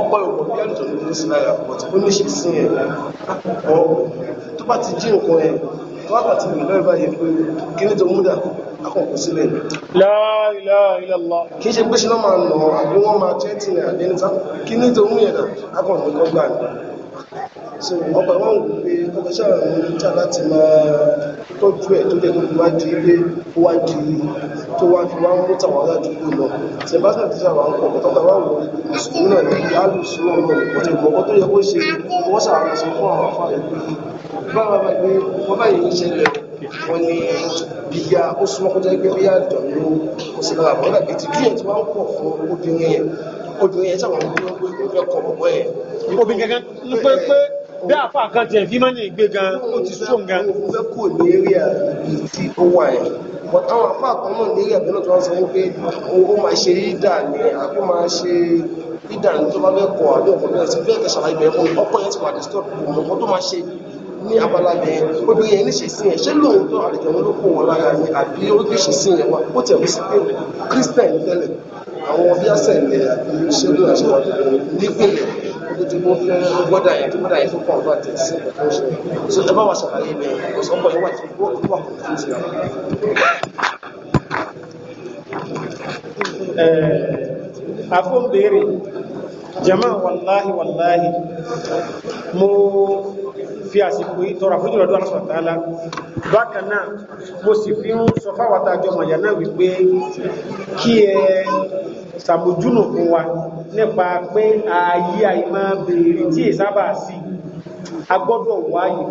ọkọ ẹ bí àlùjọ ló sí lára but ó ní ṣe sí ẹ ọ tó bá ti jí nǹkan ẹ tó bá ti rìn lọ́rọ̀ báyìí pé kí tó múdà akọ̀kọ̀ sílẹ̀ La ilaha ṣe pé ṣe lọ́ máa nà àbí wọ́n máa tẹ́tì ní àdéńtà kí ní tó mú yẹn náà akọ̀kọ̀ gbà ní so ọkọ̀ wọn wò pé ọkọ̀ àwọn ọmọ láti máa tọ́jú ẹ̀ tó jẹ́ tó wá di ilé ó wá di tó wá fi wá ń mú tàwọn aládùúgbò lọ ṣe bá sàn tíṣà wà ń pọ̀ tọ́ta wà wò mùsùlùmí náà ní alùsùn náà lọ ọ̀tẹ̀ ìgbọ̀kọ́ tó yẹ kó ṣe wọ́n ṣàkóso fún àwọn afá ẹgbẹ́ báwa bá gbé wọ́n báyìí ń ṣẹlẹ̀ wọ́n ní bíyà ó súnmọ́ kó jẹ́ pé ó yà dọ̀ ló ó sì lọ́wọ́ obìnrin yẹn sábà wọn ló fẹ́ kọ́ ọmọ ẹ̀. obìnrin kankan ń pé pé bí àfa kan tiẹ̀ fi máa ń gbé gan o ti sún gan. mo fẹ́ kó ní eré àbí o ó wà ẹ̀ wọ́n táwọn àfa kan náà ní eré àbí náà tó wá sọ wípé ó máa ṣe yídà ni àbí máa ṣe yídà ni tó bá fẹ́ kọ́ àbí ọkọ̀ náà ti fẹ́ẹ́ kẹsàn-án ibẹ̀ kọ́ ọkọ̀ yẹn ti wà distop ọmọ tó máa ṣe ní abala bẹ̀ẹ́ obìnrin yẹn níṣe sí yẹn ṣé lóòótọ́ àlejò wọn ló kó wọn lára ni àbí ó gbèsè sí yẹn wà ó tẹ̀ sí pé kírísítẹ̀ ní tẹ́lẹ̀ àwọn ọmọ bí àṣẹ̀lẹ̀ àbí ṣẹ́lú ọ̀ṣọ́ nípìnlẹ̀ lójúmọ́ fún gbọ́dà yẹn tó gbọ́dà yẹn tó pọ̀ lọ́wọ́ àti ẹ̀sìn ìpẹ̀lú ọ̀ṣọ́ so ẹ bá wa ṣàlàyé ní ọ̀sán pọ̀ lọ́wọ́ àti ìgbọ́kùnwà àfún béèrè jama wallahi wallahi mo fi àsìkò ìtọ́ra fún ìrọ̀dọ́ alásọ̀tàálá bákan náà mo sì fi ń sọ fáwàtà àjọmọ̀ ìyà náà wípé kí ẹ sàmójúnù fún wa nípa pé ààyè àìmọ́ bèèrè tí è sábà sí agbọ́dọ̀ wáyé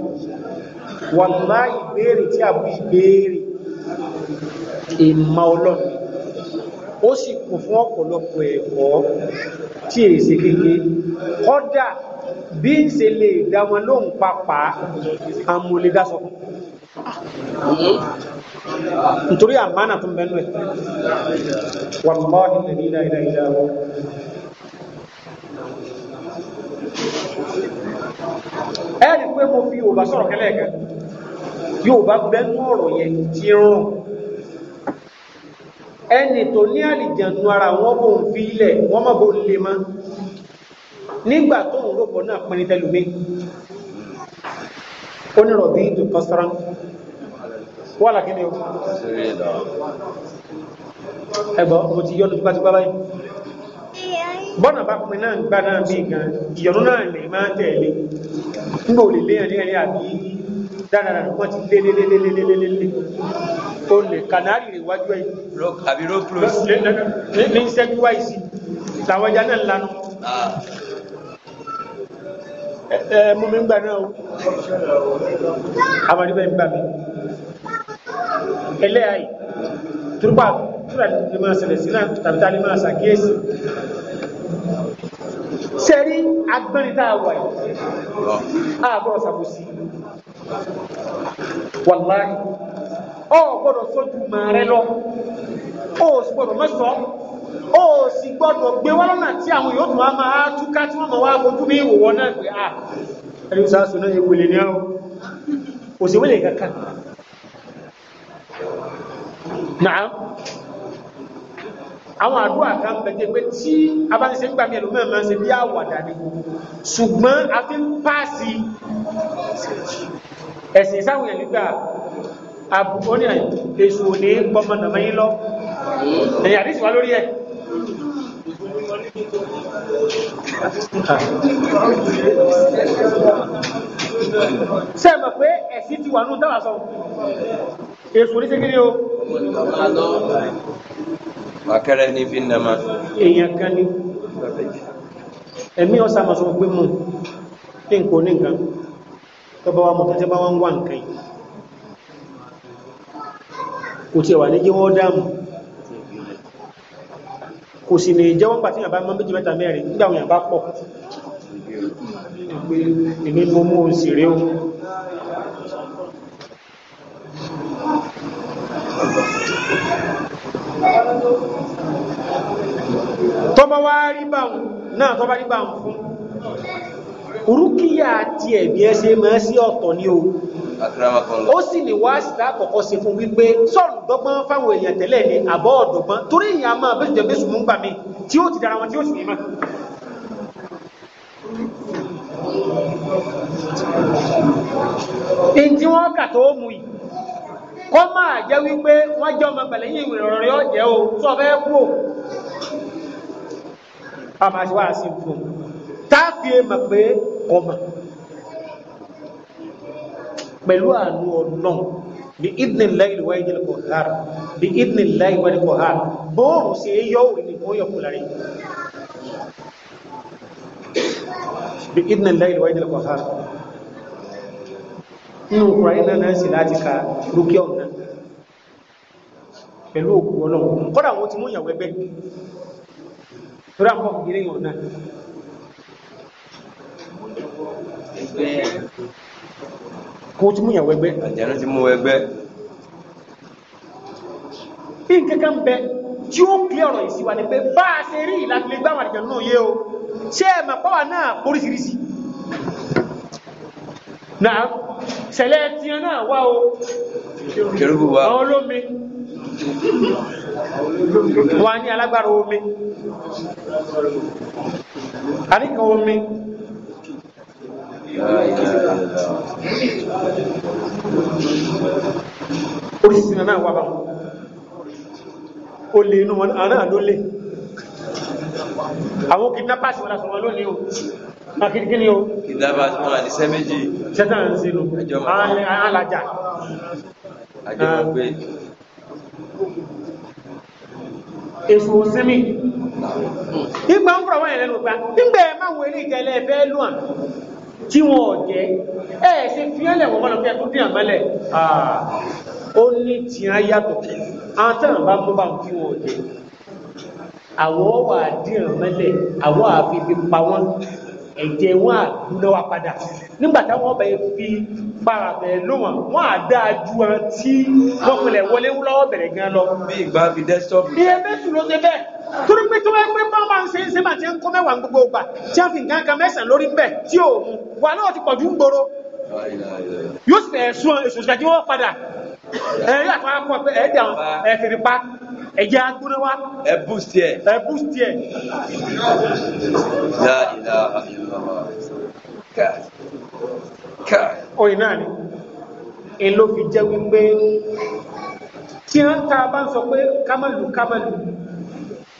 wà láì bèèrè tí àbú ìbèèrè ìmá ọlọ́run ó sì kún fún ọ̀pọ̀lọpọ̀ bí n ṣe lè dá wọn lóhùn papà amúlẹ̀dásọ nítorí àmánà tó mẹ́nu ẹ̀ wàlúwàhí lẹ́ni láìlá ìlà wọn ẹ̀rì pé mo fi Yorùbá sọ̀rọ̀ kẹ́lẹ̀ kan Yorùbá bẹ́nu ọ̀rọ̀ yẹn ti rán ẹni tó ní àlìjànú ara wọn bò ń fi ilẹ̀ wọ́n mọ̀ bò lè máa nígbà tó ń rògbò náà pẹ̀lú tẹlùmí ó ní rọ̀bí ìdù kọ́sára wà lákí ni ó ẹgbọ́ mo ti yọ́nu tipátipá báyìí bọ́nà bá pin náà gbá náà bí gan ìyọ̀nú náà lè máa tẹ̀lé nígbà ò lè lé ẹni ẹni àbí dáradára wọ́n ti lé lélélélélélé ó lè kànáàrì rè wájú ẹ̀ àbí rókùlù ní sẹ́gbíwáìsì làwọn ẹja náà lanu ẹ mú mi ń gbà náà o àwọn ìbẹ̀ ń gbà mí ẹlẹ́ àyè turupa tura lè máa ṣẹlẹ̀ sí náà tàbí tá a lè máa ṣàkíyèsí sẹ́rí agbẹ́rin tá a wà yìí àbúrò ṣàkóso ọ gbọ́dọ̀ sójú mà rẹ lọ ó sì gbọ́dọ̀ mẹ́sọ̀ ó sì gbọ́dọ̀ gbé wọ́n lọ́nà tí àwọn yóò tún wá máa túká tí wọ́n mọ̀ wá fojú ní ìwòwọ́ náà pé à ẹni sáàsùn náà ewu lè ní ọ́ òsèwélè kankan náà àwọn àdúrà kan bẹ̀tẹ̀ pé tí a bá ń ṣe ń gbàmí ẹ̀lú mẹ́rin mẹ́rin ṣe bí àwàdà ní ṣùgbọ́n a fi ń pàásì ẹ̀sìn ìsáwọn ẹ̀lú gbà àbùkọ́nì èṣù ní pọmọdàmẹ́yìn lọ ẹ̀yà ní ìsìnwá lórí ẹ̀ sẹ́ẹ̀mọ̀ pé ẹ̀sí ti wà ní ìtawà sọ èṣù ní síkiri o wàkẹ́rẹ́ ní fi nàmà èèyàn kan ní ẹ̀mí ọ̀sà mọ̀ sọ pé mú ní nǹkan ní nǹkan tọ́bọ̀ mọ̀ tọ́jẹ́ bá wà nǹkan yìí kò tí ẹ̀wà ní kí wọ́n dáàmù kò sì ní jẹ́wọ́n pàtí àbá mọ́ méjì mẹ́ta mẹ́rin nígbà wọn àbá pọ̀ ìgbé mú mú sí rí o tọ́bọ̀ wá rí báhùn náà tọ́bọ̀ rí báhùn fún orúkíyà àti ẹ̀mí ẹsẹ mọ́ sí ọ̀tọ̀ ní o ó sì ní wáàsì tá àkọ́kọ́ ṣe fún wípé sọ̀rọ̀ dọ́gbọ́n fáwọn èèyàn tẹ́lẹ̀ ní àbọ̀ ọ̀dọ́gbọ́n torí èèyàn máa bẹ́sùn jẹ́ bẹ́sùn mú gbà mí tí ó ti dára wọn tí ó sì ní mà. ǹtí wọ́n kà tó mú yìí kọ́ máa jẹ́ wípé wọ́n jẹ́ ọmọ pẹ̀lẹ́ yìí ìwé ìrọ̀rẹ́ ọ̀jẹ́ o tó ọbẹ̀ kú o. àmàṣe wá sí fún un táàfin mọ̀ pé ọmọ pẹ̀lú àánú ọlọ́run bí ìdìní láì wáyé jẹ́ lọ́kọ̀ hàr bí ìdìní láì wáyé lọ́kọ̀ hàr bóòrù sí yọ òrì ní kó yọ kùlárẹ̀ bí ìdìní láì wáyé lọ́kọ̀ hàr nínú náà sì láti ka rúkẹ́ ọ̀nà pẹ̀lú òkú ọlọ́run kọ́dà wọ́n ti mú ìyàwó ẹgbẹ́ kó tí múyàn wẹgbẹ́ àjẹ́nú ti mú wẹgbẹ́ bí nkankan bẹ tí ó kí ọ̀rọ̀ ìsíwá ni pé bá a ṣe rí ìlàtílé gbáwà àjẹ́ náà yé o ṣé ẹ mọ̀ pọ́wà náà oríṣiríṣi náà ṣẹlẹ̀ tí ẹ náà wá o kẹrùkù wá àwọn olómi wọ́n ní alágbára omi àríkà omi orísìí náà wà báwọn o lè inú wọn àrán àdó lè àwọn kìdnápàsì wọn lásọ̀rọ̀ lónìí o akìdíkì ni o kìdnápàsì wọn àti sẹ́méjì sẹ́tà ń sínú alájà ah. èso símì ìgbà ń pọ̀wọ́ ẹ̀lẹ́nu gbá nígbẹ̀ máa wọ ilé ìtẹ́lẹ̀ bẹ́ẹ̀ lọ́nà tí wọn ò jẹ́ ẹ̀ ṣe fíẹ́lẹ̀ wọ́n lọ fẹ́ tó dín àmọ́lẹ̀ ó ní tí a yàtọ̀ àtàrà bá mú bá kí wọn ò jẹ́ àwọ̀ wà dín àmọ́lẹ̀ àwọ̀ àfi fi pa wọ́n ẹ̀jẹ̀ wọn àdúnáwà padà nígbàtàwọn ọbẹ̀ fi parabẹ̀ ló wọn wọn àdáa ju wọn tí wọ́n pẹ̀lẹ̀ wọlé lọ́wọ́ bẹ̀rẹ̀ gan lọ. bí ìgbà fi dẹ́sítọ́ọ̀bù. iye bẹ́ẹ̀ tó wáyé ń ṣe bẹ́ẹ̀ tí ò mú wà yóò sì bẹ̀rẹ̀ sún èso ìṣẹ̀dá kí wọ́n padà ẹ̀rí àtàkọ́ pé ẹ̀ẹ́dà ẹ̀fìrìpá ẹ̀jẹ̀ agbóná wá. ẹ boost yẹ. ẹ boost yẹ. la ilaha illallah káà káà. oyin náà ni èló fi jẹ́ wípé tí wọ́n ta bá ń sọ pé kámẹ́lù kámẹ́lù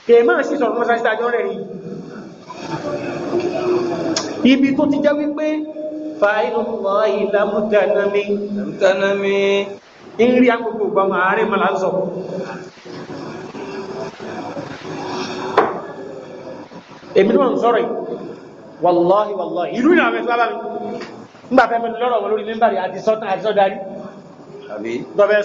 kèémà sì sọ̀rọ̀ mọ́sáṣítà jọ́rẹ̀ yìí ibi tó ti jẹ́ wípé fàáyínú mọ́ ìlàmúdánami ìlàmúdánami ń rí agbègbè ògbàmọ̀ àárín màlá ń sọ èmi náà ń sọ̀rọ̀ wàláhì wàláhì ìlú ìrìn àmì ìfúnlábà mi ńgbà fẹ́ mẹ́nu lọ́rọ̀ wọn lórí mímbàrí àti sọ́tàn àti sọ́darí dọ́bẹ̀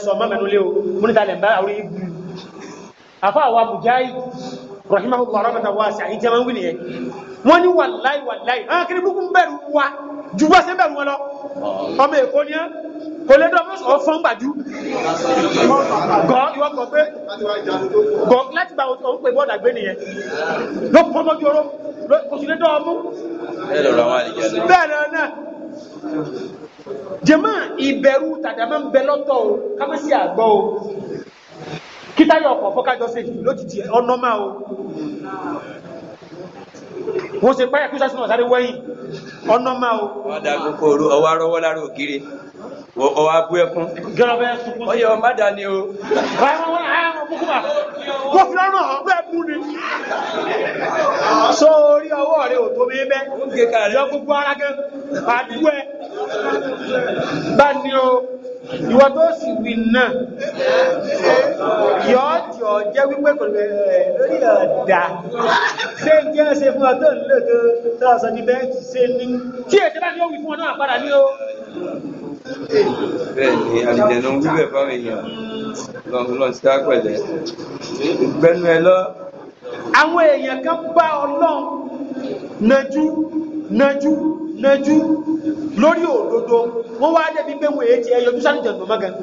rahimahullah rahmatan wasi'a àyè jẹ́ wọn wí nìyẹn wọ́n ní wàláì wàláì àwọn akérè burúkú wa ju bá ṣe ń bẹ̀rù wọn lọ ni ẹ́ kò lè dọ́ mọ́sọ̀ fọ́n gbàjú gọ́ ìwọ gọ́ pé gọ́ láti gba òun pè bọ́ọ̀dà gbé nìyẹn ló pọ́ mọ́jú oró kò sì ọmú bẹ́ẹ̀ náà náà jẹ́mọ́ ìbẹ̀rù tàdàmọ́ ń bẹ lọ́tọ̀ o ká má sí àgbọ̀ o kítáyọ̀ ọ̀pọ̀ fọ́kájọ́ sí ìjìnlẹ̀ lójìtì ọ̀nà máa o wọ́n se páyà kúṣà sínú ọ̀sáré wẹ́yìn ọ̀nà máa o ọ̀dà gbogbo òru ọwá rọwọ́ lára ògiri ọwá bú ẹkún gẹ́rọ̀bẹ́ sunkún ọmọ o wọ́n ah, fi lọ́rùn ọ̀hún bẹ́ẹ̀ mú ni ọwọ́ rẹ ò tó bẹ́ẹ̀ yọ gbogbo ara bá ní o. ìwọ tó sì wí náà yọ jọ jẹ́ wípé kò lè lórí ọ̀dà ṣé n jẹ́ ṣe fún ọdún nílò tó tọ́sọ̀ ní bẹ́ẹ̀tì ṣe ní tí èdè bá ní ó wí fún ọdún àpárá ní o bẹ́ẹ̀ ni àlìjẹ̀nà wíbẹ̀ fáwọn èèyàn lọ́n sí àpẹ̀lẹ̀ gbẹ́nu ẹ lọ. àwọn èèyàn kan bá ọlọ́run nájú nájú lẹ́jú lórí òdodo wọ́n wá dẹ̀bí pé wọ́n èyí ti ẹyọ tó sáàjẹ̀ ọ̀nà mọ́gán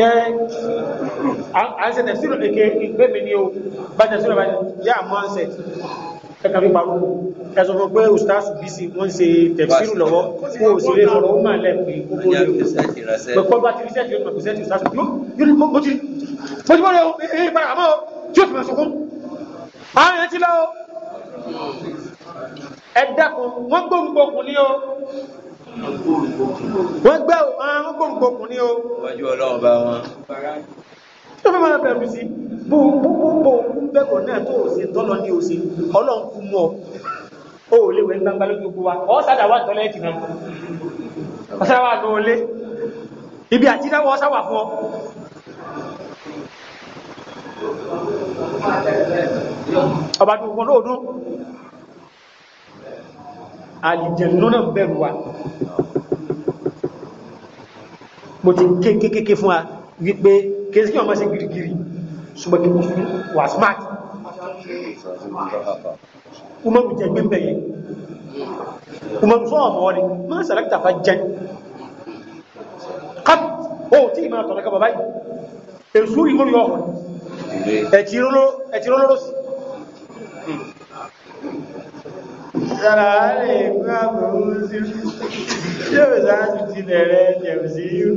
ẹ̀ẹ́sẹ̀ tẹ̀sírò èké ìgbẹ́mì ni ó bá tẹ̀sírò bá yà mọ́ ṣẹ̀ ẹ̀kà fi parọ́ ẹ̀sọ̀ fún pé ustaz bisi wọ́n ṣe tẹ̀sírò lọ́wọ́ kó o sì lè fọ̀rọ̀ ó máa lẹ́pìn gbogbo rẹ̀ pẹ̀pọ̀ bá ti rí sẹ́ẹ̀tì ọmọ ìṣẹ́ẹ̀tì ustaz yóò ti mọ́ rẹ̀ ó èyí padà àmọ́ tí ó fi mọ̀ sọkún àwọn èèyàn ti lọ́wọ́ ẹ̀dàkùn wọ́n gbóǹgbòkùn ní o wọ́n gbẹ́ àwọn gbóǹgbòkùn ní o ah, wájú ọlọ́run bá wọn. tó fẹ́ máa bẹ̀rù sí bó bó bó bẹ́kọ̀ náà tó òsè tọ́lọ ní òsè ọlọ́run kú mọ́ ọ ò lè wẹ̀ gbangba lójú gbogbo wa ọ́ ibi àti ìdáwọ̀ ọ̀sá wà fún ọ ọba tó wọn lóòdún àlìjẹ̀nú náà bẹ̀rù wa mo ti kékékéké fún wa wípé kéèsì kí wọ́n máa ṣe gírígírí ṣùgbọ́n kí wọ́n wà smart umaru jẹ́ gbé bẹ̀yẹ umaru sọ́wọ́ mọ́ ni máa sàrẹ́kítà fa jẹ́ káp ó tí ì máa tọ̀rọ̀ kaba báyìí èsù rí lórí ọkọ̀ ẹ̀tì rólóró sí sàlàálẹ̀ ìpín àbòrò sí ṣé ò sáájú tilẹ̀ rẹ jẹ̀rù sí yú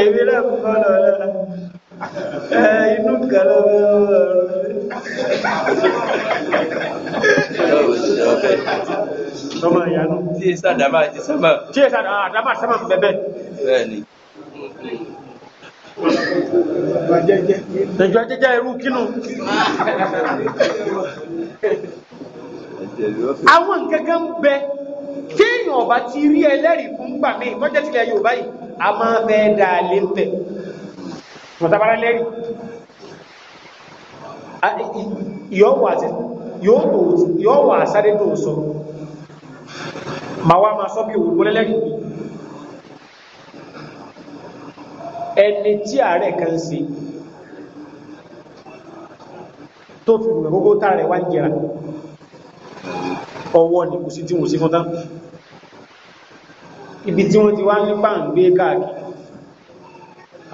èmi náà kú kọ́ lọ lọ́la ẹ inú kan lọ bẹ ọ̀rọ̀ sọmọ ìyanu tí èsà dábàá ti sábà tí èsà dábàá sábà bẹbẹ bẹ́ẹ̀ ni ẹ̀jọ́ jẹ́jẹ́ irú kínú àwọn nǹkankan ń bẹ téèyàn ọba ti rí ẹlẹ́rìí fún gbà mí kọjẹ́ tilẹ̀ Yorùbá yìí a máa fẹ́ dà lé ń tẹ̀ mọ̀tàbára lẹ́rìí yóò wà sáré tó sọ màwa máa sọ bí òwúrọ̀ lẹ́rìí ẹni tí ààrẹ kan ṣe tó fi mẹ̀ gbogbo tààrẹ wá jẹra ọwọ́ ni kò sí tí wọ́n sí fún tán ibi tí wọ́n ti wá nípa ń gbé káàkiri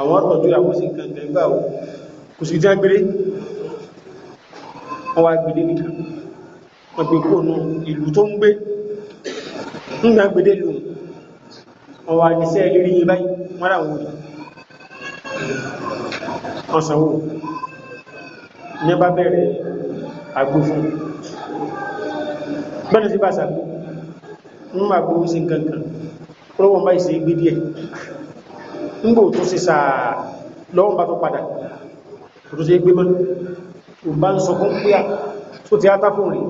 àwọn ọ̀tọ̀jú àwọn sí nǹkan tẹ̀gbà ò kò sí jẹ́ wọ́n wá gbèdé nìkan ìlú tó báyìí wọ́n rà wọ́n ọ̀sánwò ní bá bẹ̀rẹ̀ àgbò fún bẹ́ẹ̀ sí bá sàgbò ń ma gbó sí kankan lọ́wọ́n bá ìsẹ́ gbé díẹ̀ ń gbò tó sí sàá lọ́wọ́n bá tó padà tó sí gbé mọ́ ò bá ń sọ fún pé à tó ti á tápùn rí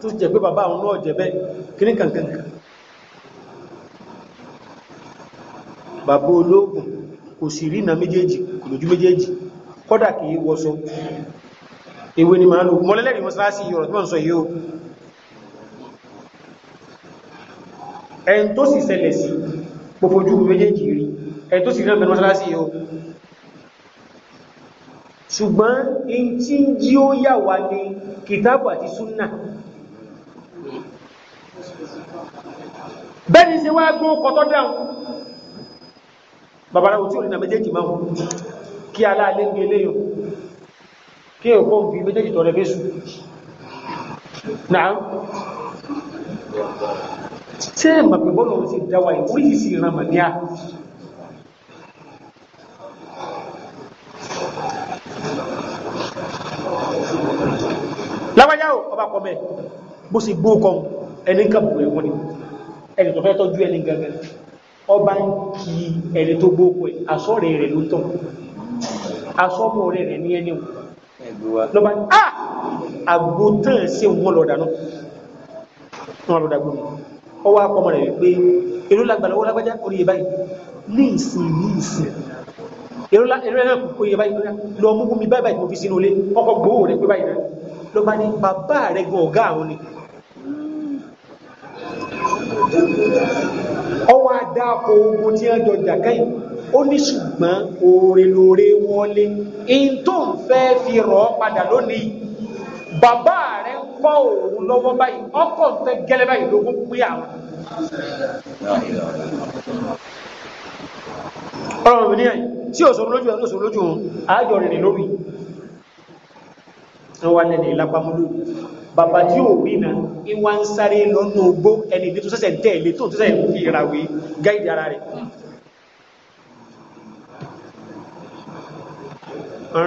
tó jẹ́ pé bàbá àwọn náà jẹ́ bẹ́ẹ̀ kí bàbá olóògùn kò sì rí ìnà méjèèjì kò lójú méjèèjì kọ́dà kì í wọ́sọ ewé ni máa lò mọ́lẹ́lẹ́rì mọ́sálásí ọ̀rọ̀ tí wọ́n sọ yìí o ẹni tó sì ṣẹlẹ̀ sí pòfojú méjèèjì rí ẹni tó sì rí ọ̀bẹ̀ mọ́sálásí o ṣùgbọ́n in tí ń jí ó yà wá ní kìtàbù àti súnnà bẹ́ni ṣe wá gbọ́n kọtọ́ dáun babaláwo tí ò nínà méjèèjì máa kí aláàlé gbé léyìn kí èkó ń fi méjèèjì tọrẹ fésù náà tí ẹ mọ̀ pé bọ́lọ̀ ti dáwà ìwúrísì ìran màníà láwájá ọba kọmẹ bó sì gbó kọ ẹni kàbùkù ẹ̀wọ́n ni ẹni tó fẹ́ tọ́jú ẹni gẹ́gẹ́ ọba ń kí ẹni tó gbókò ẹ̀ asọ́rẹ̀ rẹ̀ ló tàn asọ́mọ̀ rẹ̀ rẹ̀ ní ẹni lọ́ba ní à ah! àgbótán sí wọn lọ́dà náà wọn lọ́dà gbóná ọ wá pọ́mọ rẹ̀ wípé èrò lágbàlá wọ́n lágbàjá orí yẹ báyìí ní ìsìn ní ìsìn èrò náà kò kó yẹ báyìí lọ mú mi báyìí mo fi sínú ilé ọkọ̀ gbowó rẹ̀ pé báyìí náà lọ́ba ní bàbá rẹ̀ gan ọ̀gá àwọn ni ọwọ́ adáko ogun tí wọ́n jọ jà káyìn ó ní ṣùgbọ́n oore lóore wọlé in tó ń fẹ́ fi rọ̀ ọ́ padà lónìí bàbá rẹ̀ ń kọ́ òun lọ́wọ́ báyìí ọkọ̀ ń tẹ́ gẹ́lẹ́ báyìí lógún pé àwọn. ọlọ́run mi níyàn tí òṣòro lójú ẹ̀ lóṣòro lójú òun àájọ rẹ̀ lórí wọ́n lẹ́nà ìlápamúlò bàbá tí ò rí na ìwà ń sáré lọ́nà ogbó ẹni tó sẹ́sẹ̀ tẹ̀lé tó sẹ́sẹ̀ ìràwé gáìdì ara rẹ̀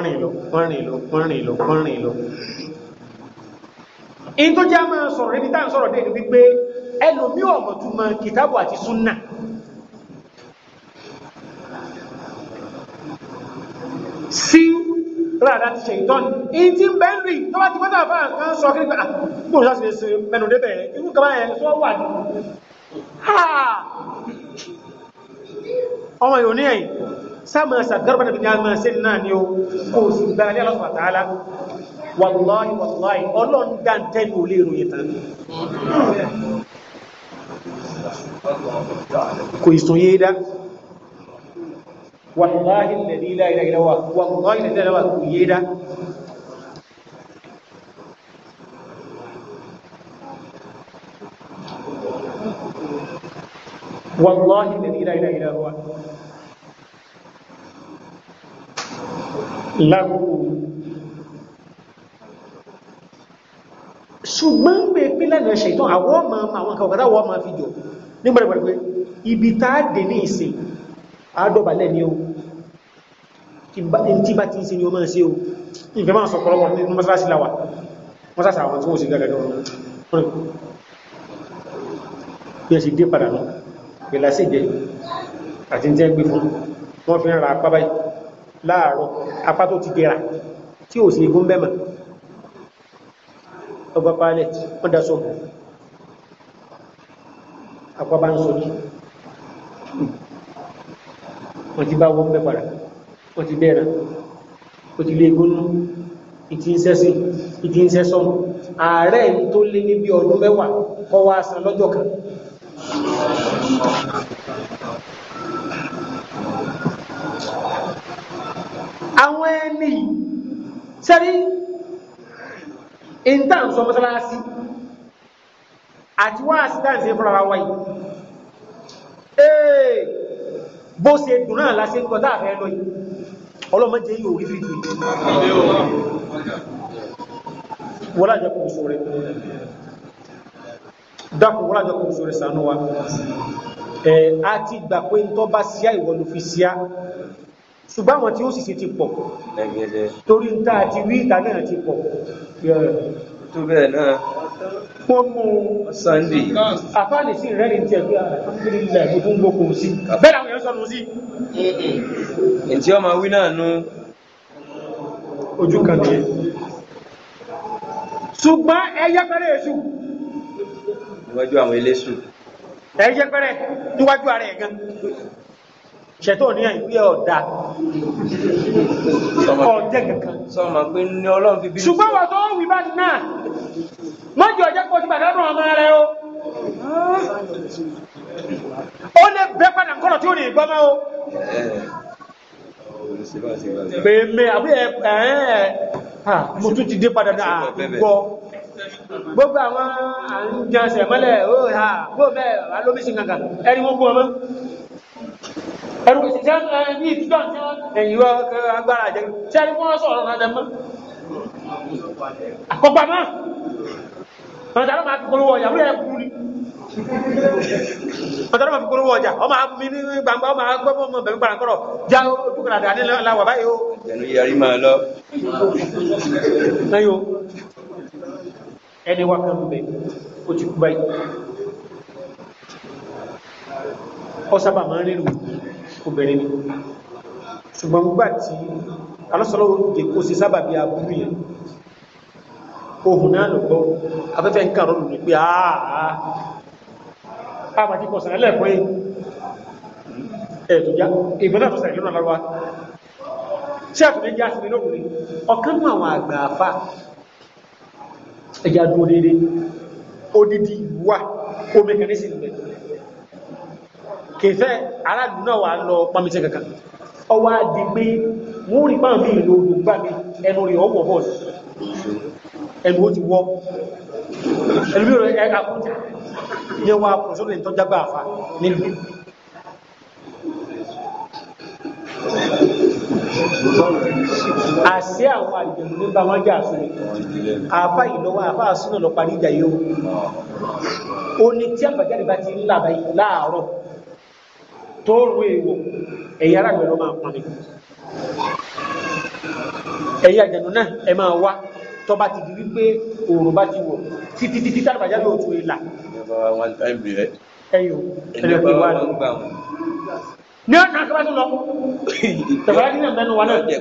rìn lọ rìn lọ rìn lọ rìn lọ já máa sọ̀rọ̀ níbi tá à ń sọ̀rọ̀ dé ni wípé ẹlòmí ọ̀mọ̀ tún mọ kìtàbù àti súnà sí rárá ti ṣe ìtọ́ni èyí tí ń bẹ́ ń rí tó bá ti pẹ́tà fáà kan sọ kí nípa ah, bó ṣá sì lè ṣe mẹnu débẹ̀ irú kan báyẹn tó wà ní. ọmọ yòó ní ẹ̀yìn sáàmù ẹ̀sà gẹ́rùbẹ́ níbi ní àmọ́ ẹ̀sẹ̀ náà ni ó kó sì gba ní aláṣọ wàlúwàhí lẹ́dí láìlá ìlàwà wàlúwàhí lẹ́dí láìlá kò yé dá wàlúwàhí lẹ́dí láìlá ìlàwà lágbó ṣùgbọ́n gbé pílànà ṣètàn àwọn ọmọ àwọn kàwàkàtà wọ́n ma fi jọ nígbàrẹ̀gbàrẹ̀ ibi táà dé ní ìsìn àádọ́bàlẹ̀ ni ó tí bá ti ń ṣe ni o máa ṣe ó ìfẹ́ máa sọ pọ̀lọ́wọ́ ní mọ́sálásí láwà mọ́sálásí àwọn tí wọ́n sì gẹ́gẹ́ lọ́rùn bí ẹ sì dé padà lọ pẹ̀lá sí ìdẹ́ àti jẹ́ gbé fún wọ́n fi ń ra apá báyìí láàárọ̀ apá tó ti dẹ̀ra tí ò sí igun bẹ́mà ọba palẹ̀ wọ́n dá sọ́ọ̀bù apá bá ń sọ́ọ̀bù wọ́n ti bá wọ́n bẹ́ padà wọ́n ti bẹ́ẹ̀rẹ̀ ó ti lé egónú ìtí ń sẹ́sìn ìtí ń sẹ́sọ́nù ààrẹ tó lé ní bí ọdún mẹ́wàá kọ́ wá san lọ́jọ́ kan àwọn ẹni sẹ́rí ìntàn sọ mọ́sálásí àti wáàsí dáǹsì fúnra wáyé bó ṣe dùn náà láṣẹ ń kọ láàfẹ́ lọ yìí ọlọ́mọdé yóò rí fìdí wọ́n lájọ kò sóre dákò wọ́n lájọ kò sóre sànú a ti gbà pé ń tọ́ bá síá ìwọ ló fi síá ṣùgbọ́n àwọn tí ó sì ti pọ̀ torí ń tá àti wí ìta ti pọ̀ wọ́n mú Sunday àfáàní sí ìrẹ́rìn tí ẹgbẹ́ àfírílẹ̀ ìbùdó ń gbókun sí bẹ́ẹ̀ àwọn èèyàn sọnù sí. ǹtí ọmọ wí náà nu ojú kan nìyẹn ṣùgbọ́n ẹyẹ pẹ́rẹ́ èṣù níwájú àwọn eléṣù ẹyẹ pẹ́rẹ́ níwájú ara ẹ̀ gan ṣẹ̀tọ́ ní ìwé ọ̀dá ọ̀jẹ́ kankan sọmọ pé ní ọlọ́run fi bí ṣùgbọ́n wà tó wì bá náà mọ́jọ ọjẹ́ pọ̀ sí bàdánù ọmọ rẹ o ó lè bẹ́ padà kọ́nà tí ó ní ìgbọ́ mọ́ o pèmè àbí ẹ ẹ mo tún ti dé padà náà gbọ́ gbogbo àwọn àrùn ó ha gbọ́ bẹ́ẹ̀ alóbísí kankan ẹni wọ́n gbọ́ ẹ̀rù òṣìṣẹ́ ní ìtújọ́ ní ẹ̀yìn agbára jẹ́ tí a rí wọ́n sọ̀rọ̀ náà jẹ́ mọ́ àkọ́gbà náà ọ̀nà tàbí máa fi polówó ọjà lórí ẹ̀kú ni ọ̀nà tàbí máa fi polówó ọjà ọmọ mi ní gbangba ọmọ agbọ́mọ ọmọ bẹ̀rẹ̀ gbàrà kọ́rọ̀ já ojúkọ̀rọ̀ àdáni láwà báyìí o. ẹnu yarí máa lọ. ẹyọ ẹni wá kan bẹ ó ti kú báyìí ọ sábà máa ń rírun obìnrin ni ṣùgbọ́n gbà tí alọ́sọ̀lọ́ oúnjẹ kó sí sábà bí abúrú yẹn ohun náà lọ gbọ́ afẹ́fẹ́ ń kàrọ̀ lù ní pé àà àbàkíkọ̀ sàn ẹlẹ́ẹ̀kọ́ yìí ẹ̀tùjá ìbẹ̀lẹ̀ tó sàrẹ̀ lọ́nà lọ́wọ́ tí a tún já sí lóòrùn ọ̀kan mú àwọn àgbà àfà ẹja dúró déédéé odidi wà omi kèfẹ́ aráàlú náà wà lọ kaka kankan ọwá di wọ́n rí pàmì ìlú olùgbà mi ẹnu rí ọwọ́ ẹnu ó ti wọ́ ẹlùmí ní pọ̀sọ́lẹ̀ tó jágbà àfà nílùú àwọn àjẹ̀mù ní jà fún tó rú èèwọ̀ ẹ̀yà ara gbẹ̀rọ máa pọnmi ẹ̀yà ìjànú náà ẹ máa wá tó bá ti di wípé oòrùn bá ti wọ̀ títí títí tàbàjá ló tún ìlà ẹ̀yọ̀ ẹ̀yọ̀ pé wà ní ọ̀nà àkọ́bá tó lọ tàbàjá nínú ẹ̀mẹ́nu wa náà bí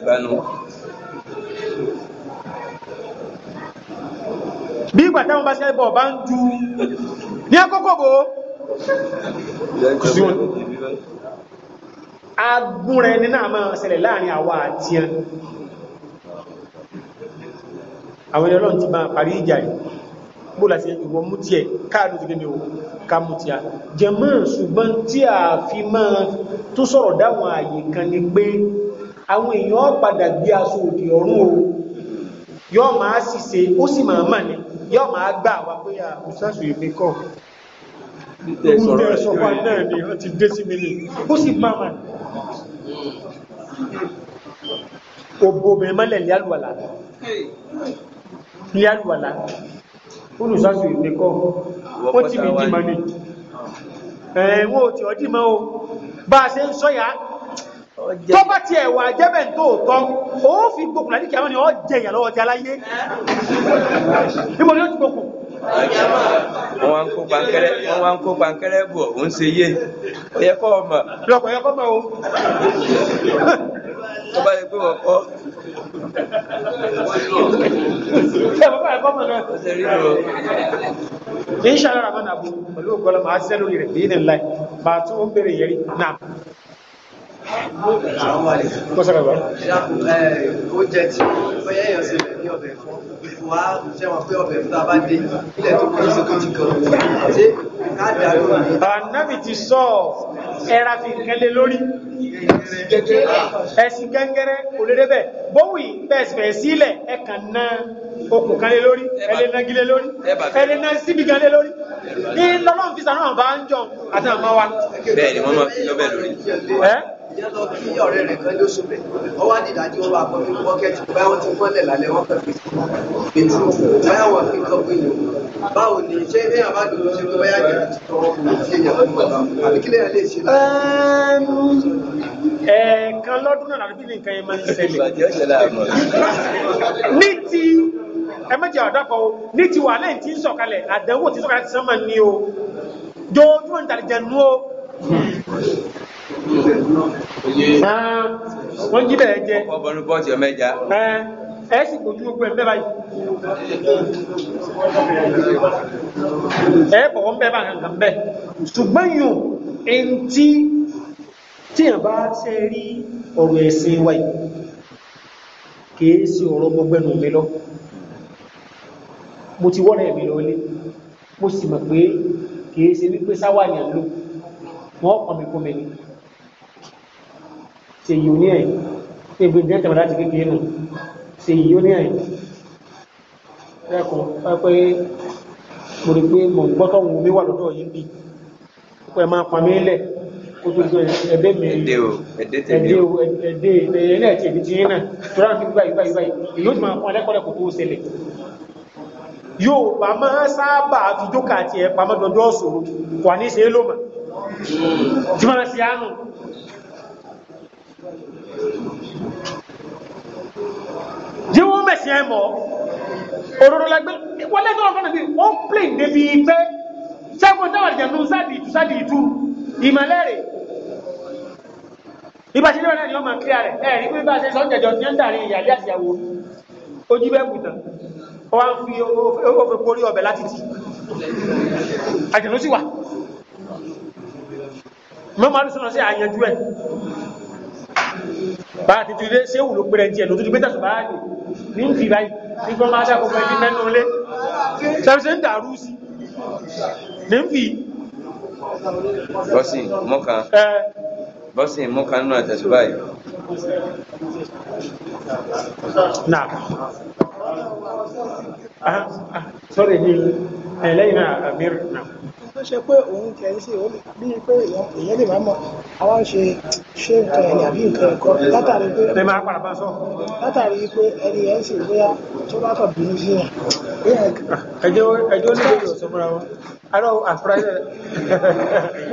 ìgbà táwọn bá ṣẹ́ bọ̀ bá ń ju ní àkókò bòó agbúnra ẹni náà máa ṣẹlẹ̀ láàrin àwa àti ẹn àwọn ẹni ọlọ́run ti máa parí ìjà rẹ̀ bó láti ìwọ mú tí ẹ káàdù ti gẹ́gẹ́ ká mú tí a jẹmọ́ ṣùgbọ́n tí a fi máa tó sọ̀rọ̀ dáwọn àyè kan ni pé àwọn èèyàn padà gbé aṣọ òdì ọ̀rún o yọ́ máa ṣìṣe ó sì máa mà ní yọ́ máa gbà wá pé àbúsáṣù ìpínkọ́ ìgbẹ́ sọ̀rọ̀ náà ni wọ́n ti dé sí mi ní ó sì máa mà òbò obìnrin mọ́lẹ̀ líàlùwàlá líàlùwàlá olùsásù ìpẹ́kọ́ wọ́n ti mi dìmọ̀ ní ẹ̀wọ́ tí ọ dìmọ̀ o bá a ṣe ń sọ́yà tó bá ti ẹ̀wà jẹ́bẹ̀ tó tọ́ ó fi gbogbo wọ́n wá ń kó pankẹ́rẹ́ wọ́n wá ń kó pankẹ́rẹ́ bù ọ́ ń ṣe yé ọ̀yẹ kọ́ ọ mọ̀ lọ́kọ̀ ọ̀yẹ kọ́ mọ̀ o tó bá yẹ pé wọ́n kọ́ ṣe bàbá ẹ̀kọ́ mọ̀ náà ṣe rí o. kì í ṣàlàyé àwọn àbò pẹ̀lú ògbọ́lọ́ màá ṣiṣẹ́ lórí rẹ̀ bí ní láì màá tún ó bèrè yẹrí náà. Kọ́sẹ̀ bàbá. Oúnjẹ tí ọyẹ́ èèyàn ṣe lẹ̀ ní ọbẹ̀ fún ìfò wá ṣe wọn pé ọbẹ̀ fún ta bá dé ilẹ̀ tó kọ́ sí kọ́ ti kọ́. Ṣé ká dàrú? Ànábì ti sọ ẹra fi nǹkan lé lórí ẹ̀sìn gẹ́gẹ́rẹ́ kò lè débẹ̀ bówù yìí bẹ́ẹ̀ sì fẹ̀ sílẹ̀ ẹ kàn ná okùn kan lé lórí ẹlẹ́ náà gílé lórí ẹlẹ́ náà síbi kan lé lórí ní lọ́lọ́run fi sànú àwọn bá ń jọ àti àwọn máa wa. bẹ́ẹ̀ ni wọn máa fi lọ bẹ́ẹ̀ lórí. ẹ ìyá lọ kí ọ̀rẹ́ rẹ̀ kan lóṣù rẹ̀ wọ́n wá nídàájú wọn àpọ̀ nínú bọ́kẹ́tì báyà wọ́n ti mọ́lẹ̀ lálẹ́ wọn pẹ̀lú ètò báyà wọ́n fi nǹkan pín yòó báwo ni ṣé ilé àbádùn ló ṣe pé báyà jẹ́ àti tọwọ́ fún mi sí èèyàn lọ́dún bàbá àbí kílẹ̀ yẹn lè ṣe náà ẹ̀ẹ̀kan lọ́dún náà láti bí nǹkan yẹn máa ń ṣẹlẹ̀ ní ti ẹmẹ́jì àdápọ̀ o ní ti wà lẹ́yìn tí ń sọ̀kalẹ̀ àdánwò tí sọ̀kalẹ̀ ti sánmà ní o jọjúmọ̀ ń tàlẹ̀ o wọ́n jí bẹ̀rẹ̀ jẹ ẹ sì kojú gbogbo ẹ̀mẹ́ báyìí ẹ bọ̀wọ́ ń bẹ́ bá nǹkan kan bẹ́ ṣùgbọ́n yìí ẹn tí tíyàn bá ṣe rí ọ̀rọ̀ ẹ̀sìn wa yìí kìí sí ọ̀rọ̀ gbọ́gbẹ́nu mi lọ mo ti wọ́rẹ̀ mi lọ ṣe wípé sáwà ní àlò wọ́n kọ̀mìkọ̀mì ni ṣe yìí ní ẹ̀ ẹgbẹ̀rẹ̀ tẹ̀mọ̀ láti kékeré nù ṣe yìí ó ní àyè ẹkùn pé mo rí pé mo gbọ́ tó wù mí wà lọ́dọ̀ yìí bì pé ẹ máa pa mí lẹ̀ kó tó sọ ẹ̀bẹ̀ mi ẹ̀dẹ̀ o ẹ̀dẹ̀ ẹ̀dẹ̀ ẹ̀dẹ̀ ẹ̀dẹ̀ ẹ̀dẹ̀ ti yín náà tó rà ní báyìí báyìí báyìí èyí ó ti máa pọn ẹlẹ́kọ̀ọ́lẹ̀ kó tó ṣẹlẹ̀ yóò bá máa sábà àtijọ́ kàti ẹ̀ pamọ́ dọdọ́ ṣòro kò ní ṣe é ló mà tí jí wọ́n mẹ̀sí ẹ mọ́ òróró lágbẹ́ wọlé tó lọ́nà bí ó ń plé débi pé sẹ́gun táwọn ìjẹ̀nu sáàdì ìtú sáàdì ìtú ìmọ̀lẹ́rẹ̀ ibà sí níwọ̀n náà ni wọ́n máa kíra rẹ̀ ẹ̀rí pé bá ṣe sọ jẹjọ ní ń dàrí ìyàlẹ́ àtìyàwó ojú bẹ́ẹ̀ kù tán ó wá ń fi òfin porí ọbẹ̀ láti tì àjẹ̀nu sì wà mọ́ máa ń sọ̀rọ̀ sí àyànjú ẹ̀ bá a ti tu ilé ṣé wùlò pẹ̀lẹ́ tiẹ̀ lótú ti pété sùn báyìí ní ń fi báyìí ní gbọ́n máa dá gbogbo ẹbí mẹ́nu lé ṣàfihàn ń dàrú sí ní ń fi. bọ́sì mọ́kàn bọ́sì mọ́kàn nínú àtẹ̀sùn sọ́rọ̀ ní ẹlẹ́yìn àmìr náà tó ṣe pé òun kẹ̀ ń sí bí i pé èèyàn lè máa mọ̀ àwọn ṣe ṣe nǹkan ẹ̀yìn àbí nǹkan ẹ̀kọ́ látàrí pé látàrí pé ẹni ẹ̀ ń sì bóyá tó bá kàn bínú sí wọn. Ah, ẹjọ́ nílò ìwòsàn fúnra wọn. àrò àfúráṣẹ.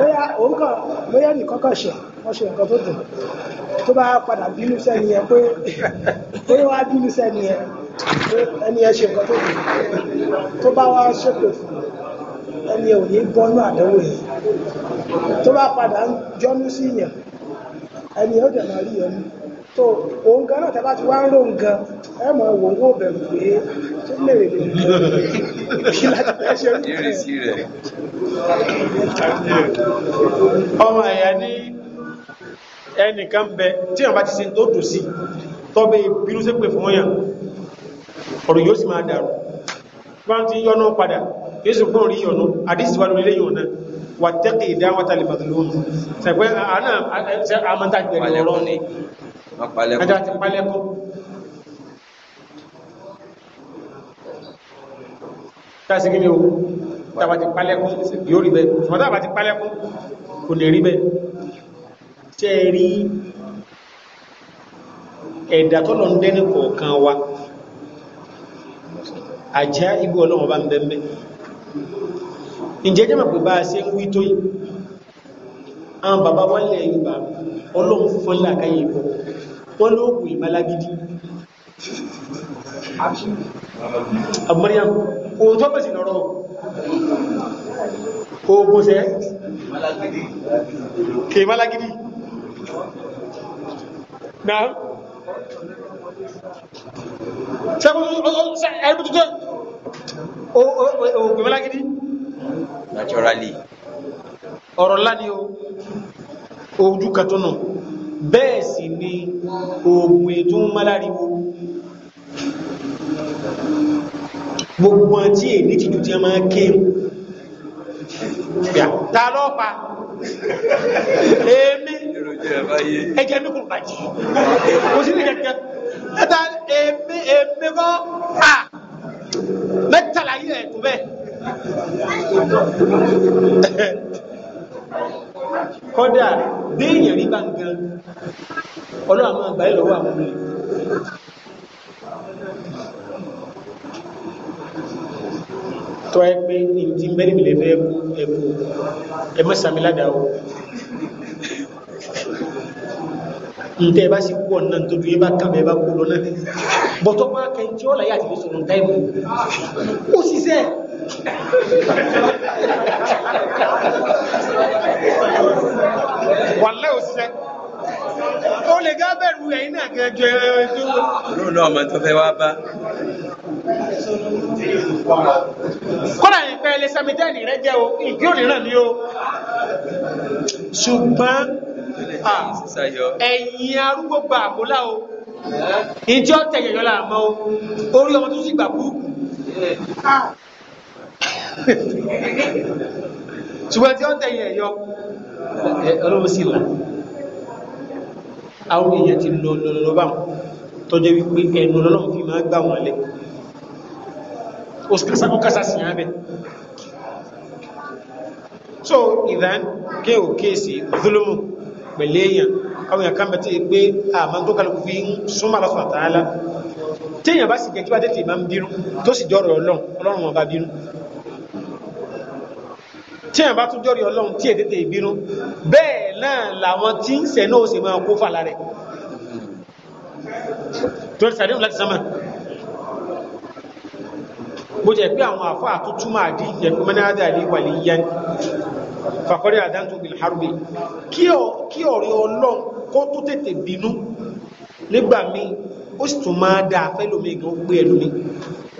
bóyá nìkan ṣe wọ́n ṣe nǹkan tó dùn tó bá padà bínú sẹ́ni yẹn pé bínú yẹn pé ẹni yẹn ṣe nǹkan tó dùn tó bá wá ṣépè fún ẹni yẹn ò ní bọ́nú àdánwò yẹn tó bá padà ń jọ́nú sí yẹn ẹni yẹn ó dẹ̀ máa rí yẹn mú tó náà tẹ́ bá lè kí láti fẹ́ ṣe rẹ̀ ọmọ ẹ̀yà ní ẹnìkan bẹ tí wọ́n bá ti ṣe tó dùn sí tọ́bẹ̀ ìbírúsẹ́ pè fún ọyàn ọ̀rọ̀ yóò sì máa dàrú wọ́n ti yọ́nú padà yóò kún rí yọ́nú àdísì wà lórí lẹ́yìn ọ̀nà wà tẹ́kì ìdáwọ́ta lè bàtà lóòrùn sẹ̀gbẹ́ àmọ́ta ìgbẹ̀rẹ̀ ọ̀rọ̀ ni tàbí gíní o tàbí ti pálẹ́kún yóò rí bẹ́ ṣùgbọ́n tàbí ti pálẹ́kún kò lè rí bẹ́ tẹ́ rí ẹ̀dà tọ́lọ ń dẹ́ni kọ̀ọ̀kan wa àjá ibú ọlọ́wọ́ bá ń bẹ́m̀bẹ́ ìjẹ́jẹ́ mọ̀ pé bá a ṣe ń wí tó yìí àwọn bàbá wọ́n lẹ̀ ọlọ́run fún làkáyé ìbọ̀ wọ́n lóògùn ìmálágídí Abúmọ́ríyàmù òótọ́ pèsè lọ́rọ̀ ogun sẹ́ kèé málágídí náà ẹgbẹ́ tuntun ogun málágídí naturally ọ̀rọ̀ ńlá ni o ojú katọ́nà bẹ́ẹ̀ sì ni ogun ètò ń máláriwo gbogbo tí è ní tìjú tí a máa kéèrò ta pa èmi ẹjẹ́ mi kò bàjẹ́ kò sí ní kẹ̀kẹ́ ẹta èmi èmi kọ́ à mẹ́tàlá yìí ẹ̀ tó bẹ́ẹ̀ kọ́dà déèyàn rí bá ń gan ọlọ́run àwọn àgbáyé lọ́wọ́ àwọn olè tọ́ ẹ pé ní ti ń bẹ́rẹ̀ ìbílẹ̀ fẹ́ ẹ̀kú ẹ mọ́ sami ládàá o ntẹ́ bá sì kú ọ̀nà tó dúyé bá kàbẹ̀ bá kú lọ náà bọ̀tọ́ wá kẹ́ tí ó láyé àti fi sọ̀rọ̀ táìmù ó ṣiṣẹ́ wà lẹ́ òṣìṣẹ́ ó lè gá bẹ̀rù ẹ̀yìn náà gẹ̀ẹ́jọ ẹ̀ẹ́dọ́. olóòlù ọmọ tó fẹ́ wá bá. kọ́nà ìpẹ́ ilé sàmìtẹ́ẹ̀nì rẹ jẹ́ o ìgbé òní náà ni o ṣùgbọ́n ẹ̀yìn arúgbó gba àkólá o ìjọ tẹ̀yẹ̀yọ́ là mọ́ o orí ọmọ tó sì gbà bú. ṣùgbọ́n tí ó tẹ̀yẹ̀yọ́ ọlọ́run sì là àwọn èèyàn ti lọ lọ bá tọ́jẹ́ wípé ẹnu lọ́nà fi máa gbà wọ́n lẹ̀ ó sí yán so ìdán kí o kéèsì zulumu pẹ̀lú èèyàn àwọn èèyàn kan bẹ̀ tí pé àmà tó kálùkù fi ń súnmọ́ lọ́sọ̀ àtàálá tí tí ẹ̀ bá tún jọ́rí ọlọ́run tí ètètè ìbínú bẹ́ẹ̀ náà làwọn tí ń sẹ̀ náà sì máa kó fàlà rẹ̀ tó ti sàdéhùn láti sánmà bó jẹ́ pé àwọn àfọ́ àtútù máa dí ìyẹ̀kú mẹ́nàdà ní wàlí yẹn fàkọ́rí àdántò bil harbi kí ọ̀rẹ́ ọlọ́run kó tó tètè bínú nígbà míì ó sì tún máa dáa fẹ́lómi gan gbé ẹlómi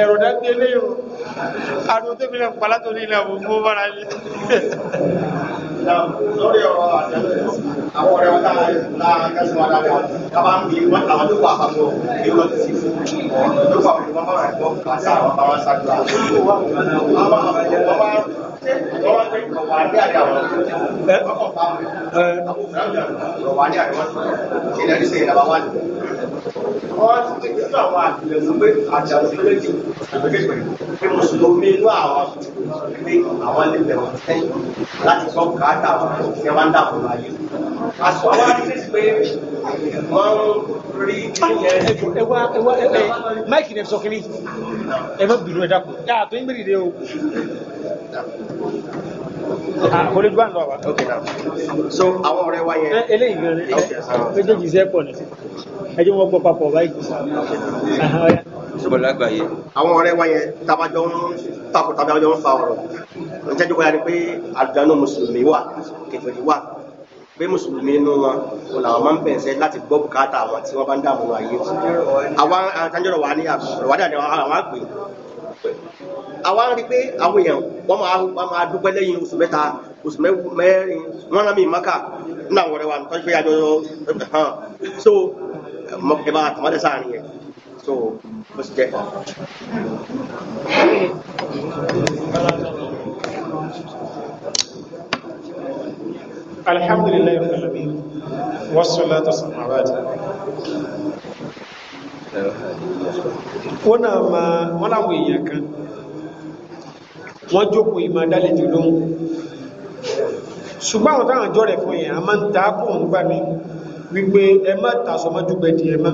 ẹ̀rọ dágbé léèrò àdúgbò tó fi lẹ́ pàlá tó ní ilẹ̀ àwọn fún bára lé lórí ọ̀rọ̀ àwọn ọ̀rẹ́ wọn táwọn akẹ́sùn wa dáadáa tábà ń bí wọn àwọn tó kọ àpapọ̀ èyí lọ sí fún ọ̀rọ̀ tó kọ àwọn ìwọ̀n Wọ́n ti tẹ̀lé nínú àwọn àpilẹ̀ ló pé àjàlù tó léjì pípẹ́ pé mùsùlùmí ni ẹ sọ kiri ẹ má bìrù ẹ dákun. Yàtọ̀ ń gbèrè dé o. Ah, kò lè gbà ń lọ wa. so àwọn ọ̀rẹ́ wa yẹn. Eh, eléyìí gan rẹ méjèèjì iṣẹ́ pọ̀ ní sí ẹjọ́ wọn gbọ́ papọ̀ báyìí. sọgbọn lágbàáyé. àwọn ọ̀rẹ́ wa yẹn tabajọ ń takò tabajọ ń fa ọ̀rọ̀ ìjẹ́jọ́ kọ́ya ni pé àdánù mùsùlùmí wà kèfèrí wà pé mùsùlùmí nínú wọn kò làwọn máa ń bẹ̀rẹ̀ láti gbọ́ bùkátà àwọn tí wọ́n bá ń dààmú ayé wọn. àwọn àtàjọ́rọ̀ wa ní àbúrò wádà ni àwọn àgbè àwa ń rí pé àwọn èèyàn wọ́n máa wọ́n máa dúpẹ́ lẹ́yìn oṣù mẹ́ta oṣù mẹ́rin wọ́n rán mi mọ́kà nínú àwọn ọ̀rẹ́ wa nǹkan àjọ so ẹ bá yẹn so sì wọ́n náà ma wọ́n láwọn èèyàn kan wọ́n jókòó ìmọ̀ dálejò lóhun ṣùgbọ́n àwọn táwọn àjọ rẹ̀ fún èèyàn a máa ń ta kó ń gbà mí wípé ẹ má tàṣọ mọ́jú gbẹ̀dì ẹ má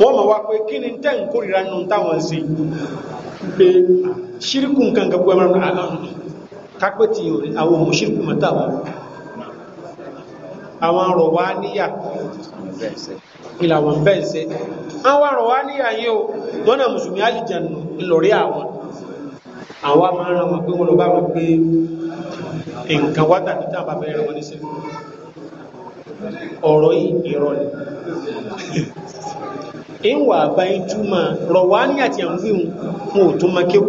wọ́n mọ̀ wá pé kí ni tẹ́ ń kórìíra nù táwọn sí pé ṣírìkù nǹkan gbogbo ẹmọ́ kápẹ́tì àwọn òmùsírìkù mọ́tàwọn àwọn rọ̀wá níyà ìlà wọn bẹ́ẹ̀ ṣe àwọn rọ̀wá níyà yìí o lọ́nà mùsùlùmí alìjẹ̀nù ìlọ̀rí àwọn àwọn máa ń ràn pé wọ́n lọ bá wọn pé nǹkan wá tàbí tàbí abẹ́rẹ́ rẹ̀ wọ́n níṣẹ́ ọ̀rọ̀ yìí irọ́ ni ìwà àbáyé túmọ̀ rọ̀wá níyà tí a ń wọn ò tún máa kéwù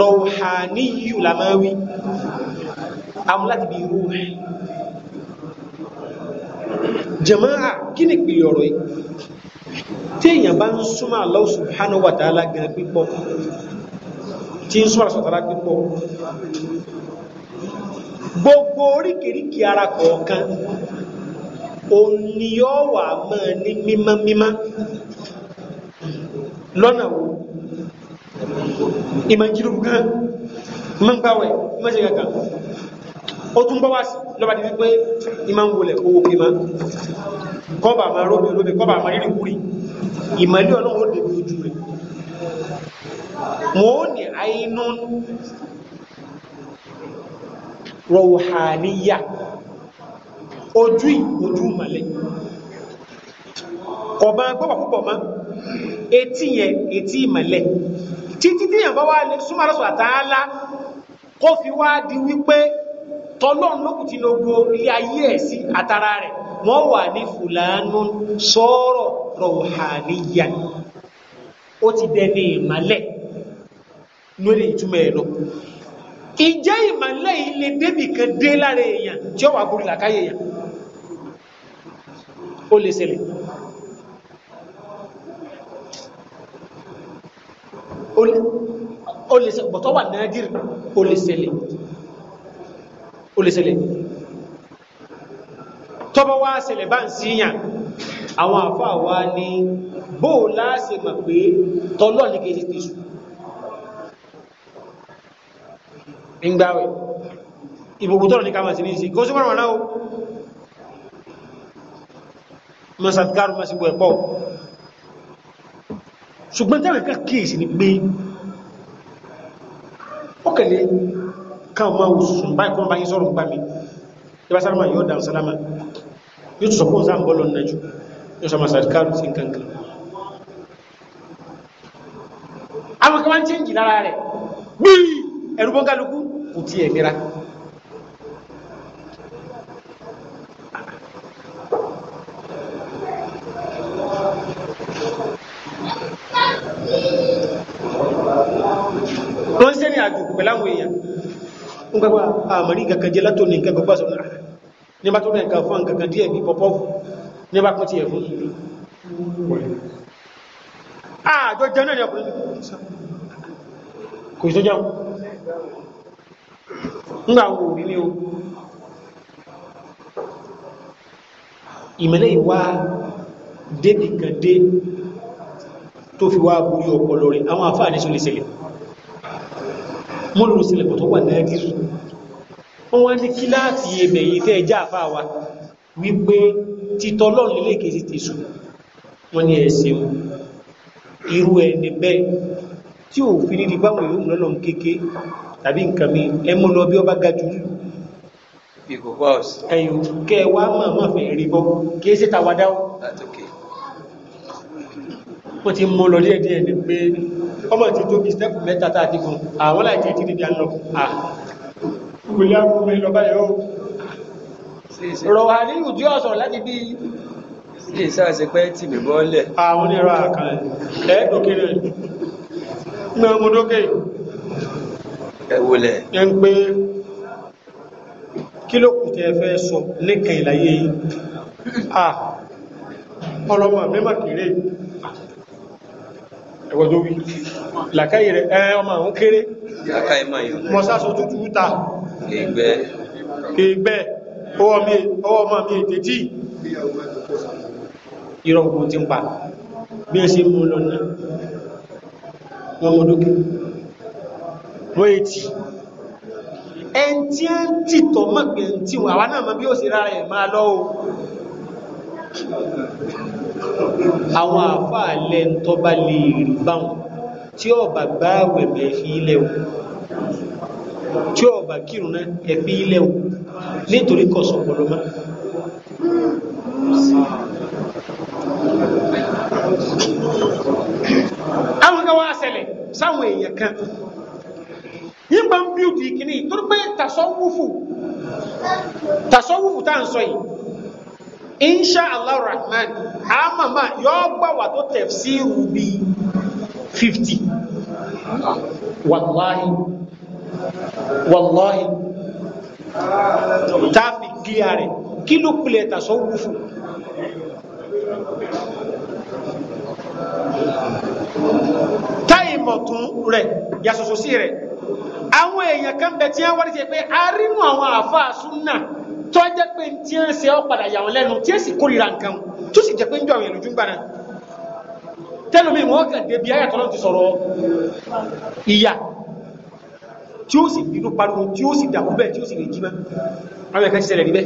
rọ̀wá níyù làmáwí amúláti bí irú rẹ̀ jama'a kí ni ìpìlẹ̀ ọ̀rọ̀ yìí tí èèyàn bá ń súnmọ́ Allah subhanahu wa ta'ala gan pípọ̀ tí ń súnmọ́ àṣọ̀tara pípọ̀ gbogbo oríkèríkè ara kọ̀ọ̀kan òun ni yóò wà máa ní mímọ́ mímọ́ lọ́nà wo ìmọ̀ gan mọ́ gbáwẹ̀ mọ́ ṣe kankan ó tún bọ́ wá sí lọ́ba di wípé ìmọ̀ ń wọlẹ̀ owó pé máa kọ́bà máa róbe róbe kọ́bà máa rírì kúrì ìmọ̀lẹ́ ọlọ́run ó débi ojú rẹ̀ wọ́n ó ní àínú rọ̀hàníyà ojú ojú mọ̀lẹ́ kọ̀bá gbọ́bà púpọ̀ mọ́ etí yẹn etí ìmọ̀lẹ́ títí tí yẹn bá wá lè súnmọ́ àlọ́sọ̀ tọ́lọ́n lókù tí ló gbó ilé ayé ẹ̀ sí àtàrà rẹ̀ wọ́n wà ní fùlànù sọ́rọ̀ rọ̀hàníyà ó ti dẹni ìmàlẹ̀ lórí ìtumọ̀ ẹ̀ lọ ìjẹ́ ìmàlẹ̀ ilé débì kan dé lára èèyàn tí ó wà gúrù làkáyé èèyàn ó lè ṣẹlẹ̀ ó lè ṣẹlẹ̀ ó lè ṣẹlẹ̀ tọ́bọ̀ wá ṣẹlẹ̀ bá ń síyàn àwọn àfáà wá ní bóò láàṣẹ mọ̀ pé tọ́lọ́ ní kejì tìṣù ìgbàwẹ̀ ìbòbò tọ́lọ̀ ní kàmà sí ní ìsìn kó sí mọ́rànwọ́ náà mọ́sàtìkárù mọ́sí gbọ́ ẹ̀pọ̀ ṣùgbọ́n tẹ́rẹ̀ kí káwọn máa sùn báyìí kọ́ bá yí sọ́rọ̀ gbá mi ibá sálámà yóò dáhùn sálámà yóò tún sọpọ̀ sáà ń bọ́ lọ́nà jù yóò sọmọ sàdíkàrù sí kankan àwọn kan máa ń chẹ́ǹjì lára rẹ̀ gbíì ẹ̀rù bọ́n kálukú kò tí ẹ̀míra wọ́n sẹ́ni àjòkù pẹ̀láwọn èèyàn ń pẹ́pẹ́ àmàrí kankan jẹ́ látò ní nǹkan gbogbo àṣọ náà ní bá tó rẹ̀ nǹkan fún nǹkan kan díẹ̀ bí pọ́pọ́ ní bá pọ́n ti ẹ̀ fún àjọ jẹ́ náà ni o ìmẹ́lẹ̀ ìwá débìkan dé tó fi wá borí ọpọlọ rẹ̀ àwọn àfáà ní sólẹ́sẹ̀lẹ̀ wọ́n lù sílẹ̀kùn tó wà nẹ́gírì wọ́n wá ní kíláàsì ebẹ̀ yìí tẹ́ ẹjá àfáà wa wípé títọ́ lọ́rùn lélẹ̀ kejì ti sùn wọ́n ní ẹ̀sìn irú ẹni bẹ́ẹ̀ tí ò fi nídi báwọn ìlú lọ́nà kéèké tàbí nǹkan mi ẹmú lọ bí ọba ga jùlọ ẹ̀yìn kẹwàá máa máa fẹ̀ rí bọ́ kìí sí tàwádáwọ́ wọ́n ti mọ́ lọ díẹ̀díẹ̀ ní pé ọmọ ti tó bí stẹ́pù mẹ́ta tàà ti gùn àwọn láti ti dìbí àlọ́ àkùnlé àkùnlé lọ́bá yóò rọ̀wà ní ìjú ọ̀sọ̀ láti bí i sáàsẹ̀ pẹ́ tí mi bọ́ lẹ̀ àwọn onírọ̀ àkàrẹ̀ ẹ̀ẹ́dòkèrè náà mú dókè ẹ̀wòlẹ̀ ẹ̀ ń pé kí ló kù tẹ́ fẹ́ sọ lẹ́kàn ìlàyé yìí ẹ̀wọ̀ tó wí làkáyì rẹ̀ ẹ ọmọ àwọn kéré mọ́sásọ tútù ta kègbẹ́ ọwọ́ ọmọ mi ètè tí ìrọ̀ ogun ti ń pa bí ẹ ṣe mú lọ́nà lọ́mọdókè mọ́ ètì ẹn tí ẹ ń tìtọ̀ mọ́ pẹ̀ tí wà wá náà mọ́ bí ó sì rárẹ̀ máa lọ́wọ́ àwọn àfáà lẹ́ ń tọ́bá lè rí báwọn tí ọba gbá wẹ̀mẹ̀ fi ilẹ̀ o tí ọba kírun náà ẹ̀fí ilẹ̀ o nítorí kọ̀sọ̀ pọ̀lọ́mọ́ àwọn kan wá ṣẹlẹ̀ sáwọn èèyàn kan yín ń bí òdì kìíní torí pé tàṣọ́wúfù tàṣọ́wúfù tá ń sọ yìí insha allah rahman amama ah, yóò gbà wà tó tafsiru bí 50 wàláhì wàláhì tàbí kílíà rẹ̀ kí ló pìlẹ̀ tàṣọ́ wúfù táìmọ̀ tún rẹ̀ yàsọ̀sọ̀ sí rẹ̀ àwọn èèyàn kan bẹ̀ tí wọ́n wárí ti pé a rínú àwọn àfáà suna tó jẹ́ pé tí ń ṣe ọ́ padà yà wọ́n lẹ́nu tí èsì kórìíra nǹkan tó sì jẹ́ pé ń jọ àwọn ènìyàn lójú ń gbà náà tẹ́lómi wọ́n kàn débi ayàtọ̀ náà ti sọ̀rọ̀ ìyà tí ó sì bínú pariwo tí ó sì dàmú bẹ́ẹ̀ tí ó sì lè jí mẹ́ àwọn ẹ̀kẹ́ ṣẹlẹ̀ níbẹ̀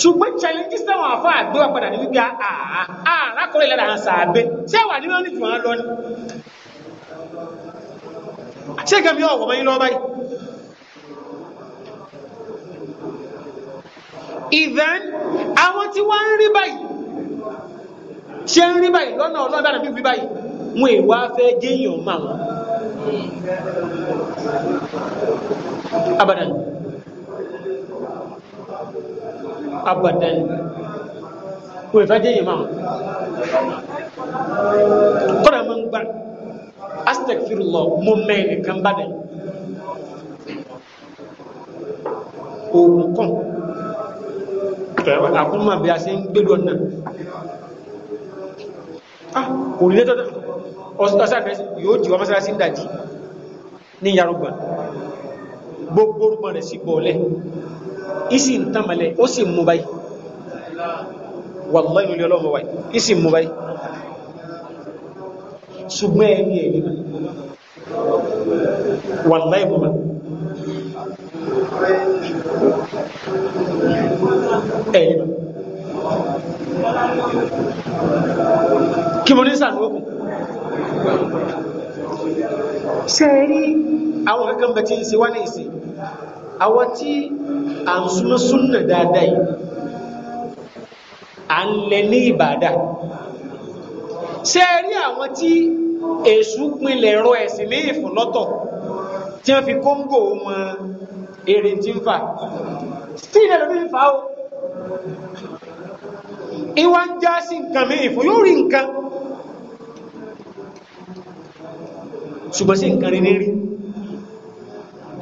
ṣùgbọ́n challenges táwọn àfá àgbé wa padà ní wípé àrákọ̀ọ́lẹ̀ lára àwọn sàábé tí àwà nínú ní jùmọ̀ lọ ni ṣé gẹ̀mí ọ̀wọ̀ mọ́ yín lọ báyìí Even àwọn tí wọ́n ń rí báyìí ṣe ń rí báyìí lọ́nà ọlọ́dà nàbí rí báyìí wọn è wá fẹ́ géèyàn máa wọn. abadan abadan wọn è fẹ́ géèyàn máa wọn. kọ́dà máa ń gbà astagfirullah mo mẹ́rin kan bá dẹ̀ oògùn kan àkúnmà bí a ṣe ń gbé lọ́nà kò rí lẹ́tọ́dá ọ̀sán yóò jíwá mọ́sálásí ìdàjí ní yarùgbà gbogbo rúgbọ́n rẹ̀ sí bọ̀ọ̀lẹ̀ isi ń tàmàlẹ̀ ó sì mú báyìí wàlláhì ilé ọlọ́mọ wáyìí isi mú báyìí ṣùgbọ́n ẹni ẹ̀rí wàlláhì ìmúbáyìí ẹ̀yìn kí mo ní sàlókùn ṣe rí àwọn kankan bẹ̀ tí ń se wá ní ìsìn àwọn tí a ń súnmọ́ súnnà dáadáa yìí à ń lẹ ní ìbàdà ṣe rí àwọn tí èṣù pinlẹ̀ ẹ̀rọ ẹ̀sìn ní ìfọ̀lọ́tọ̀ tí wọ́n fi kóńgò wọn èrè tí ń fà tí ilẹ̀ lómi ń fà ó ìwà ń já sí nǹkan mìíràn fún yóò rí nǹkan ṣùgbọ́n sí nǹkan rí ní rí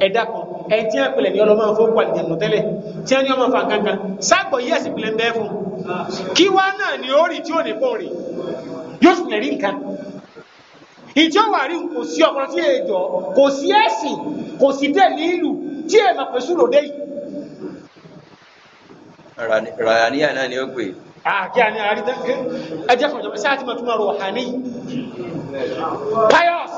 ẹ̀dá kan ẹ̀ tí wọ́n pèlè ní ọlọ́mọ fún pàlìjẹ̀nù tẹ́lẹ̀ tí wọ́n ní ọmọ fà kankan sáàpọ̀ yíyà sí pèlè ń bẹ́ fún kí wá náà ni ó rí tí ò ní rí yóò sì lè rí nǹkan ìjọ wà rí kò sí ọkùnrin tí èjọ kò sí ẹ̀sìn kò sí dé ní ìlú tí èèmà pèsè lòdè yìí. ràníyà náà ni ó pè. àkí àní àrí ẹjẹ kan ìjọba sáà tí mo tún máa rò hàní pious.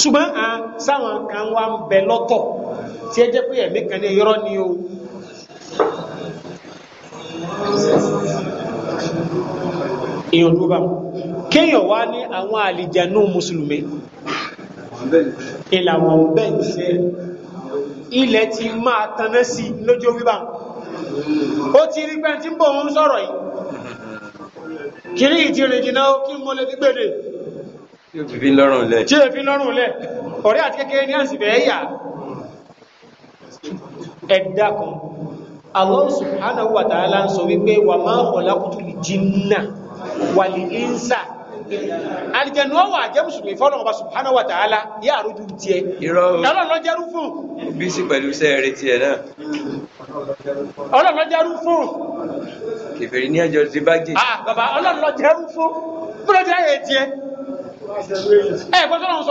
ṣùgbọ́n à sáwọn kan wà ń bẹ lọ́tọ̀ tí ẹ jẹ́ pé ẹ̀mí kan ní irọ́ ni o èyàn tó bá kéèyàn wá ní àwọn àlìjẹnú mùsùlùmí ìlàwọn bẹ́ẹ̀ ṣe ilẹ̀ ti máa taná sí lójú wíbá ó ti rí pẹ́ tí ń bò ń sọ̀rọ̀ yìí kìrí ìtìrìn jìnà ó kí mo lè ti gbèdè tí ó fi lọ́rùn lẹ̀ tí ó fi lọ́rùn lẹ̀ ọ̀rẹ́ àti kékeré ní àsìbẹ̀ ẹ̀yà ẹ̀dá Allah subhanahu wa ta'ala ń sọ wípé wà máa ọ̀lákùtù jinna, jìnnà wà lè ínsà alìjẹ̀nù ọwà jẹ́ musulmi fọ́nà ọba subhanahu wa ta'ala ní àrójú ti ẹ ọlọ́lọ́jẹ́rú fún bí sí pẹ̀lú sẹ́ẹ̀rẹ̀ ti ẹ̀ náà ọlọ́lọ́jẹ́rú fún kèfèrí ní ẹjọ́ ti bá jẹ́ ah bàbá ọlọ́lọ́jẹ́rú fún búrọ́dẹ́rẹ̀ ti ẹ ẹ̀gbọ́n tó lọ́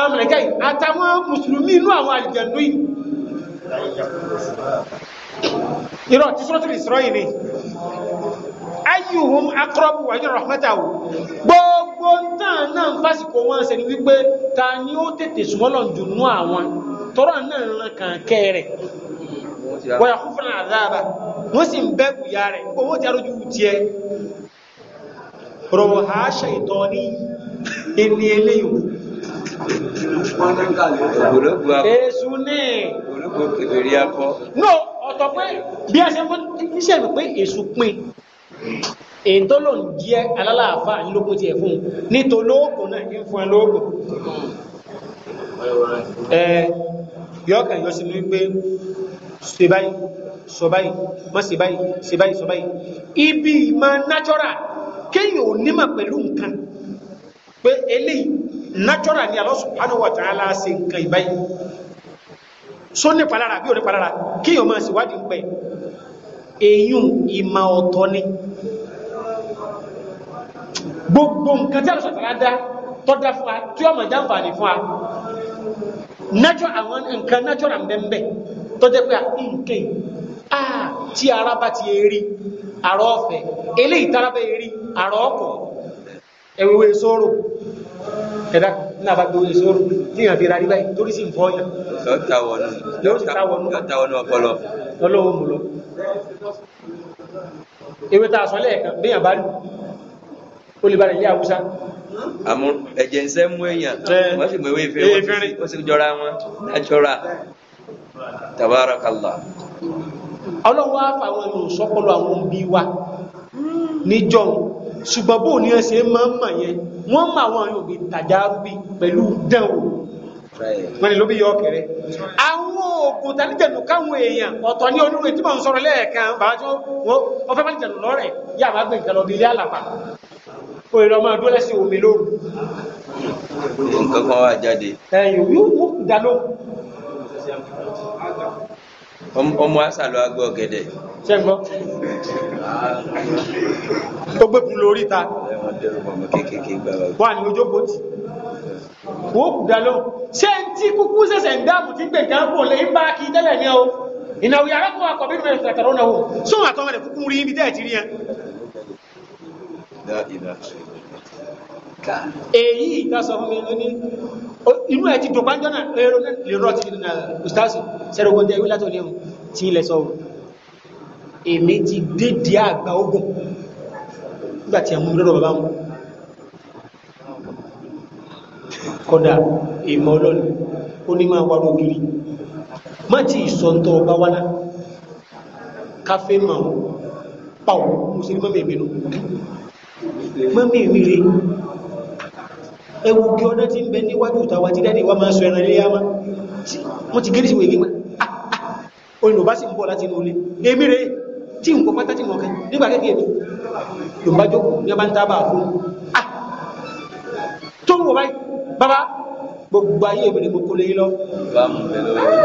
àwọn mẹ̀lẹ́kẹ́ yìí àtàwọn mùsùlùmí inú àwọn àlìjẹ̀nú yìí irọ́ tí sọ́tìlì sọ́rọ̀ yìí ni ayyuhum aqrabu wa rahmatahu gbogbo tán náà ń fásikò wọn ṣe ni wípé ta ni ó tètè súnmọ́lọ̀ jù nú àwọn tọ́rọ̀ náà ràn kàn kẹ́ rẹ̀ wọ́n yà kú fún àdáàbà wọ́n sì ń bẹ́ẹ̀kù ya rẹ̀ owó ti arójú tiẹ̀ rọ̀wọ̀ ha ṣe ìtọ́ ní ẹni eléyìí ògbólógbò akọ. èṣù ní. ògbólógbò kẹfẹ́rí akọ. no ọ̀tọ̀ pé bí a ṣe ń fún iṣẹ́ mi pé èṣù pin èyí tó lò ń jẹ́ alálàáfà nílòkùn tiẹ̀ fún un nítorí lóògùn náà ń fún ẹ lóògùn. ẹ yọkàn yọ sínú wípé ṣe báyìí sọ báyìí má ṣe báyìí ṣe báyìí sọ báyìí ibi ìmọ̀ natural kéèyàn ò nímọ̀ pẹ̀lú nǹkan pé eléyìí natural ni Allah subhanahu wa ta'ala ṣe nǹkan ìbáyìí so nípa lára bí ò nípa lára kí yóò máa ṣèwádìí ń pẹ èyún ìmọ̀ ọ̀tọ̀ ni gbogbo nǹkan tí a lọ sọ̀tàrà dá tó dá fún wa tí ọmọ ìjà ń fà ní fún wa natural àwọn nǹkan natural ń bẹ́ẹ̀ tó jẹ́ pé ah, nǹkan ah tí ara bá ti rí àrọ́ ọ̀fẹ́ eléyìí tára bá rí àrọ́ ọ̀kọ̀ ẹ̀wẹ̀wẹ̀ sóró ẹ̀dá náà bá gbóòlè sóòrò tí ìyàn fi ra rí báyìí torí sì ń fọ́ yàn. lọ́ta wọnú lọ́ta wọnú ọpọlọ. ọlọ́wọ́ mú lọ. ewé tá a sọ lẹ́ẹ̀kan bí yàn bá lù ó lè balẹ̀ ilé haúsá. àmọ́ ẹ̀jẹ̀ ń sẹ́ mú èèyàn wọ́n sì mú ewé ìfẹ́ wọ́n sì jọra wọn lájọra tabarakallah. ọlọ́wọ́ á fà àwọn ènìyàn àwọn òbí wa níjọ́ ṣùgbọ́n bóò ní ẹsẹ̀ máa ń mà yẹn wọ́n mà wọn yóò bí tàjà rúbí pẹ̀lú dánwò wọ́n ni ló bí yọ ọkẹ̀rẹ́ àwọn oògùn tàlíjẹ̀nù káwọn èèyàn ọ̀tọ̀ ní onírú tí wọ́n ń sọ̀rọ̀ lẹ́ẹ̀kan bàá tí wọ́n fẹ́ màlíjẹ̀nù lọ́rẹ̀ yà máa gbé nǹkan lọ bí ilé àlàpà òyìnbó máa dúró lẹ́sìn omi lóru. nǹkan kan ọmọ àṣà lọ agbó ọ̀gẹ̀dẹ̀. ṣé gbọ́ tó gbé bu lórí ta wà ní ojú kò tì wọ́n kù dá lọ ṣé ń tí kúkú ṣẹ̀ṣẹ̀ ń dáàbò tí gbẹ̀gà ń bọ̀ lẹ́yìn bá kí tẹ́lẹ̀ ní ọ ìnáwó yàrá kó akọ̀ bí mẹ́rin tẹ̀tẹ̀rọ̀ náà wò sóhun àtọ́wọ́ rẹ̀ kúkú rí ibi tẹ́ẹ̀ ti rí yẹn èyí ìtàsọ fún mi lóní inú ẹ̀ ti dùn bá jọ́nà lérò lérò ti nà ustaasi sẹ́rọ̀gbọ́n tẹ́ wílátọ̀ léhùn tí ilẹ̀ sọ èmi ti dédé àgbà ogun nígbàtí ẹ̀mú lọ́rọ̀ bàbá mú kọ́dà ìmọ̀ ọlọ́ni ó ní máa wárò gírí má ti ìsọ̀ntọ̀ ọba wálá káfẹ́ máa pàwọ̀ mú mọ́mí ìmìnú ẹwù kí ọdún tí ń bẹ níwájú ìtawà tí dẹ́dì wá máa sọ ẹran ilé yàmá wọ́n ti gẹ́rì síwò ìgbìmọ̀ olùlò bá sì ń bọ̀ láti inú ilé èmi rẹ̀ tí n kò pátá tí mọ̀kẹ́ nígbà kẹ́kẹ́ èmi ló bá jókòó ní ọba ń tábà fún ah, tó ń wò báyìí bàbá gbogbo ayé èmi ni mo kó lé lọ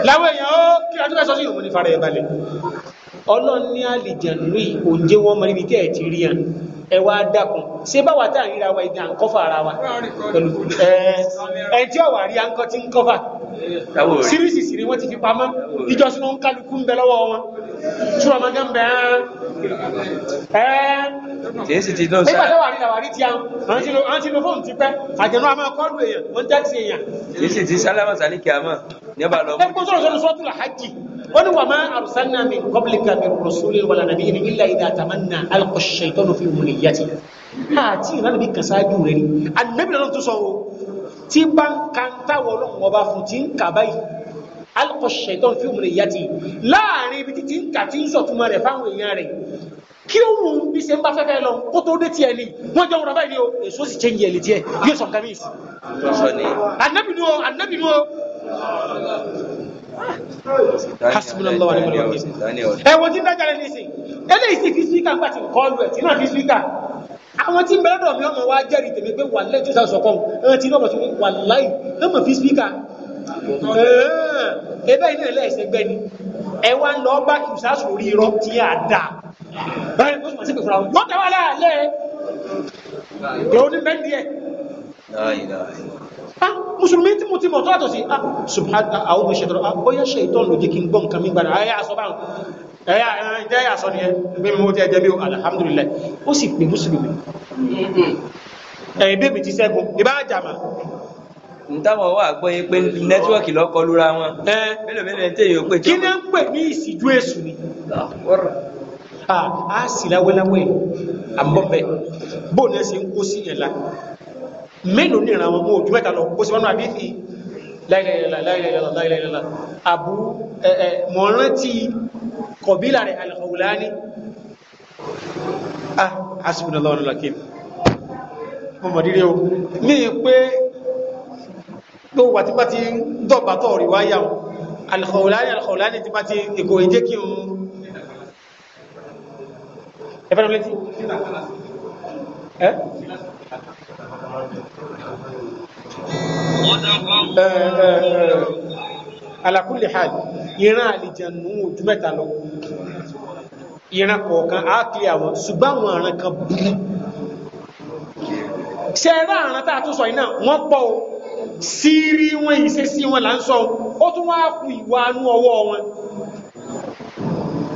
láwọn èèyàn ó kí adúgbà sọ sí ìhùn ní fara ẹ̀ balẹ̀ ọlọ́ni àlìjàn lùí òǹjẹ́ wọn mọ níbi tẹ́ ẹ̀ ti rí yàn ẹ wá dákun ṣé báwa tá à ń ríra wa ibi à ń kọ́fà ara wa pẹ̀lú ẹ tí ọ̀wà rí ankọ́ ti ń kọ́fà sírísì ni wọ́n ti fi pamọ́ ìjọsìn ń kálukú ń bẹ lọ́wọ́ wọn túrọ̀mọ́gán bẹ̀rẹ̀ kìí sì ti dán sá. nígbà tó wà ní làwárí ti àwọn àǹtí ló fóònù ti pẹ́ àjẹnú àmọ́ kọ́ọ̀lù èèyàn wọ́n jẹ́ ti èèyàn. kìí sì ti sálámà sálíkì àmọ́ ní ọba lọ. ẹgbẹ́ sọ̀rọ̀ sọ̀rọ̀ sọ́tù là hájì ó ní wà má arsalna min qablika min rasulin wala nabiyyin illa idha tamanna alqa shaytanu fi umniyati. àti ìlànà bí kàṣáájú rẹ ni ànábì náà tó sọ o tí bá ń kan táwọn ọlọ́run ọba fún ti ń kà báyìí alkọ ṣẹ̀tọ́ fi òmìnira ìyá ti láàrin ibi títí ń kà tí ń sọ̀túnmọ́ rẹ̀ fáwọn èèyàn rẹ̀ kí ó wù bí ṣe ń bá fẹ́fẹ́ lọ kó tó dé tiẹ̀ ni wọ́n jẹ́ òun rabáyé ni o èso sì ṣe ń yẹ létí ẹ̀ yóò sọ nǹkan mìíràn. anabi ni o anabi ni o. hasbunallahu wa ni'mal wakeel. ẹ wo tí ń dájà lẹ́nu ìsìn eléyìí sì fi síkà ń gbà kọ́ lu ẹ̀ tí náà fi síkà àwọn tí ń bẹ̀rẹ̀ dọ̀ mi ọmọ wa jẹ́rìí tèmi pé wàlẹ́ tó sá sọ̀kọ́ ẹ̀ tí náà mọ̀ sí wàlẹ́ náà mọ̀ fi síkà ẹ̀ẹ́bẹ́ ilé ẹlẹ́ẹ̀ṣẹ́ gbẹ́ ni ẹ wá ń lọ bá ìsásù orí irọ́ tí a dà báyìí ó sì máa sí pé fúnra wọn lọ́tẹ̀ wà láàlẹ́ ẹ̀ ó ní mẹ́ndì ẹ̀ mùsùlùmí tí mo ti mọ̀ tó àtọ̀ sí ah, subhanahu àwọn ìṣẹ̀tọ̀ àbóyá ah, ṣe ìtọ́ ló jẹ́ kí n gbọ́n nǹkan mi gbára ayé àṣọ báwọn ẹ̀yà ẹ̀jẹ̀ àṣọ ni ẹ bí mo ti ẹ̀jẹ̀ bí alhamdulillah ó sì pè mùsùlùmí ẹ̀yìn bí mi ti ṣẹ́gun ìbá àjàmà ntàwọn wà gbọ́ yé pé nẹ́tíwọ́ọ̀kì lọ́kọ́ lura wọn. ẹ mélòó mélòó ní tẹ̀yìn òpè tí. kí ni ń pè ní ìsìjú èṣù ni. a sì láwẹ́láwẹ́ àmọ́bẹ̀ bóun ẹ̀ sì ń kó sí yẹn la mélòó ní ìran wọn mú ojú mẹ́ta lọ kó sí wọn náà àbí fi láìláìlá láìláìlá láìláìlá àbú mọ̀rántí kọ̀bílà rẹ̀ alìkọ̀wùláni ah asìbìnà lọ́wọ́lọ́kí mọ̀mọ̀dírí o ní gbogbo wà tí bá ti dọ̀bà tọ̀ rí wáyà alkhọ̀láni alkhọ̀láni tí bá ti èkò ìjẹ́ kí n ẹ̀fẹ́nu létí ala kulli hal ìran àlìjànú ojú mẹ́ta lọ ìran kọ̀ọ̀kan á kí àwọn ṣùgbọ́n àwọn àrán kan burú ṣe ẹ̀rọ wọ́n pọ̀ sírí wọn ìṣe sí wọn là ń sọ ó tún wá kù ìwà anú ọwọ́ wọn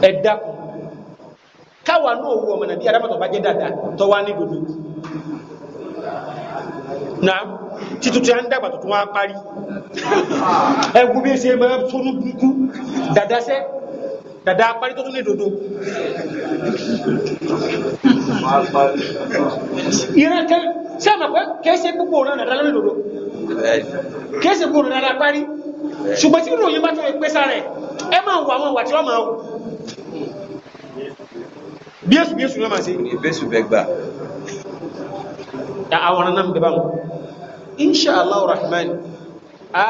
ẹ̀dá kù káwa náà wọ ọmọ nàbí arábàtọ̀ bá jẹ́ dáadáa tó wá ní dòdò na títútù à ń dàgbà tó tún wá parí ẹgbù bí ṣe máa tónú burúkú dàdásẹ́ dàdá parí tó tún ní dòdò ìrẹ́kẹ́ sí àmàpẹ́ kẹ́ẹ́sẹ́ púpọ̀ náà dàdá lórí dòdò kéèsì kúrò rárá parí ṣùgbọ́n tí ìròyìn bá tó ẹ pé sára ẹ ẹ máa wọ àwọn ìwà tí wọ́n máa wọ. bí èsù bí èsù náà máa ṣe. ìbésù bẹ gbà. àwọn ọ̀nà náà ń bẹ báwọn inṣàlá rahman a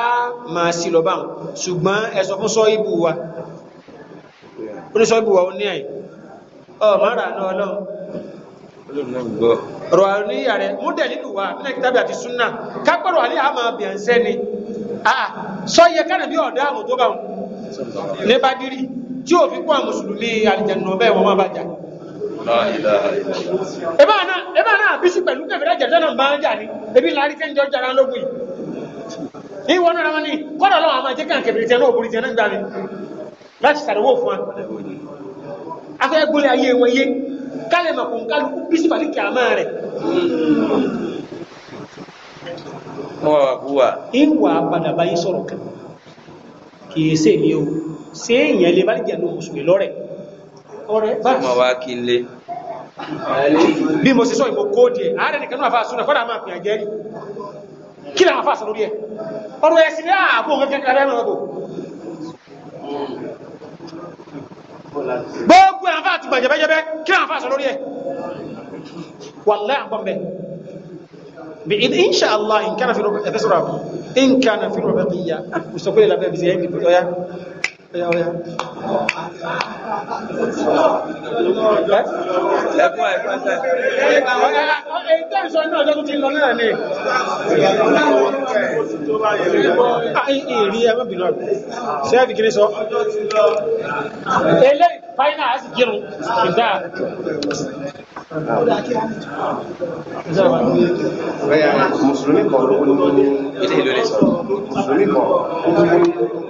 máa sí lọ báwọn ṣùgbọ́n ẹ sọ fún sọ ibù wa ó ní sọ ibù wa ó ní àyè ọ̀ máa náà ọlọ́run ọ̀rọ̀ àníyà rẹ̀ múdẹ̀lì lùwà nínú kìtàbí àti súnà kápẹ́rọ̀ àní àmà bìànṣẹ́ ni sọ́yẹ kánà bí ọ̀dá àmọ̀ tó bá wọn ní Bàdírì tí ò fi kún àwọn mùsùlùmí àlìjẹ̀nù bẹ́ẹ̀ wọ́n máa bá jà. ẹ̀bá náà bísí pẹ̀lú kẹfẹ́rẹ́ jẹ̀dọ́ náà bá ń jà ní ebi láàrín tẹ́ ń jọ jara lógun yìí. ìwọ náà wọn ni kọ́dọ̀ lọ́wọ́ àwọn àjẹkẹ́ àkẹ́bìrì tẹ náà òbúrì tẹ náà gbà mí láti sàrẹ̀wò fún wa. afẹ́ gbólé ayé wọn yé kálẹ̀ mọ̀ kò ń kálukú bí sípàdé kì á máa rẹ̀. wọ́n wà kú wa. ìwà padà báyìí sọ̀rọ̀ kan kì í ṣe mi o ṣé èèyàn lè bá lè jẹ́ lóhùn mùsùlùmí lọ́rẹ̀ ọ̀rẹ́ bá. ọmọ wa kí n lé bí mo sì sọ ìbò kóòdì ẹ̀ ààrẹ nìkan náà fà súnà kọ́dà máa pìyàn jẹ́rì kí làwọn fà sọ lórí ẹ̀ ọ̀rọ̀ ẹ̀sìn ní ààbò gẹ́gẹ́ kẹrẹ mọ́ ọ̀bọ̀ gbogbo àfa àti gbàjẹbẹjẹbẹ kí àfa sọ lórí ẹ wàlẹ́ àpọ̀mẹ́ bí i inṣà allah nǹkan àfihàn ẹ̀fẹ́ sọ̀rọ̀ àbú nǹkan àfihàn ọ̀bẹ̀ kìíyà sọ pé ìlàbẹ̀ bí i ẹ̀yìn ẹ̀kún ẹ̀kún ẹ̀sẹ̀. èyí tẹ́ ìsọ inú ọjọ́ tó ti lọ náà ni. èrè ẹ má bínú àbí sẹ́ẹ̀dì kiri sọ. eléyìí fáínà á sì kírun ìdá. Mùsùlùmí kan ló ní mùsùlùmí kan ló ní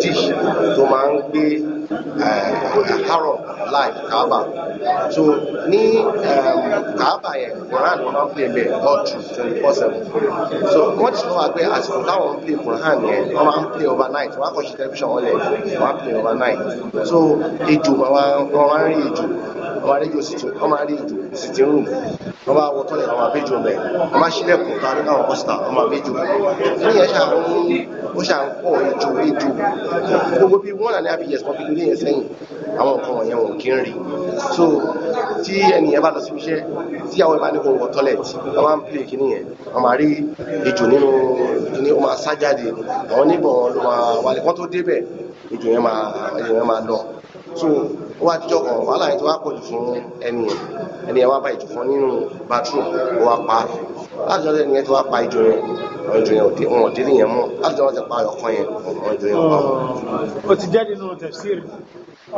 tíṣà tó máa ń gbé Eh, haram live kaaba so ní kaaba yẹn quran wọn máa ń play bẹ́ẹ̀ all through twenty four seven so wọ́n ti sọ wá pé àsìkò táwọn ń play quran yẹn wọ́n máa ń play overnight wọ́n á kọ́ ṣe tẹlifíṣàn wọn lẹ̀ wọ́n á play overnight so ejò wọ́n máa ń rí ejò wọ́n máa rí ejò sì tún wọ́n máa rí ejò sì ti rùn wọ́n bá wọ tọ́lẹ̀ wọ́n máa bẹ́jọ bẹ́ẹ̀ wọ́n máa ṣílẹ̀kùn tàbí káwọn pọ́sítà wọ́n máa bẹ́jọ bẹ́ẹ̀ ní yẹn ṣàwọn ó ṣàǹkọ́ ejò ejò gbogbo bíi wọ́n là ní àbíyẹ̀sì pọ́pílì ilé yẹn sẹ́yìn àwọn nǹkan wọ̀nyẹn wọn kì í rí so tí ẹnìyẹn bá lọ síbi iṣẹ́ tí àwọn ìbá ní kò wọ tọ́lẹ̀tì wọ́n máa ń pè kíní yẹn wọ́n máa rí ìjò nínú kíní ó máa sá jáde àwọn níbọ̀ wọn ló máa wálé kán tó débẹ̀ ìjò yẹn máa ìjò yẹn máa lọ so ó wá jíjọ kan wàhálà yẹn tó wá pọ̀jù fún ẹnìyẹn ẹnìyẹn wá bá ìjò fún nínú bathroom ó wá pa á láti ọjọ́ ìyẹn tó wá pa ìjọ yẹn àwọn ìjọ yẹn òde wọn òde nìyẹn mú láti ọjọ́ ìpa ọkàn yẹn àwọn ìjọ yẹn pa wọn. ó ti jáde nínú tafsir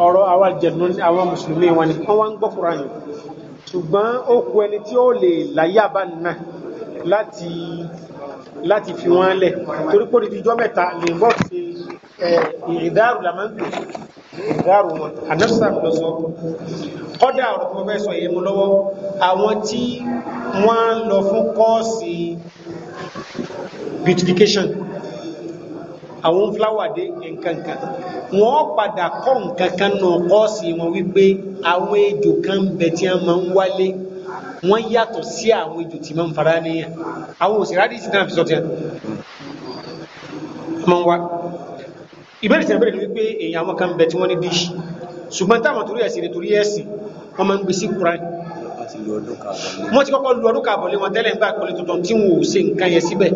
ọ̀rọ̀ àwọn àjẹ̀dùn àwọn mùsùlùmí wọn ni wọ́n wá ń gbọ́ Kùránì ṣùgbọ́n ó kù ẹni tí ó lè láyé àbá náà láti láti fi wọ́n lẹ̀ torí pé ó di ìjọ mẹ́ta lè ń bọ̀ ṣe ìdáàrú làmọ́ ń pè ìdáàrù wọn àdọ́sà lọ sọ kọ́dà ọ̀rọ̀ tó fẹ́ sọ èyí mú lọ́wọ́ àwọn tí wọ́n ń lọ fún kọ́ọ̀sì beautification àwọn fúláwà dé nkankan wọ́n padà kọ́ nkankan nù kọ́ọ̀sì wọn wípé àwọn ejò kan bẹ̀ tí wọ́n máa ń wálé wọ́n yàtọ̀ sí àwọn ejò tí máa ń fara níyàn àwọn òsèrè àdìsí náà fi sọ tiẹ̀ máa ń wá ìbéèrè tí ìbéèrè wípé èyàn àwọn kan bẹ tí wọ́n ní dish ṣùgbọ́n táwọn torí ẹ̀sìn ní torí ẹ̀sìn wọ́n máa ń gbé sí Quran wọ́n ti kọ́kọ́ lu ọdún kààbọ̀ lé wọn tẹ́lẹ̀ ń bá ìpọ̀lẹ̀ tuntun tí wọn ò ṣe nǹkan yẹn síbẹ̀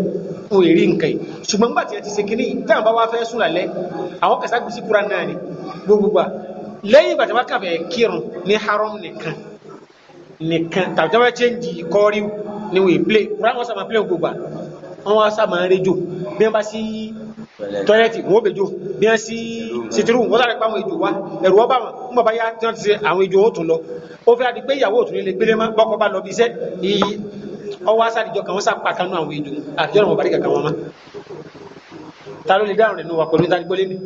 wọn èrí nǹkan yìí ṣùgbọ́n gbà tí ẹ ti ṣe kínní táwọn bá wá fẹ́ sùn lálẹ́ àwọn kàṣà gbé sí Quran náà ni gbogbo lẹ́yìn ìgbà tí wọ́n kàfẹ́ kírun ní haram nìkan nìkan tàbí tí wọ́n ń di kọ́rí ni wọ́n ì tọ́lẹ́tì wọ́n bèjò bí wọ́n sí sitiru wọ́n sáré pa àwọn ejò wa ẹ̀rù ọba wọn ń bàbá yá tí wọ́n ti ṣe àwọn ejò òtún lọ ó fẹ́ àti pé ìyàwó òtún lè gbélé mọ́ bọ́kọ bá lọ bí iṣẹ́ iye ọwọ́ asàdìjọ kan wọ́n sàpà kanú àwọn ejò àtijọ́ náà wọ́n bá dé kankan wọn mọ́ ta ló lè dáhùn rẹ̀ nù wá pẹ̀lú ìtàn gbólé ni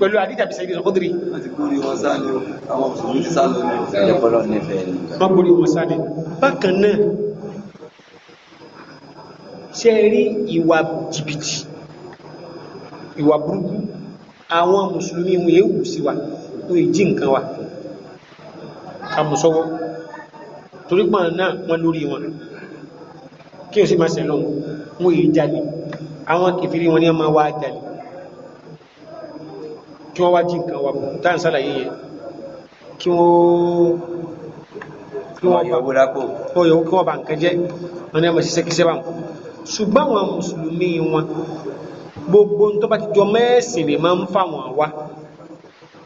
pẹ̀lú àdíjà bí sẹ́yìn ọ̀kọ́dìrì. wọ́n ti gbórí wọn sá ni ìwà burúkú àwọn mùsùlùmí wọn èé wù sí wa wọn èjì nǹkan wa àmùsọ́wọ́ torí pọ̀ náà wọ́n lórí wọn kí o sì máa sẹ̀lọ́ wọn èé jalè àwọn kìfìrí wọn ni a máa wá jalè kí wọ́n wá jí nǹkan wa tá ń sálàyé yẹn kí wọ́n yọ̀wó kí wọ́n bá nǹkan jẹ́ wọn ni a máa ṣiṣẹ́ kíṣẹ́ báwọn ṣùgbọ́n àwọn mùsùlùmí wọn gbogbo tó bá ti jọ mẹ́sìn lè máa ń fà wọ́n wá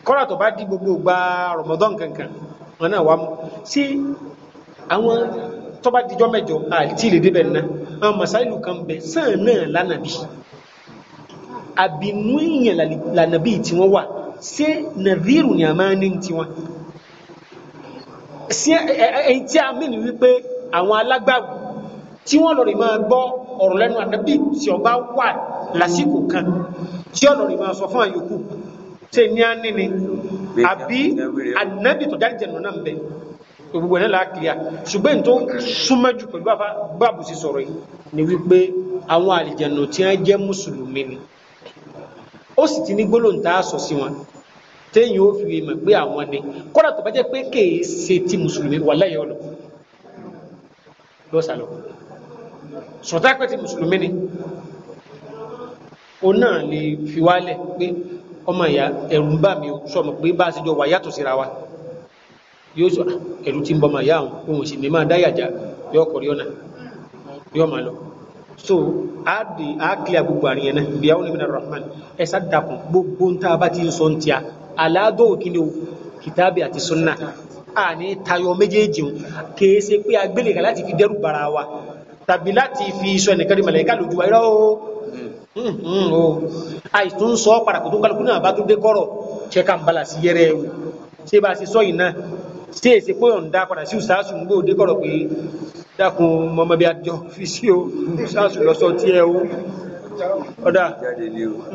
kọ́lá tó bá di gbogbo gba Ramadan kankan wọn náà wá sí àwọn tó bá di jọ mẹ́jọ àti ilé débẹ̀ nná àwọn masailu kan bẹ sàn náà lánàbí àbínú èèyàn lànàbí tí wọ́n wà ṣé nàdírù ni a máa ní tiwọn sí ẹ̀yìn tí a mìíràn wípé àwọn alágbàgbọ́ tí wọ́n lọ rí máa gbọ́ ọ̀rọ̀ lẹ́nu ànábì tí ọba wà lásìkò kan tí ó lọ rí máa sọ fún àyòkù tí ní á níni àbí ànábì tó dárí jẹ̀nà náà bẹ̀ gbogbo ẹ̀nà láàkìlíà ṣùgbọ́n tó súnmọ́jú pẹ̀lú bábù sí sọ̀rọ̀ yìí ni wípé àwọn àlìjẹ̀nà tí wọ́n jẹ́ mùsùlùmí ni ó sì ti ní gbólóhùn tá a sọ sí wọn téèyàn ó fi mọ̀ pé àwọn ni kódà tó bá jẹ́ pé kèé ṣe ti mùsùlùmí wà láyé ọlọ́ lọ́sàlọ́ sọ̀tápẹ́ ti mùsùlùmí ni o náà lè fi wálẹ̀ pé ọmọ ìyá ẹ̀rù ń bà mí sọmọ pé bá a ṣe jọ wà yàtọ̀ síra wa yóò sọ ah, ẹ̀rù ti ń bọ́ ọmọ ìyá àwọn ohun sì ní máa dáyàjá yóò kọ̀rí ọ̀nà yóò máa lọ so a di a kílẹ̀ gbogbo àríyàn náà bí àwọn ìmìnira rahman ẹ sá dàkún gbogbo ń tá a bá ti ń sọ ń tia aládó òkìní o kìtàbí àti sunna a tayọ méjèèjì kèé ṣe pé agbélé tàbí láti fi iṣọ ẹnìkan rí màláíkà lójú wa irọ́ o hmm. hmm, hmm, àìtún sọ padà kò tó kálukú náà bá tún dé kọ́rọ̀ ṣẹ́ka ń balà sí yẹrẹ ẹ̀wò ṣé bá ṣe sọ yìí náà ṣé èsì pé ọ̀n dá padà sí ìsáàsù ń gbòde kọ̀rọ̀ pé dákun mọ́mọ́ bí adjọ́ fi sí o ìsáàsù lọ́sọ tí ẹ o ọ̀dá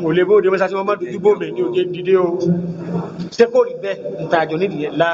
mo lè bóde mọ́sáàsì mọ́mọ́ dojú bò ní òde dídé o ṣé kò rí bẹ́ẹ̀ ntàjọ nídìí la